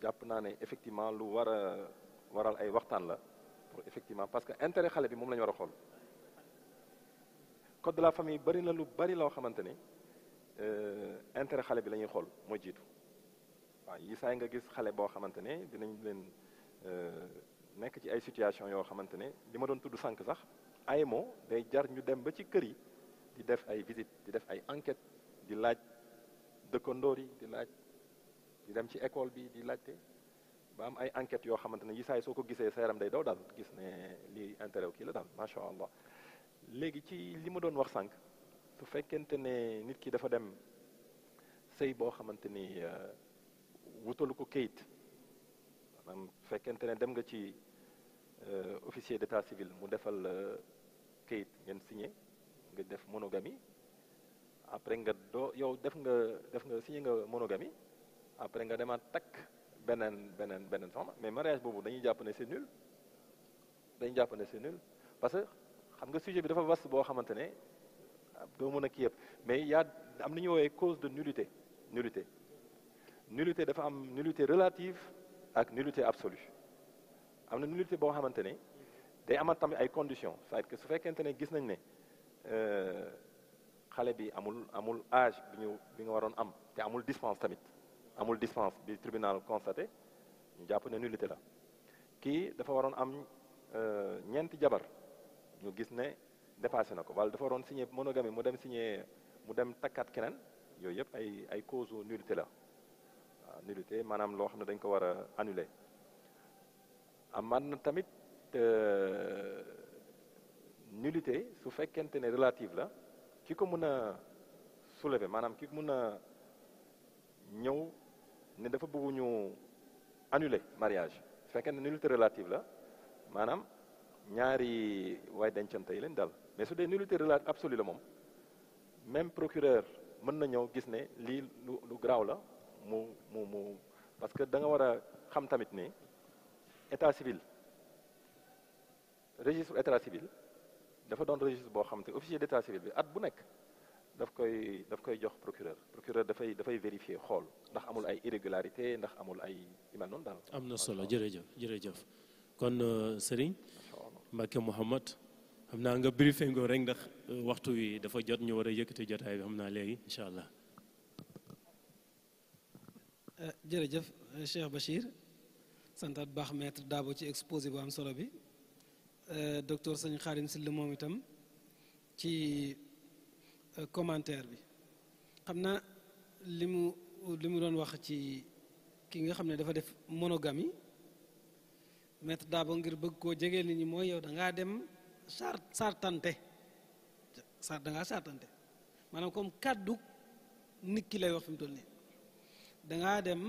jàpp naa ne effectivement lu war a waral ay waxtaan la pour effectivement parce que intérêt xale bi moom la ñu war a xool code de la famille bari na lu bari loo xamante ni Euh, intérêt xale bi lañuy ñuy xool moo jiitu waaw yi saay nga gis xale boo xamante ne dinañ leen euh, nekk ci ay situation yoo xamante ne li ma doon tudd sànq sax ay moo day jar ñu dem ba ci kër yi di def ay visite di def ay enquête di laaj dëkkandoor yi di laaj di dem ci école bi di laajte ba am ay enquêtes yoo xamante ne yi saay soo ko gisee sa yaram day daw daal gis ne lii intérêt kii la daal macha allah léegi ci li ma doon wax sànq su fekkente ne nit ki dafa dem sëy boo xamante ni euh, wutalu ko kayit maanaam su fekkente ne dem nga ci euh, officier d'état civil mu defal kayit ngeen signé nga def monogamie après nga doo yow def nga def nga signé nga monogamie après nga demaat takk beneen beneen beneen soxna mais mariage boobu dañuy jàpp ne c'est nul dañuy jàpp ne c'est nul parce que xam nga sujet bi dafa vaste boo xamante ne doo mën a kii mais y a am nañu cause de nullité nullité nullité dafa am nullité relative ak nullité absolue amna nullité bo xamantene day amal tamit ay conditions c'est-à-dire que su fekkentene gis nañ ne euh, xalé bi amul amul âge bi ñu bi nga waron am té amul dispense tamit amul dispense bi tribunal constaté ñu japp né nullité la ki dafa waron am euh, ñent jabar ñu gis ne dépassé na ko wala dafa waroon signé monogamie mu dem signé mu dem takkaat keneen yooyu yëpp ay ay cause nullité la waaw nullité maanaam loo xam ne dañ ko war a am amaat na tamit euh, nullité su fekkente ne relative la ki ko mën a soulever maanaam ki mun a ñëw ne dafa bëggu ñu annuler mariage su fekkee ne nullité relative la maanaam ñaari waay dencante yi leen dal mais su des nullités relative absolues la moom même procureur mën na ñëw gis ne lii lu lu la mu mu mu parce que da nga war a xam tamit ni état civil registre état civil dafa doon registre boo xam te officier d' état civil bi at bu nekk daf koy daf koy jox procureur procureur dafay dafay vérifier xool ndax amul ay irrégularité ndax amul ay yu mel noonu daal. am na solo jërëjëf jërëjëf kon euh, Serigne Mbacke Mouhamad. xam naa nga briefing ko rek ndax waxtu wi dafa jot ñu war a yëkkati jotaay bi xam naa léegi incha allah. jërëjëf Cheikh Bachir santaat baax maître Dabo ci exposé bu am solo bi docteur sëñ Xaarim Sylla moom itam ci commentaire bi xam naa li mu li mu doon wax ci ki nga xam ne dafa def monogamie maître Dabo ngir bëgg koo jegeel nit ñi mooy yow da ngaa dem. sart sartante sart da ngaa sartante maanaam comme kàddu nit ki lay wax fi mu toll nii da dem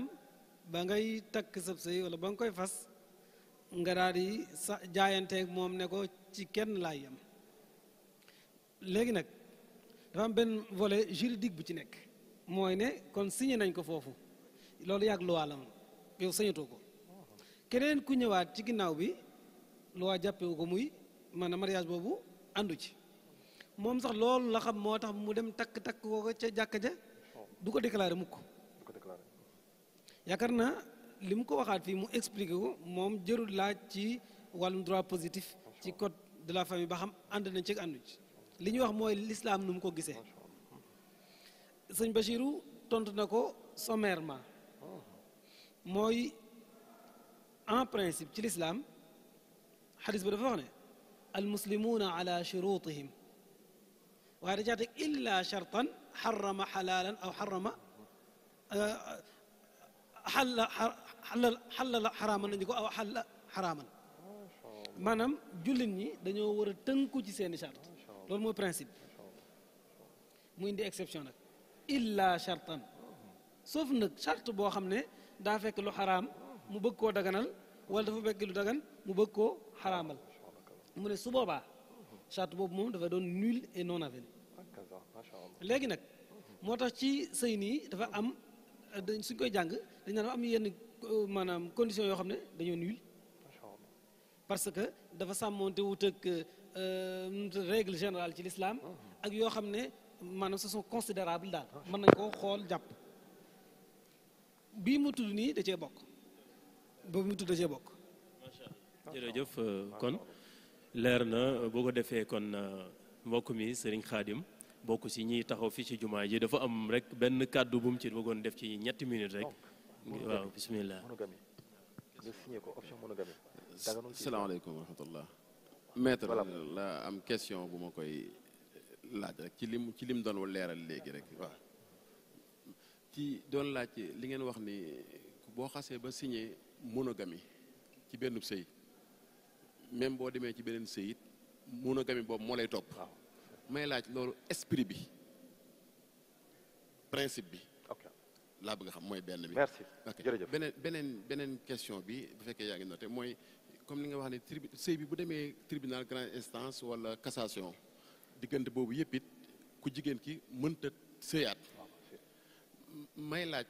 ba ngay takk sab sëy wala ba nga koy fas nga daal sa jaayanteeg moom ne ko ci kenn laay yem léegi nag dafa am benn volet juridique bu ci nekk mooy ne kon signé nañ ko foofu loolu yàgg luwaa la moom yow sañatoo ko oh. keneen ku ñëwaat ci ginnaaw bi luwaa jàppewu ko muy maanaam mariage boobu àndu ci moom sax loolu la xam moo tax mu dem takk takk kooka ca jàkka ja du ko déclaré mukk yaakaar na li mu ko waxaat fii mu expliqué ko moom jërul laaj ci wàllum droit positif ci code de la famille ba xam ànd nañ ci àndu ci li ñuy wax mooy lislaam nu mu ko gisee sëñ Bachiru tontu na ko sommairement oh. mooy en principe ci lislaam xadis ba dafa wax ne المسلمون على شروطهم وهرجات إلا شرطا حرم حلالا أو حرم حل حلل حلل حراما lañ di ko aw xall xaraaman maanaam jullit ñi dañoo war a tënku ci seeni charte loolu mooy principe mu indi exception nag illa chartan sauf nag charte boo xam ne daa fekk lu xaraam mu bëgg koo daganal wala dafa fekk lu dagan mu bëgg koo xaraamal mu ne su boobaa charte boobu moom dafa doon nul et non avenu léegi nag moo tax ci sëy nii dafa am suñ koy jàng dañ naan am yenn maanaam condition yoo xam ne dañoo nul parce que dafa sàmmoonte wut ak euh, règle générale ci l'islam ak yoo xam ne maanaam ce sont considérables daal mën nañ koo xool jàpp bii mu tudd nii da cee bokk boobu mu tudd da cee bokk jërëjëf euh, kon leer na boo ko defee kon euh, mbokk mi sëriñ xaadim bokk si ñi taxaw fi ci jumaa ji dafa am rek benn kàddu bu mu ci bëggoon def ci ñetti minutes rek waaw bismillah alaykum wa rahmatullah maître la am question bu ma koy laaj rek ci lim ci lim doon leeral léegi rek waaw ci doon laaj li ngeen wax ni boo xasee ba signé monogamie ci benn sëy même bo démé ci beneen sëy it gami bob moo lay topp. may laaj lolu esprit bi principe bi. ok la bëgg xam moy benn bi. merci jërëjëf benen benen benen question bi bu fekkee yaa ngi noté mooy comme li nga wax ni tribu sëy bi bu demee tribunal grande instance wala cassation diggante boobu yëpp it ku jigéen ki mënta sëyaat. may laaj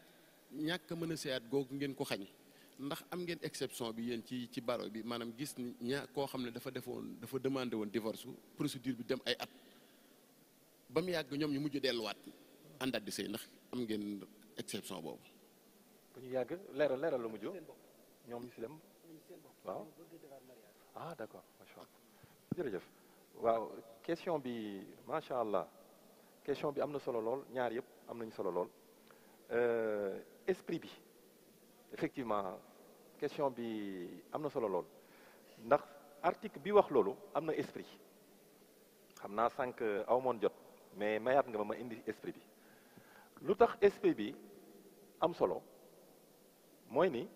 ñàkk a mën a sëyaat googu ngeen ko xañ ndax am ngeen exception bi yéen ci ci baro bi maanaam gis ni ña koo xam ne dafa defoon dafa demandé woon divorce procédure bi dem ay at ba mu yàgg ñoom ñu mujj delluwaat àndaat di sëy ndax am ngeen exception boobu. bu ñu yàgg leeral leeral la mujj ñoom ñu si dem waaw ah d'accord macha allah jërëjëf waaw question bi macha allah question bi am na solo lool ñaar yëpp am nañu solo lool euh, esprit bi effectivement. question bi am na solo lool ndax article bi wax loolu am na esprit xam naa sànq aw moon jot mais mayaat nga ma ma indi esprit bi lu tax esprit bi am solo mooy ni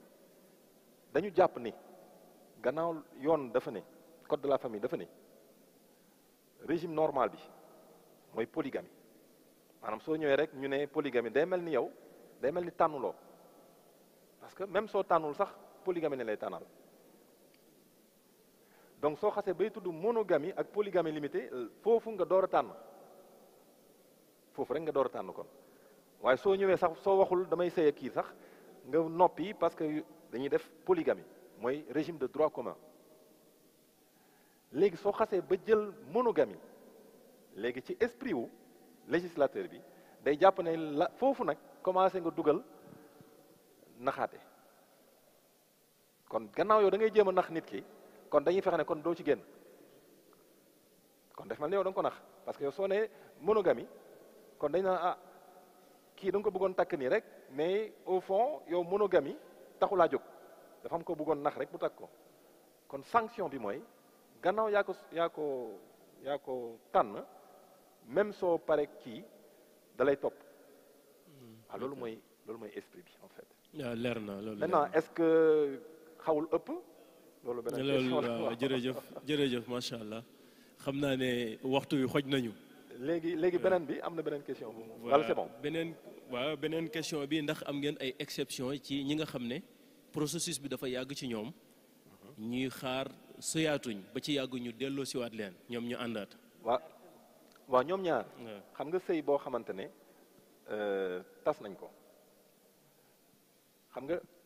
dañu jàpp ni gannaaw yoon dafa ne code de la famille dafa ne régime normal bi mooy polygamie maanaam soo ñëwee rek ñu ne polygamie day mel ni yow day mel ni tànnuloo parce que soo tànnul sax polygamie lay tànnal donc soo xasee bay tudd monogamie ak polygamie limitée foofu nga door a tànn foofu rek nga door a tànn kon waaye soo ñëwee sax soo waxul damay sëy ak kii sax nga noppi parce que dañuy def polygamie mooy régime de droit commun léegi soo xasee ba jël monogamie léegi ci esprit wu législateur bi day jàpp ne la foofu nag commencé nga dugal naxaate kon gannaaw yow da ngay jéem a nax nit ki kon dañuy fexe ne kon doo ci génn kon def na ne yow da nga ko nax parce que yow soo nee monogamie kon dañ naa ah kii da nga ko bëggoon takk nii rek mais au fond yow monogamie taxu laa jóg dafa am ko bëggoon nax rek bu takk ko kon sanction bi mooy gannaaw yaa ko yaa ko yaa ko tànn même soo pare kii dalay lay topp hmm. ah loolu mooy loolu mooy esprit bi en fait. Ah, leer na loolu maintenant est-ce que xawul ëpp. loolu beneen loolu jërëjëf jërëjëf macha allah xam naa ne waxtu yi xoj nañu. léegi léegi beneen bi am na beneen question. wala c'est bon beneen waaw beneen question bi ndax am ngeen ay exception ci ñi nga xam ne processus bi dafa yàgg ci ñoom. Mhm. ñuy xaar soyaatuñ ba ci yàgg ñu delloo siwaat leen ñoom ñu àndaat. waaw waaw ñoom ñaar. xam nga sëy boo xamante ne euh, tas nañ ko xam nga.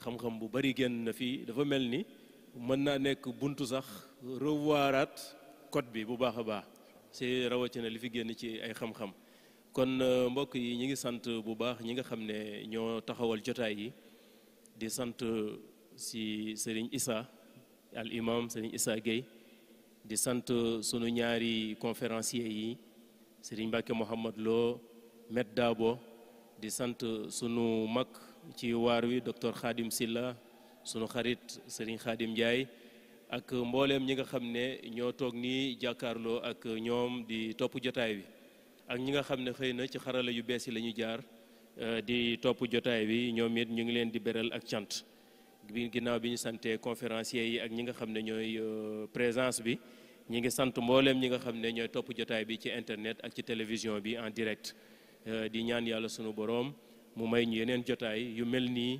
xam-xam bu bari génn na fii dafa mel ni mën naa nekk buntu sax revoiraat code bi bu baax a baax si rawatina li fi génn ci ay xam-xam kon euh, mbokk yi ñi ngi sant bu baax ñi nga xam ne ñoo taxawal jotaay yi di sant euh, si sëriñ Issa al imam sëriñ Issa Gueye di sant euh, sunu ñaari conférencier yi sëriñ Mbacke Mouhamad loo Met Dabo di sant sunu mag ci waar wi docteur Khadim Silla sunu xarit Serigne Khadim Ndiaye ak mbollem ñi nga xamne ne ñoo toog nii jàkkaarloo ak ñom di topp jotay bi ak ñi nga xamne xeyna ci xarala yu bees lañu jaar euh, di topp jotay bi ñom it ñu ngi leen di beral ak cant bi ginnaaw bi ñu santee conférencier yi ak ñi nga xamne ñoy euh, présence bi ñi ngi sant mbollem ñi nga xamne ñoy ñooy jotay bi ci internet ak ci télévision bi en direct euh, di ñaan yalla sunu boroom mu may ñu yeneen jotaay yu mel nii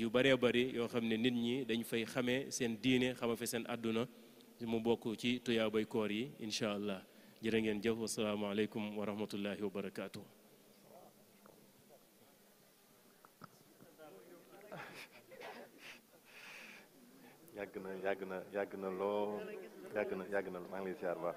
yu baree bari yoo xam ne nit ñi dañ fay xamee seen diine xama seen àdduna mu bokk ci tuyaabay koor yi incha allah jërë ngeen jëf wasalaamaaleykum wa rahmatullahi wa barakaatu. yàgg na yàgg na yàgg na loo na yàgg na maa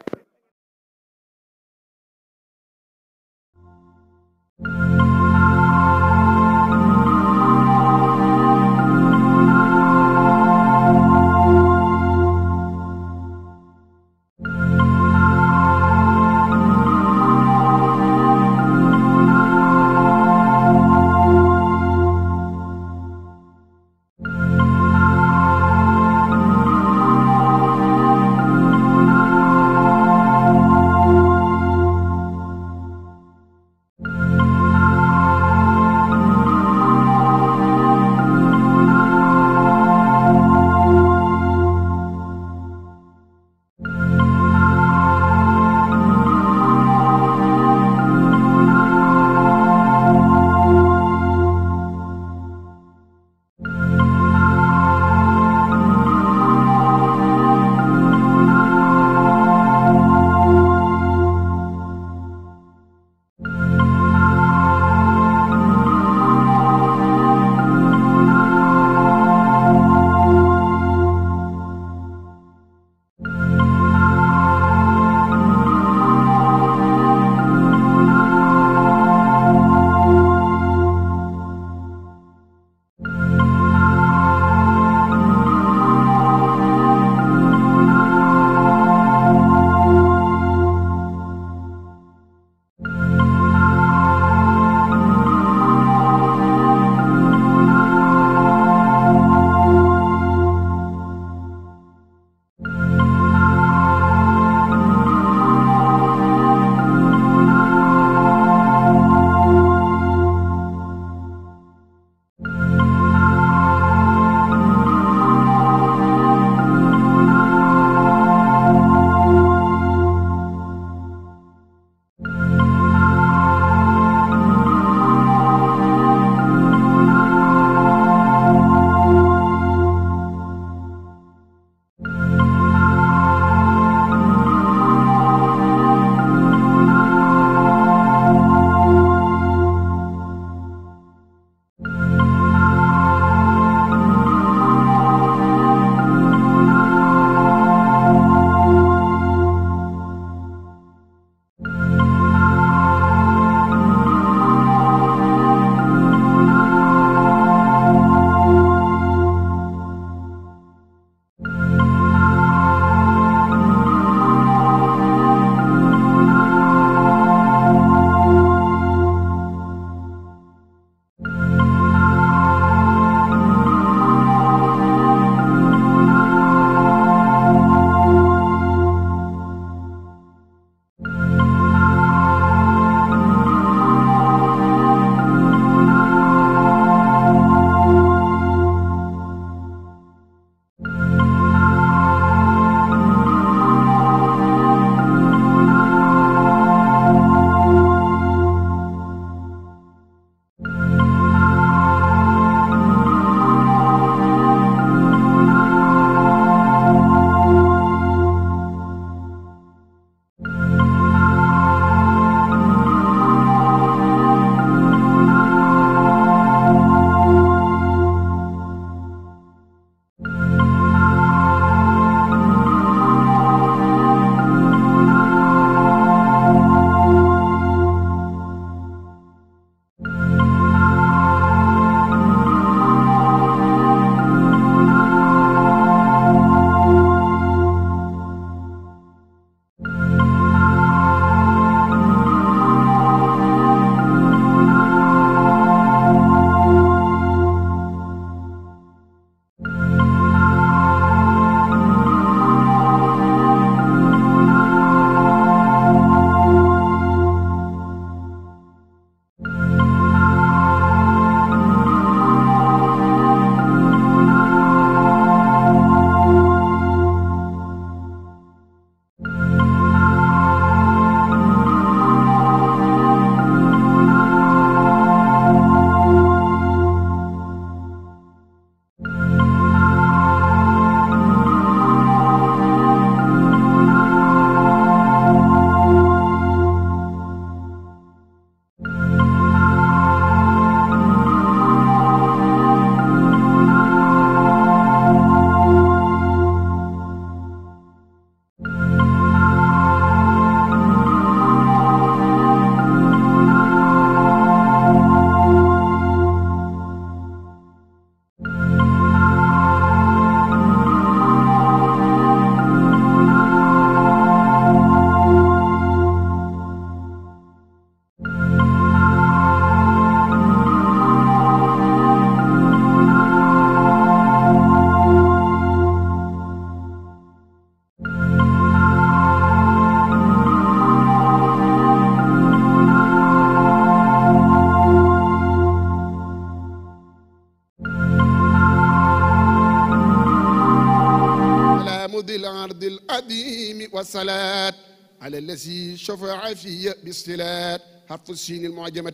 والصلاة على الذي شفع في بالصلاة حرف السين المعجمة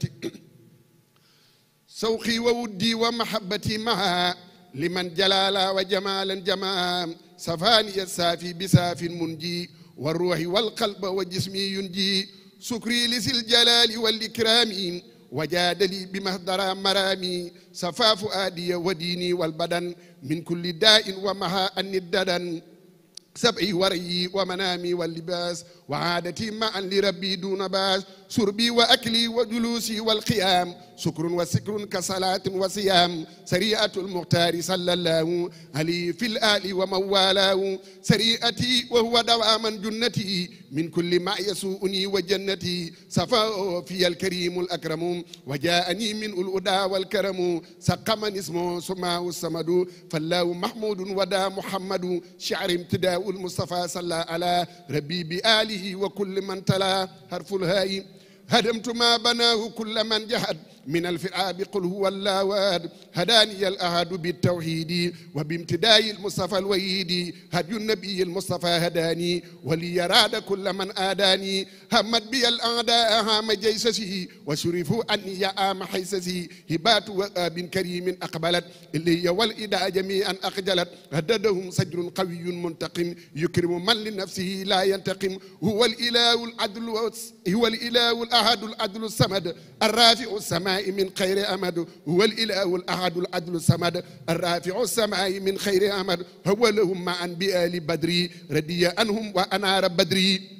سوقي وودي ومحبتي معها لمن جلالا وجمالا جمام سفاني السافي بساف منجي والروح والقلب والجسم ينجي سكري لذي الجلال والإكرام وجادلي بمهدر مرامي سفاف آدي وديني والبدن من كل داء ومها الددن سبعي وريي ومنامي واللباس وعادتي معا لربي دون باس سربي وأكلي وجلوسي والقيام سكر وسكر كصلاة وصيام سريعة المختار صلى الله عليه في الآل وموالاه سريعتي وهو دواما جنتي من كل ما يسوءني وجنتي صفاء في الكريم الأكرم وجاءني من الأدى والكرم سقمني اسمه سماه السمد فالله محمود ودا محمد شعر امتداء المصطفى صلى على ربي بآله وكل من تلا حرف الهائم هدمت ما بناه كل من جحد من الفئاب قل هو اللاواد هداني الأهد بالتوحيد وبامتداء المصطفى الويد هدي النبي المصطفى هداني وليراد كل من آداني همت بي الأعداء هام جيسسه وشرفوا أني يا آم حيسسي هبات وآب كريم أقبلت إلي والإداء جميعا أخجلت هددهم سجر قوي منتقم يكرم من لنفسه لا ينتقم هو الإله العدل هو الإله الأحد العدل الصمد الرافع السماء من خير أمد هو الإله الأحد العدل الصمد الرافع السماء من خير أمد هو لهم مع أنبياء بدري ردي وأنا رب بدري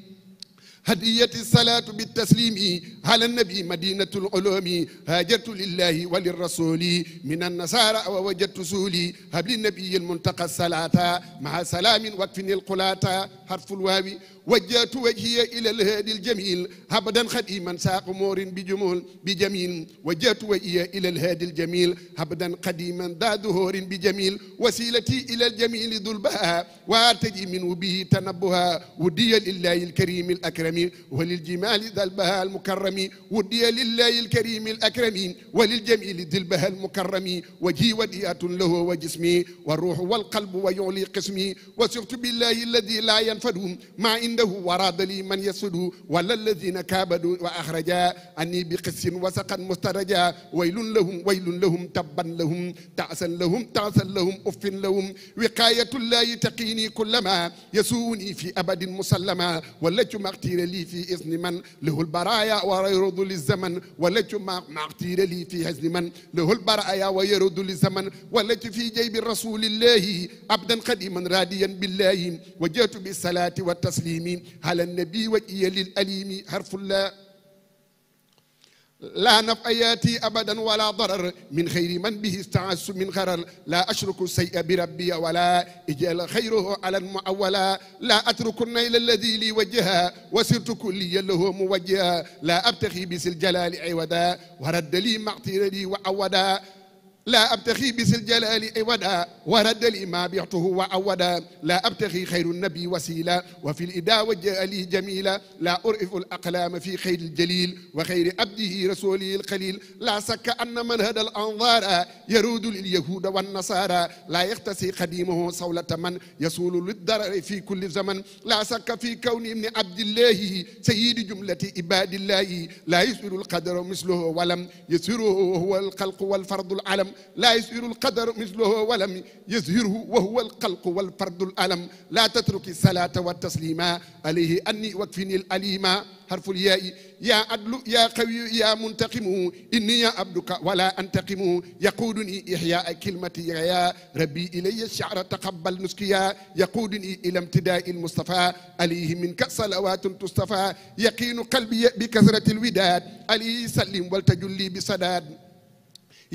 هدية الصلاة بالتسليم على النبي مدينة العلوم هاجرت لله وللرسول من النصارى ووجدت سولي هب للنبي المنتقى الصلاة مع سلام وكفني القلاة حرف الواوي وجهت وجهي إلى الهادي الجميل هبدا قديما ساق مور بجمول بجميل وجهت وجهي إلى الهادي الجميل هبدا قديما ذا ظهور بجميل وسيلتي إلى الجميل ذو البهاء وارتجي منه به تنبها ودي لله الكريم الأكرم وللجمال ذا البهاء المكرم ودي لله الكريم الأكرم وللجميل ذي البهاء المكرم وجهي وديئة له وجسمي والروح والقلب ويعلي قسمي وسرت بالله الذي لا ينفد مع إن عنده وراد لي من يسد ولا الذين كابدوا وأخرجا أني بقس وسقا مسترجا ويل لهم ويل لهم تبا لهم تعسا لهم تعسا لهم أف لهم وقاية لا يتقيني كلما يسوني في أبد مسلما ولت مقتير لي في إذن من له البرايا ويرد للزمن ولت مقتير لي في هزن من له البرايا ويرد للزمن ولت في جيب رسول الله أبدا قديما راديا بالله وجئت بالصلاة والتسليم الأليم على النبي وإيل الأليم حرف الله لا نفع ياتي ابدا ولا ضرر من خير من به استعس من غرر لا اشرك السيء بربي ولا إجال خيره على المعولا لا اترك النيل الذي لي وجها وسرت كليا له موجها لا ابتغي بس الجلال عودا ورد لي معطير لي وعودا لا أبتغي بذي الجلال ورد لي ما بعته وأودا لا أبتغي خير النبي وسيلا وفي الإدا وجالي لي جميلا لا أرئف الأقلام في خير الجليل وخير أبده رسوله القليل لا سك أن من هدى الأنظار يرود لليهود والنصارى لا يختسي قديمه صولة من يسول للضرر في كل زمن لا سك في كون ابن عبد الله سيد جملة عباد الله لا يسئل القدر مثله ولم يسره هو الخلق والفرض العلم لا يسير القدر مثله ولم يزهره وهو القلق والفرد الألم لا تترك الصلاة والتسليما عليه أني وكفني الأليما حرف الياء يا عدل يا قوي يا منتقم إني يا عبدك ولا أنتقم يقودني إحياء كلمتي يا ربي إلي الشعر تقبل نسكيا يقودني إلى امتداء المصطفى عليه منك صلوات تصطفى يقين قلبي بكثرة الوداد عليه سلم ولتجلي بسداد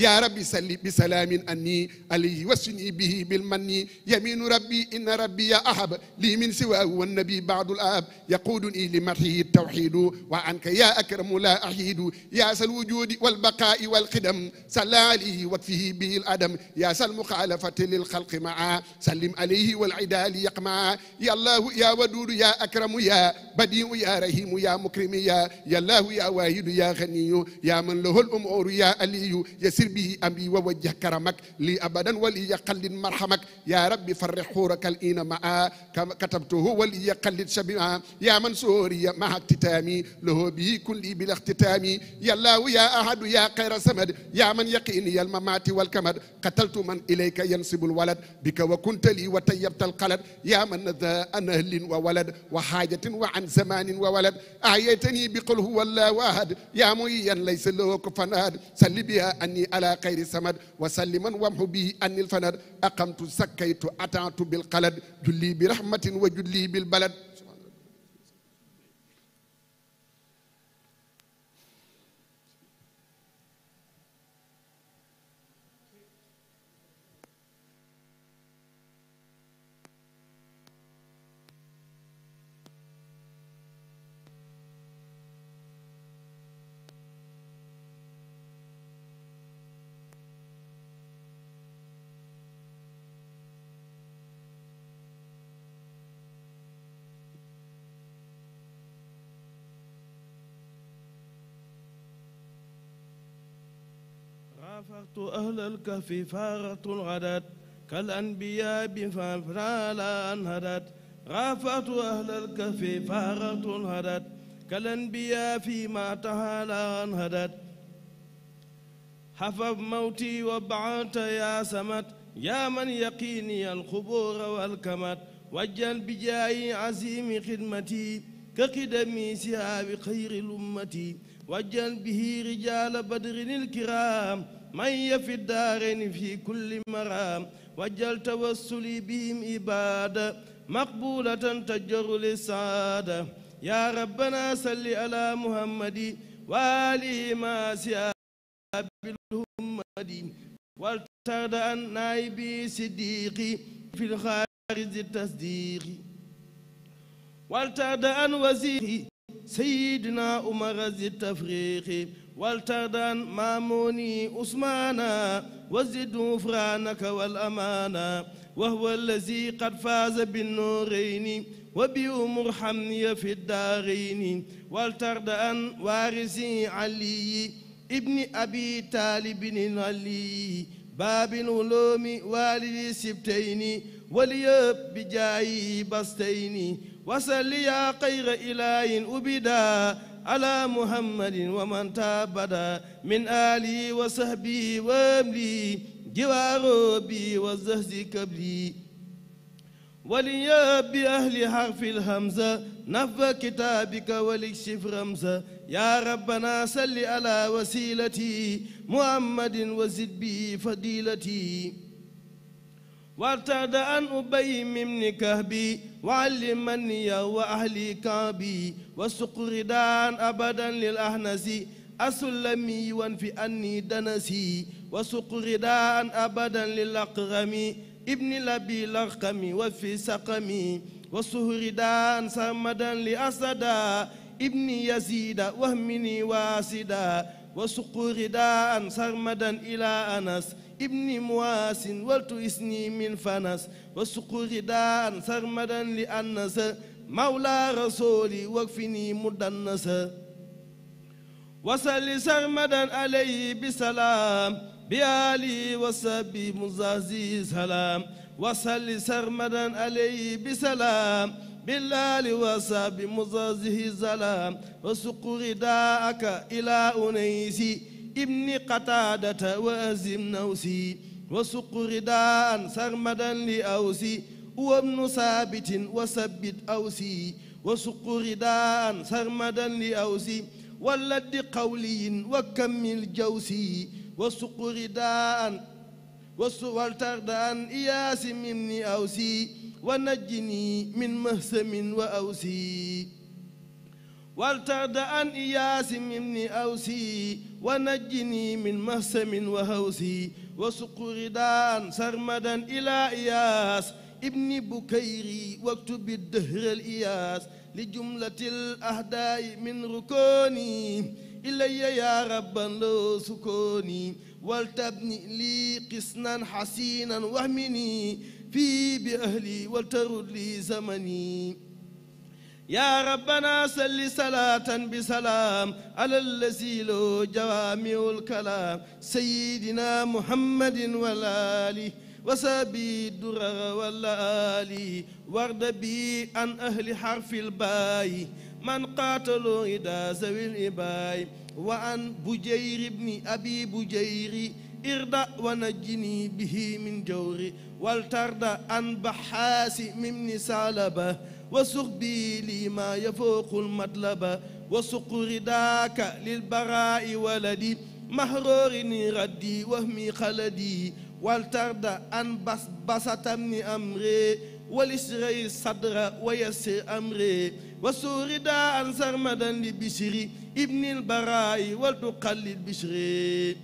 يا ربي سلي بسلام أني عليه وسني به بالمن يمين ربي إن ربي يا أحب لي من سواه والنبي بعد الآب يقودني لمرحه التوحيد وعنك يا أكرم لا أحيد يا سل الوجود والبقاء والقدم صلى عليه وكفه به الأدم يا سل مخالفة للخلق معا سلم عليه والعدال يقمع يا الله يا ودود يا أكرم يا بديع يا رحيم يا مكرم يا يا الله يا واهد يا غني يا من له الأمور يا علي يسر به أبي ووجه كرمك لي أبدا وليقلد مرحمك يا ربي فرح حورك الإن معا كتبته وليقلد شبعا يا من سوري مع اختتامي له به كل بلا اختتامي يا الله يا أحد يا خير سمد يا من يقيني الممات والكمد قتلت من إليك ينسب الولد بك وكنت لي وتيبت القلد يا من ذا أن أهل وولد وحاجة وعن زمان وولد أعيتني بقل هو الله واحد يا معين ليس له كفناد سل بها أني على خير سمد وسلما وامحو به أن الفند أقمت سكيت أتعت بالقلد جلي برحمة وجلي بالبلد فارقت أهل الكهف فارت الغدد كالأنبياء بفنالا أنهدت غافت أهل الكهف فارت الغدد كالأنبياء فيما تهالى أنهدت حفظ موتي وبعت يا سمت يا من يقيني القبور والكمت وجل بجاي عزيم خدمتي كقدمي سهاب خير الأمة وجل به رجال بدر الكرام مي في الدارين في كل مرام وجل توسلي بهم إبادة مقبولة تجر للسعادة يا ربنا صل على محمد وآله ما سياب الهمد والترد أن نائبي صديقي في الخارج التصديق والترد أن وزيري سيدنا عمر التفريقي والتردن ماموني أسمانا وزد غفرانك والأمانا وهو الذي قد فاز بالنورين وبيومر حمني في الدارين والترد أن وارثي علي ابن أبي طالب علي باب الولوم والد سبتين وليب بجاي بستين وسلي يا قير إله أبدا على محمد ومن تابد من آلي وصحبي واملي جوار جواربي وزهزي كبلي وليا بأهل حرف الهمزة نفى كتابك ولكشف رمزة يا ربنا سل على وسيلتي محمد وزد به فضيلتي وارتد أن أبي من كهبي وعلمني وأهلي كابي وسقردان أبدا للأهنسي أسلمي وانفي أني دنسي وسقردان أبدا للأقغمي ابن لبي لقمي وفي سقمي وسهردان سمدا لأسدا ابن يزيد وهمني واسدا وسقردان سرمدا إلى أنس ابن مواس ولت اسني من فنس وسقر دان سرمدا لأنس مولى رسولي واكفني مدنسا وصل سرمدا عليه بسلام بيالي وسبي مزازي سلام وصل سرمدا عليه بسلام بالآل وسبي مزازي سلام وسقر داءك إلى أنيسي ابن قتادة وأزم نوسي وسق رداء سرمدا لأوسي وابن ثابت وثبت أوسي وسق رداء سرمدا لأوسي ولد قولي وكمل الجوسي وسق رداء والترد عن إياس مني أوسي ونجني من مهسم وأوسي والترد عن إياس مني أوسي ونجني من مهسم وهوسي وسق دان سرمدا إلى إياس ابن بكيري واكتب الدهر الإياس لجملة الأهداء من ركوني إلي يا ربا لو سكوني ولتبني لي قسنا حسينا وهمني في بأهلي ولترد لي زمني يا ربنا صل صلاة بسلام على الذي له جوامع الكلام سيدنا محمد والآله وسبي الدرر والآلي وارد بي عن أهل حرف الباي من قاتلوا إذا زوي الإباي وعن بجير بن أبي بجير ارضى ونجني به من جوري والترضى عن بحاس من سالبه وسق بي لي ما يفوق المطلب وسق رداك للبراء ولدي محرورني ردي وهمي خلدي والترد أن بس بسطني أمري ولسري صدر ويسر أمري وسوردا أن سرمدا لبشري ابن البراء والتقل بشري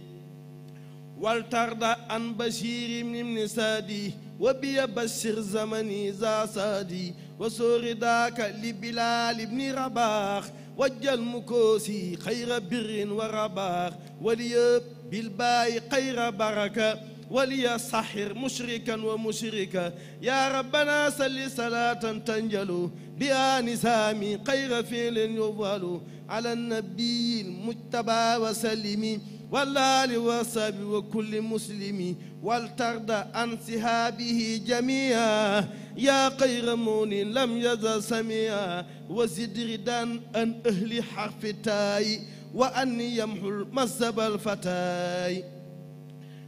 والترد أن بشير من سادي وبيبشر زمني زا سادي وسور ذاك لبلال بن رباح وجل مكوسي خير بر ورباخ ولي بالباي خير بركة ولي صحر مشركا ومشركا يا ربنا صل صلاة تنجلو بها نسامي خير فيل يفعل على النبي المجتبى وسلمي والآل وصحبه وكل مسلم ولترضى عن صحابه جميعا يا خير مون لم يزل سميعا وزد ردا عن أهل حرف تاي وأني يمحو المذهب الفتاي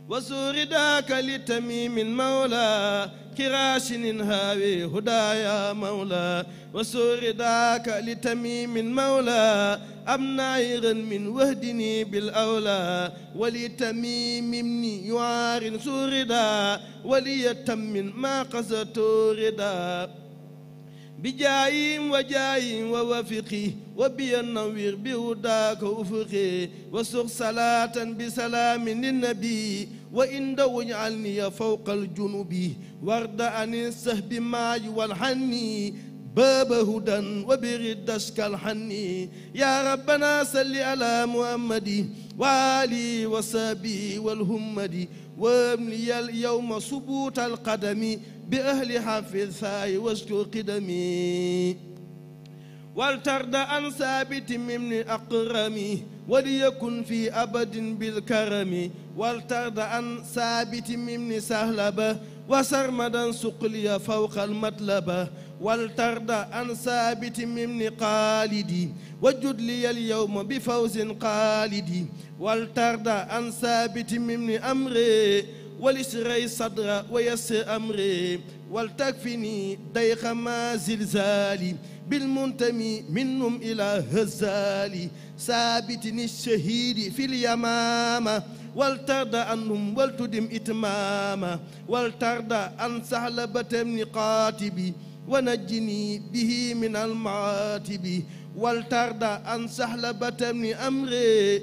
وسرداك لتميم المولى كراش هاوي يا مولى وسرداك لتميم المولى أم نائر من وهدني بالأولى ولتميم يعار سردا وليتم ما قصت ردا بجايم وجايم ووفقي وبي النوير بهداك أفقي وسق صلاة بسلام النبي وإن دو اجعلني فوق الجنوب ورد عن السهب معي والحني باب هدى وبردشك الحني يا ربنا سل على محمد وعلي وسابي والهمد واملي اليوم سبوت القدم بأهل ثاي واذكر قدمي والترد عن ثابت من أقرمي وليكن في أبد بالكرم والترد عن ثابت من سهلبة وسرمدا سقلي فوق المطلبة والترد عن ثابت من قالدي وجد لي اليوم بفوز قالدي والترد عن ثابت من أمري ولسري صدر ويسر أمري ولتكفني ديخ ما زلزالي بالمنتمي منهم إلى هزالي ثابت الشهيد في اليمامة ولترضى أنهم ولتدم إتماما ولترضى أن سهل بتم قاتبي ونجني به من المعاتب ولترضى أن سهل بن أمري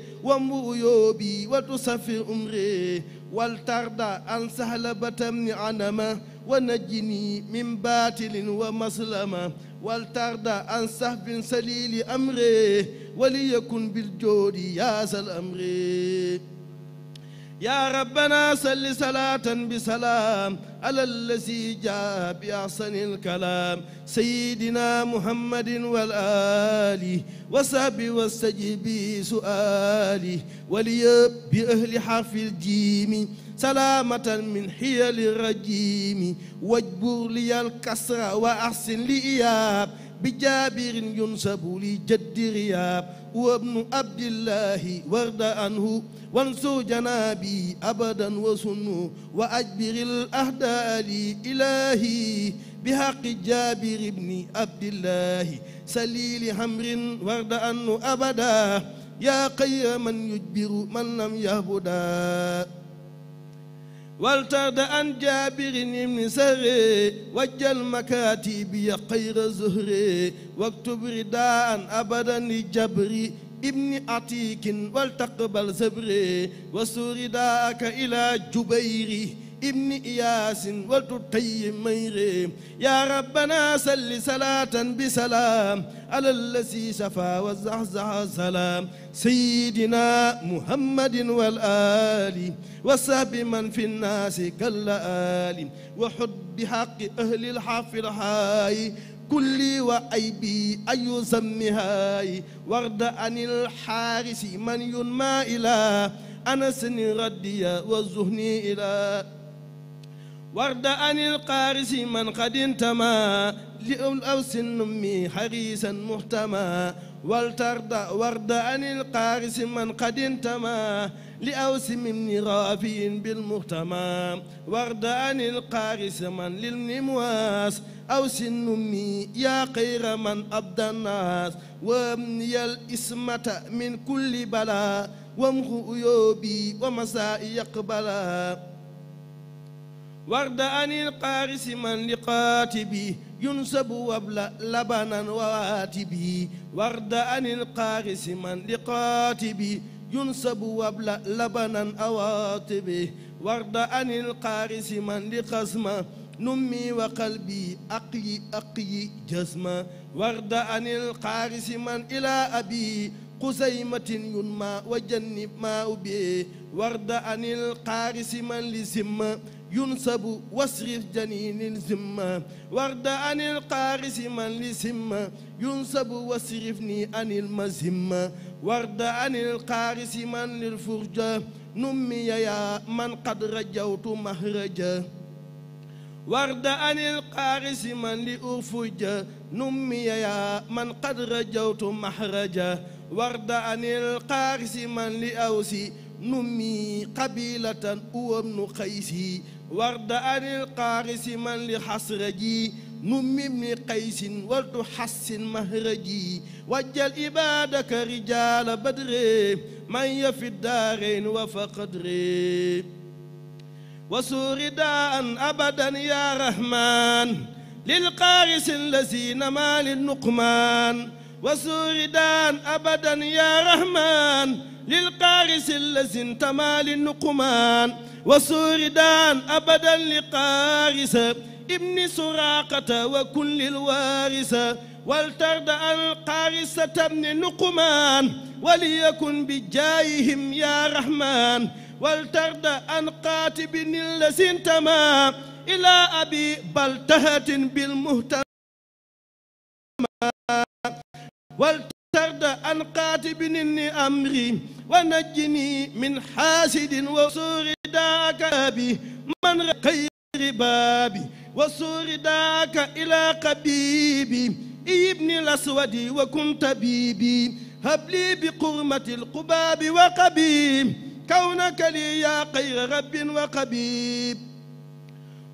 يوبي وتصفي أمري ولترضى أن سهل بن عنما ونجني من باطل ومسلمة والتردى عن سهب سليل أمره وليكن بالجود يا ذا الأمر يا ربنا سل صلاة بسلام على الذي جاء بأحسن الكلام سيدنا محمد والآل وصحبه واستجب سؤالي وليب بأهل حرف الجيم salaamatan min xiyali rajimi wajbur liyal kasra wa ahsin li iyaab bi jaabirin yunsabu li jaddi riyaab wa ibnu abdillahi warda anhu wansur janaabi abadan wa sunu wa ajbiril ahdaali ilaahi bi xaqi jaabir ibni abdillahi saliili hamrin warda anhu abada yaa xayra man yujbiru man lam yahbuda والترد أن جابر بن سري وجل يا خير زهري واكتب رداء أبدا لجبري ابن عتيك والتقبل زبري وسرداءك إلى جبيري ابن إياس وتطي ميري يا ربنا سل صلاة بسلام على الذي شفى وزحزح سلام سيدنا محمد والآل وصحب من في الناس كالآل وحد بحق أهل الحف الحاي كل وأيبي أي سمهاي ورد عن الحارس من ينمى إلى أنس ردي وزهني إلى ورد عن القارس من قد انتمى لأول أوس أمي حريسا محتمى ولترضى ورد عن القارس من قد انتمى لأوس من رافي بالمهتما ورد عن القارس من للنمواس أوس النمي يا خير من أبدى الناس وامني الإسمة من كل بلاء وامخ أيوبي ومسائي يقبلا ورد عن القارس من لقاتبي ينسب وبل لبنا وواتبي ورد عن القارس من لقاتبي ينسب وبل لبنا أواتبي ورد عن القارس من لقسمه نمي وقلبي أقي أقي جسما ورد عن القارس من إلى أبي قسيمة ينمى وجنب ما أبي ورد عن القارس من لسمه ينصب واصرف جنين الزمة وارد عن القارس من لسمة ينصب واصرفني عن المزمة وارد عن القارس من للفرجة نمي يا من قد رجوت مهرجة وارد عن القارس من لأرفج نمي يا من قد رجوت محرجا وارد عن القارس من لأوسي نمي قبيلة هو ابن قيسي ورد عن القارس من لحصرجي نمم قيس ولتحسن مهرجي وجل عبادك رجال بدر من يفي الدارين وفقدر وسور داء أبدا يا رحمن للقارس الذين ما للنقمان وسور داء أبدا يا رحمن للقارس الذي انتمى للنقمان وسوردان أبدا لقارس ابن سراقة وكل الوارث ولترد القارسة ابن نقمان وليكن بجايهم يا رحمن ولترد أن قاتب الذي انتمى إلى أبي بلتهة بالمهتم والترد ترد عن قاتبني أمري ونجني من حاسد وصور داك أبي من غير بابي وصور داك إلى قبيبي ابن الأسود وكن طبيبي هب لي بقرمة القباب وقبيب كونك لي يا خير رب وقبيب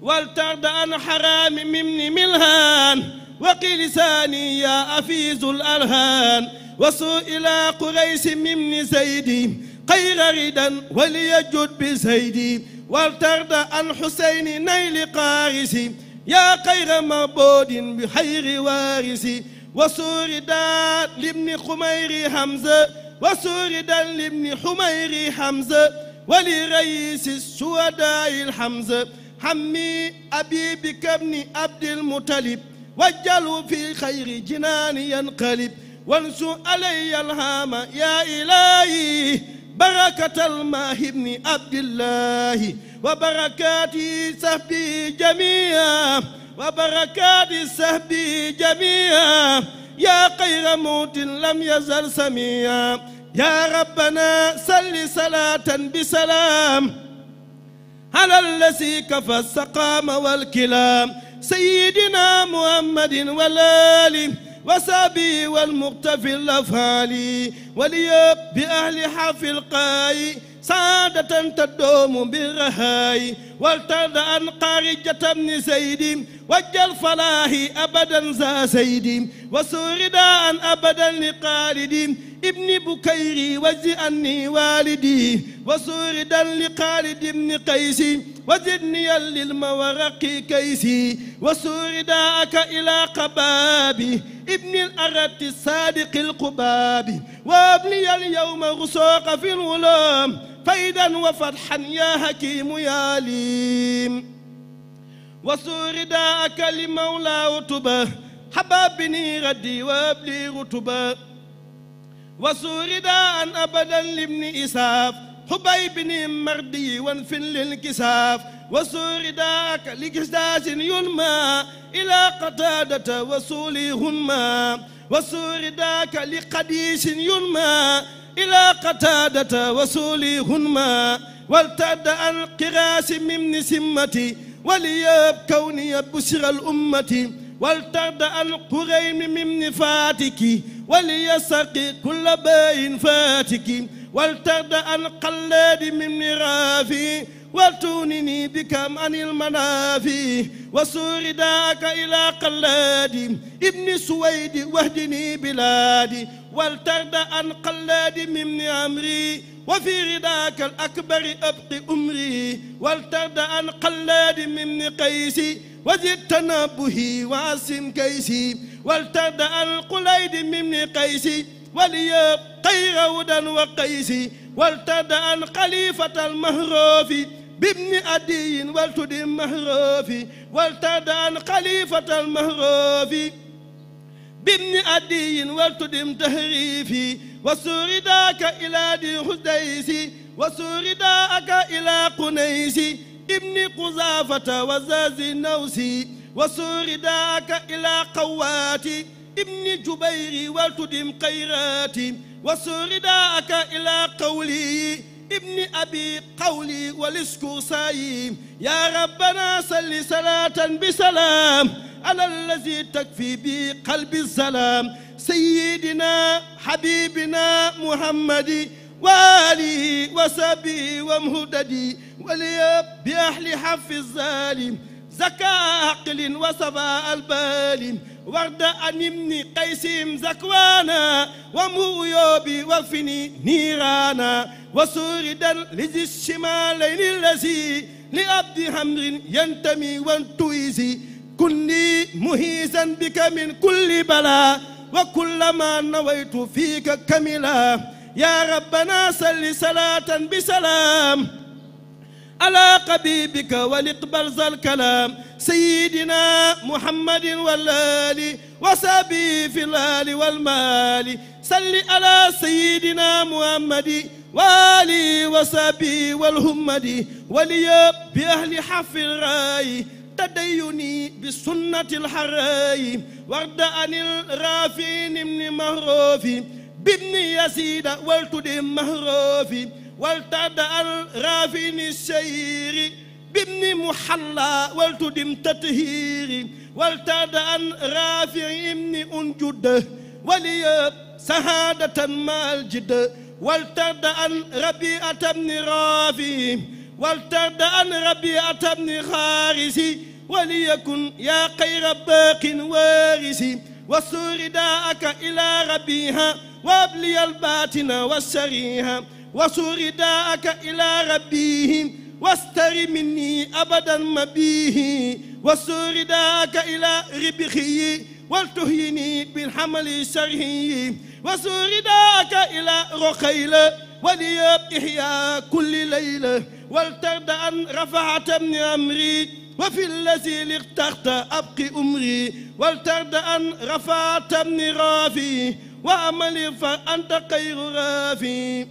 ولترد عن حرام مني ملهان وقي لساني يا أفيز الأرهان وسوء إلى قريس من زيدي خير ردا وليجد بزيدي والترد عن حسين نيل قارسي يا خير مبود بخير وارسي وسوردا لابن خمير حمزة وسوردا لابن حمير حمزة ولرئيس السوداء الحمزة حمي أبي بك ابن عبد المطلب وجلوا في خير جنان ينقلب وانسوا علي الهام يا إلهي بركة الماء ابن عبد الله وبركات سهبي جميعا وبركات سهبي جميعا يا خير موت لم يزل سميعا يا ربنا سل صلاة بسلام على الذي كفى السقام والكلام سيدنا محمد والالي وصحبه والمقتفي الأفعال وليب بأهل حف القاي سادة تدوم بالرهاي والترد أن قارجة ابن سيد وجل فلاهي أبدا زا سيد أن أبدا لقالد ابن بكير وزئني والدي وسوردا لخالد بن قيس وزدني للمورق كيسي وسورداءك إلى قبابي ابن الأرت الصادق القباب وابني اليوم غسوق في الغلام فيدا وفتحا يا حكيم يا ليم وسورداءك لمولاه تبه حبابني ردي وابلي رتبه وسوردا أبدا لابن إساف حبي بن مردي وانف للكساف وسورداك لكسداس ينمى إلى قتادة وصولي هنما وسورداك لقديس ينمى إلى قتادة وصولي هنما والتد عن قراس من سمتي ولياب كوني بشر الأمة والتد عن قريم من فاتكي وليسقي كل بين فاتك ولترد أن قلادي من نرافي وتونني بكم عن المنافي وسور داك إلى قلادي ابن سويد واهدني بلادي ولترد أن قلادي من أمري وفي رداك الأكبر أبقي أمري ولترد أن قلادي من قيسي وزد تنبهي وعصم كيسي ولتبدأ القليد من قيسي ولي قيرودا وقيسي ولتبدأ الخليفة المهروفي بابن أدي ولتد مهروفي ولتبدأ الخليفة المهروفي بابن أدي ولتدم تهريفي وسورداك إلى دي خزيسي وسورداك إلى قنيسي ابن قزافة وزاز نوسي وسرداك داك إلى قواتي ابن جبير والتدم قيراتي وسرداك داك إلى قولي ابن أبي قولي والإسكوساي يا ربنا صل صلاة بسلام على الذي تكفي بقلب قلب السلام سيدنا حبيبنا محمد والي وسبي ومهددي وليب بأهل حف الظالم زكا عقل وصبا البال ورد عن قيسيم زكوانا ومؤيوب وفني نيرانا وسوردا لذي الشمالين الذي لأبد حمر ينتمي وانتويزي كني مهيزا بك من كل بلا وكلما نويت فيك كملا يا ربنا صل صلاة بسلام على قبيبك ولقبل ذا الكلام سيدنا محمد والآل وسابي في الآل والمال سل على سيدنا محمد والي وسابي والهمد ولي بأهل حف الرأي تديني بسنة الحراي وارد عن الرافين من مهروفي بابن يزيد والتدي مهروفي ولتدع الرافن السير بابن محلى والتدم تطهيري ولتدع رافع ابن انجد ولي سهادة مالجد الجد ولتدع ربيعة بن رافي ولتدع ربيعة بن خارسي وليكن يا خير باق وارسي وصور داءك إلى ربيها وابلي الباطن والسريها وصور رداءك إلى ربيهم واستر مني أبدا ما بيه وصور رداءك إلى ربخي والتهيني بالحمل شرهي وصور رداءك إلى رخيل وليب إحياء كل ليلة والترد أن رفعت من أمري وفي الذي اخترت أبقي أمري والترد أن رفعت من رافي وأملي فأنت خير رافي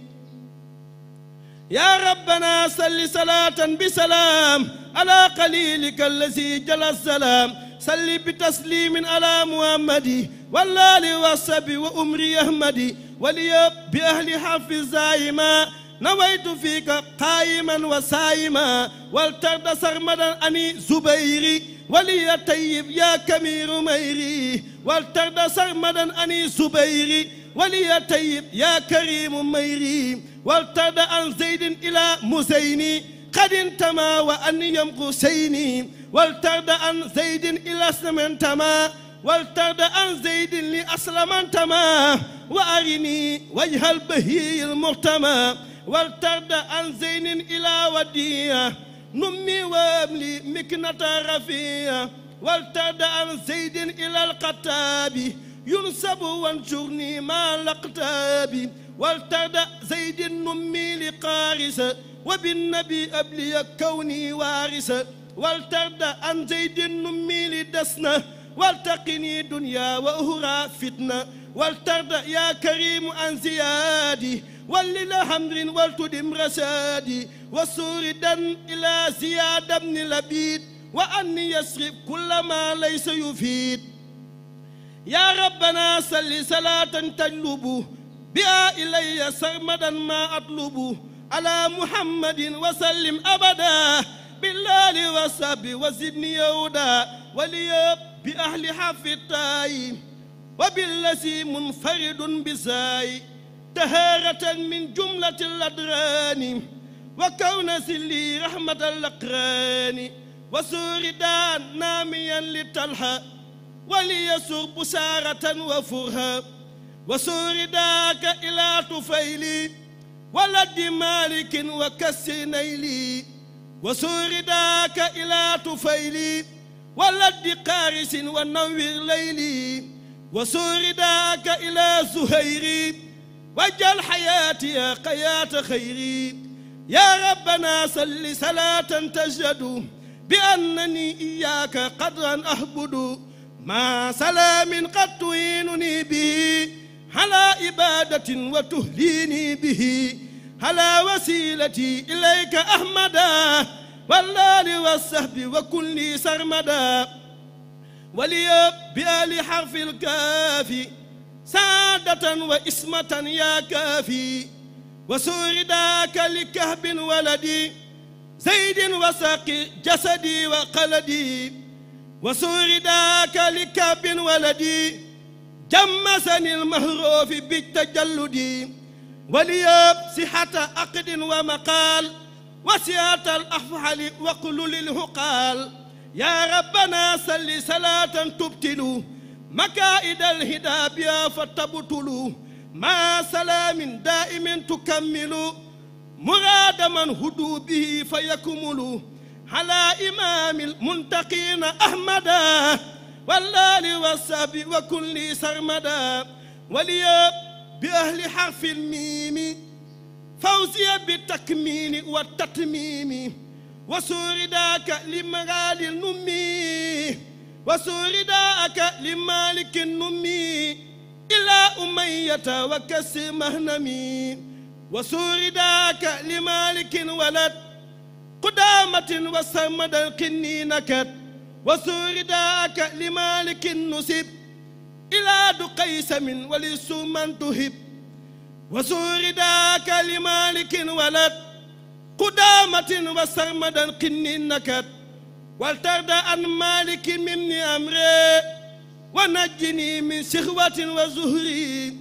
يا ربنا صل صلاة بسلام على قليلك الذي جل السلام صل بتسليم على محمد والآل والصحب وأمري أحمد ولي بأهل حفظ زائما نويت فيك قائما وسائما والترد سرمدا أني زبيري ولي طيب يا كمير ميري والترد سرمدا أني زبيري ولي طيب يا كريم ميري والتد عن زيد إلى مزيني قد انتمى وأن يمقو سيني والتد عن زيد إلى اسلم انتمى والتد عن زيد لأسلم انتما وأرني وجه البهي المحتمى والتد عن زين إلى ودية نمي واملي مكنة رفية والتد عن زيد إلى القتاب ينسب وانشرني مع لقتابي والتدا زيد النمي لقارس وبالنبي أبلي كوني وارس والتردى عن زيد النمي لدسنا والتقني دنيا وأهرا فتنة والتردى يا كريم عن زيادي ولل حمر والتدم رسادي وسوردا إلى زياد بن لبيد وأني يسرب كل ما ليس يفيد يا ربنا صل صلاة تجلبه بها إلي سرمدا ما أطلب على محمد وسلم أبدا بالله وسب وزدني يودا ولي بأهل حفتاي وبالذي منفرد بزاي تهارة من جملة الأدران وكون سلي رحمة الأقران وسوردان ناميا لتلحى وليسر بسارة وفرها وسرداك إلى طفيلي ولد مالك وكس نيلي وسرداك إلى طفيلي ولد قارس ونور ليلي وسرداك إلى زهيري وجل حياتي قيات خيري يا ربنا صل صلاة تجد بأنني إياك قدرا أهبد ما سلام قد تهينني به على إبادة وتهليني به على وسيلتي إليك أحمدا والآل والصحب وكل سرمدا ولي بآل حرف الكافي سادة وإسمة يا كافي وسورداك لكهب ولدي زيد وساقي جسدي وقلدي وسورداك لكهب ولدي جمسني المهروف بالتجلد ولياب صحة عقد ومقال وسعة الأفعال وقل للهقال يا ربنا سل صلاة تبتل مكائد الهدى بها فتبتل مع سلام دائم تكمل مراد من هدو به فيكمل على إمام المنتقين أحمدا والآل والصحب وكل سرمدا وليا بأهل حرف الميم فوزي بالتكميل والتتميم وسورداك لمغال النمي وسورداك لمالك النمي إلا أمية وكس مهنمي وسورداك لمالك ولد قدامة وسمد القنينكت نكت وسور داك لمالك نسب إلى دقيس من دقيسم ولسوما تهب وسور داك لمالك ولد قدامة وسرمدا قن النكت والترد عن مالك من أمري ونجني من شهوة وزهري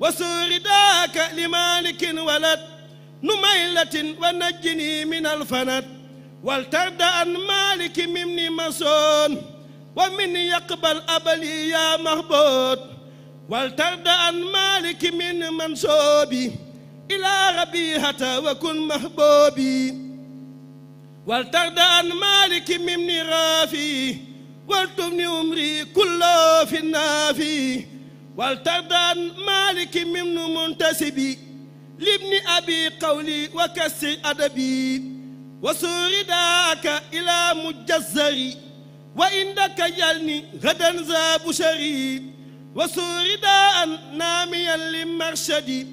وسور داك لمالك ولد نميلة ونجني من الفنت والترد أن مالك مني مسون ومني يقبل أبلي يا مهبوط والترد أن مالك من منصوبي إلى ربيهة وكن محبوبي والترد أن مالك مني رافي ولتمني أمري كله في النافي والترد أن مالك من منتسبي لابن أبي قولي وكسر أدبي وسرداك إلى مجزري وإنك يلني غدا ذا بشري وسردا ناميا لمرشدي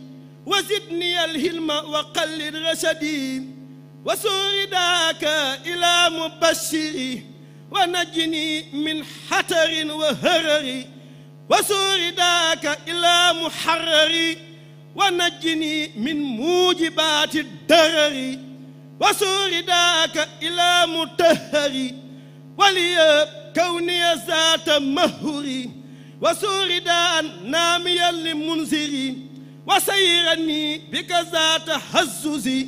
وزدني الهلم وقلد رشدي وسرداك إلى مبشري ونجني من حتر وهرر وسرداك إلى محرري ونجني من موجبات الدرري وسرداك إلى متهري ولي كوني ذات مهري وسردا ناميا لمنذري وسيرني بك ذات حزوزي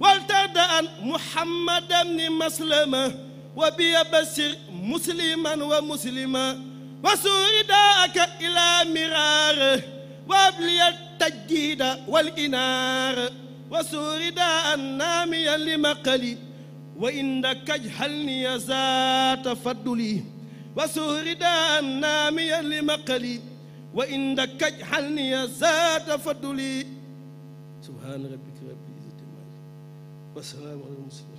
والتدأ محمد بن مسلم وبي بشر مسلما ومسلما وسرداك إلى مرار وابلي التجديد والإنار وسور داء ناميا لمقلي وإنك اجحلني ذات فضلي وسور داء ناميا لمقلي وإنك اجحلني ذات فضلي سبحان ربك رب العزة وسلام على المرسلين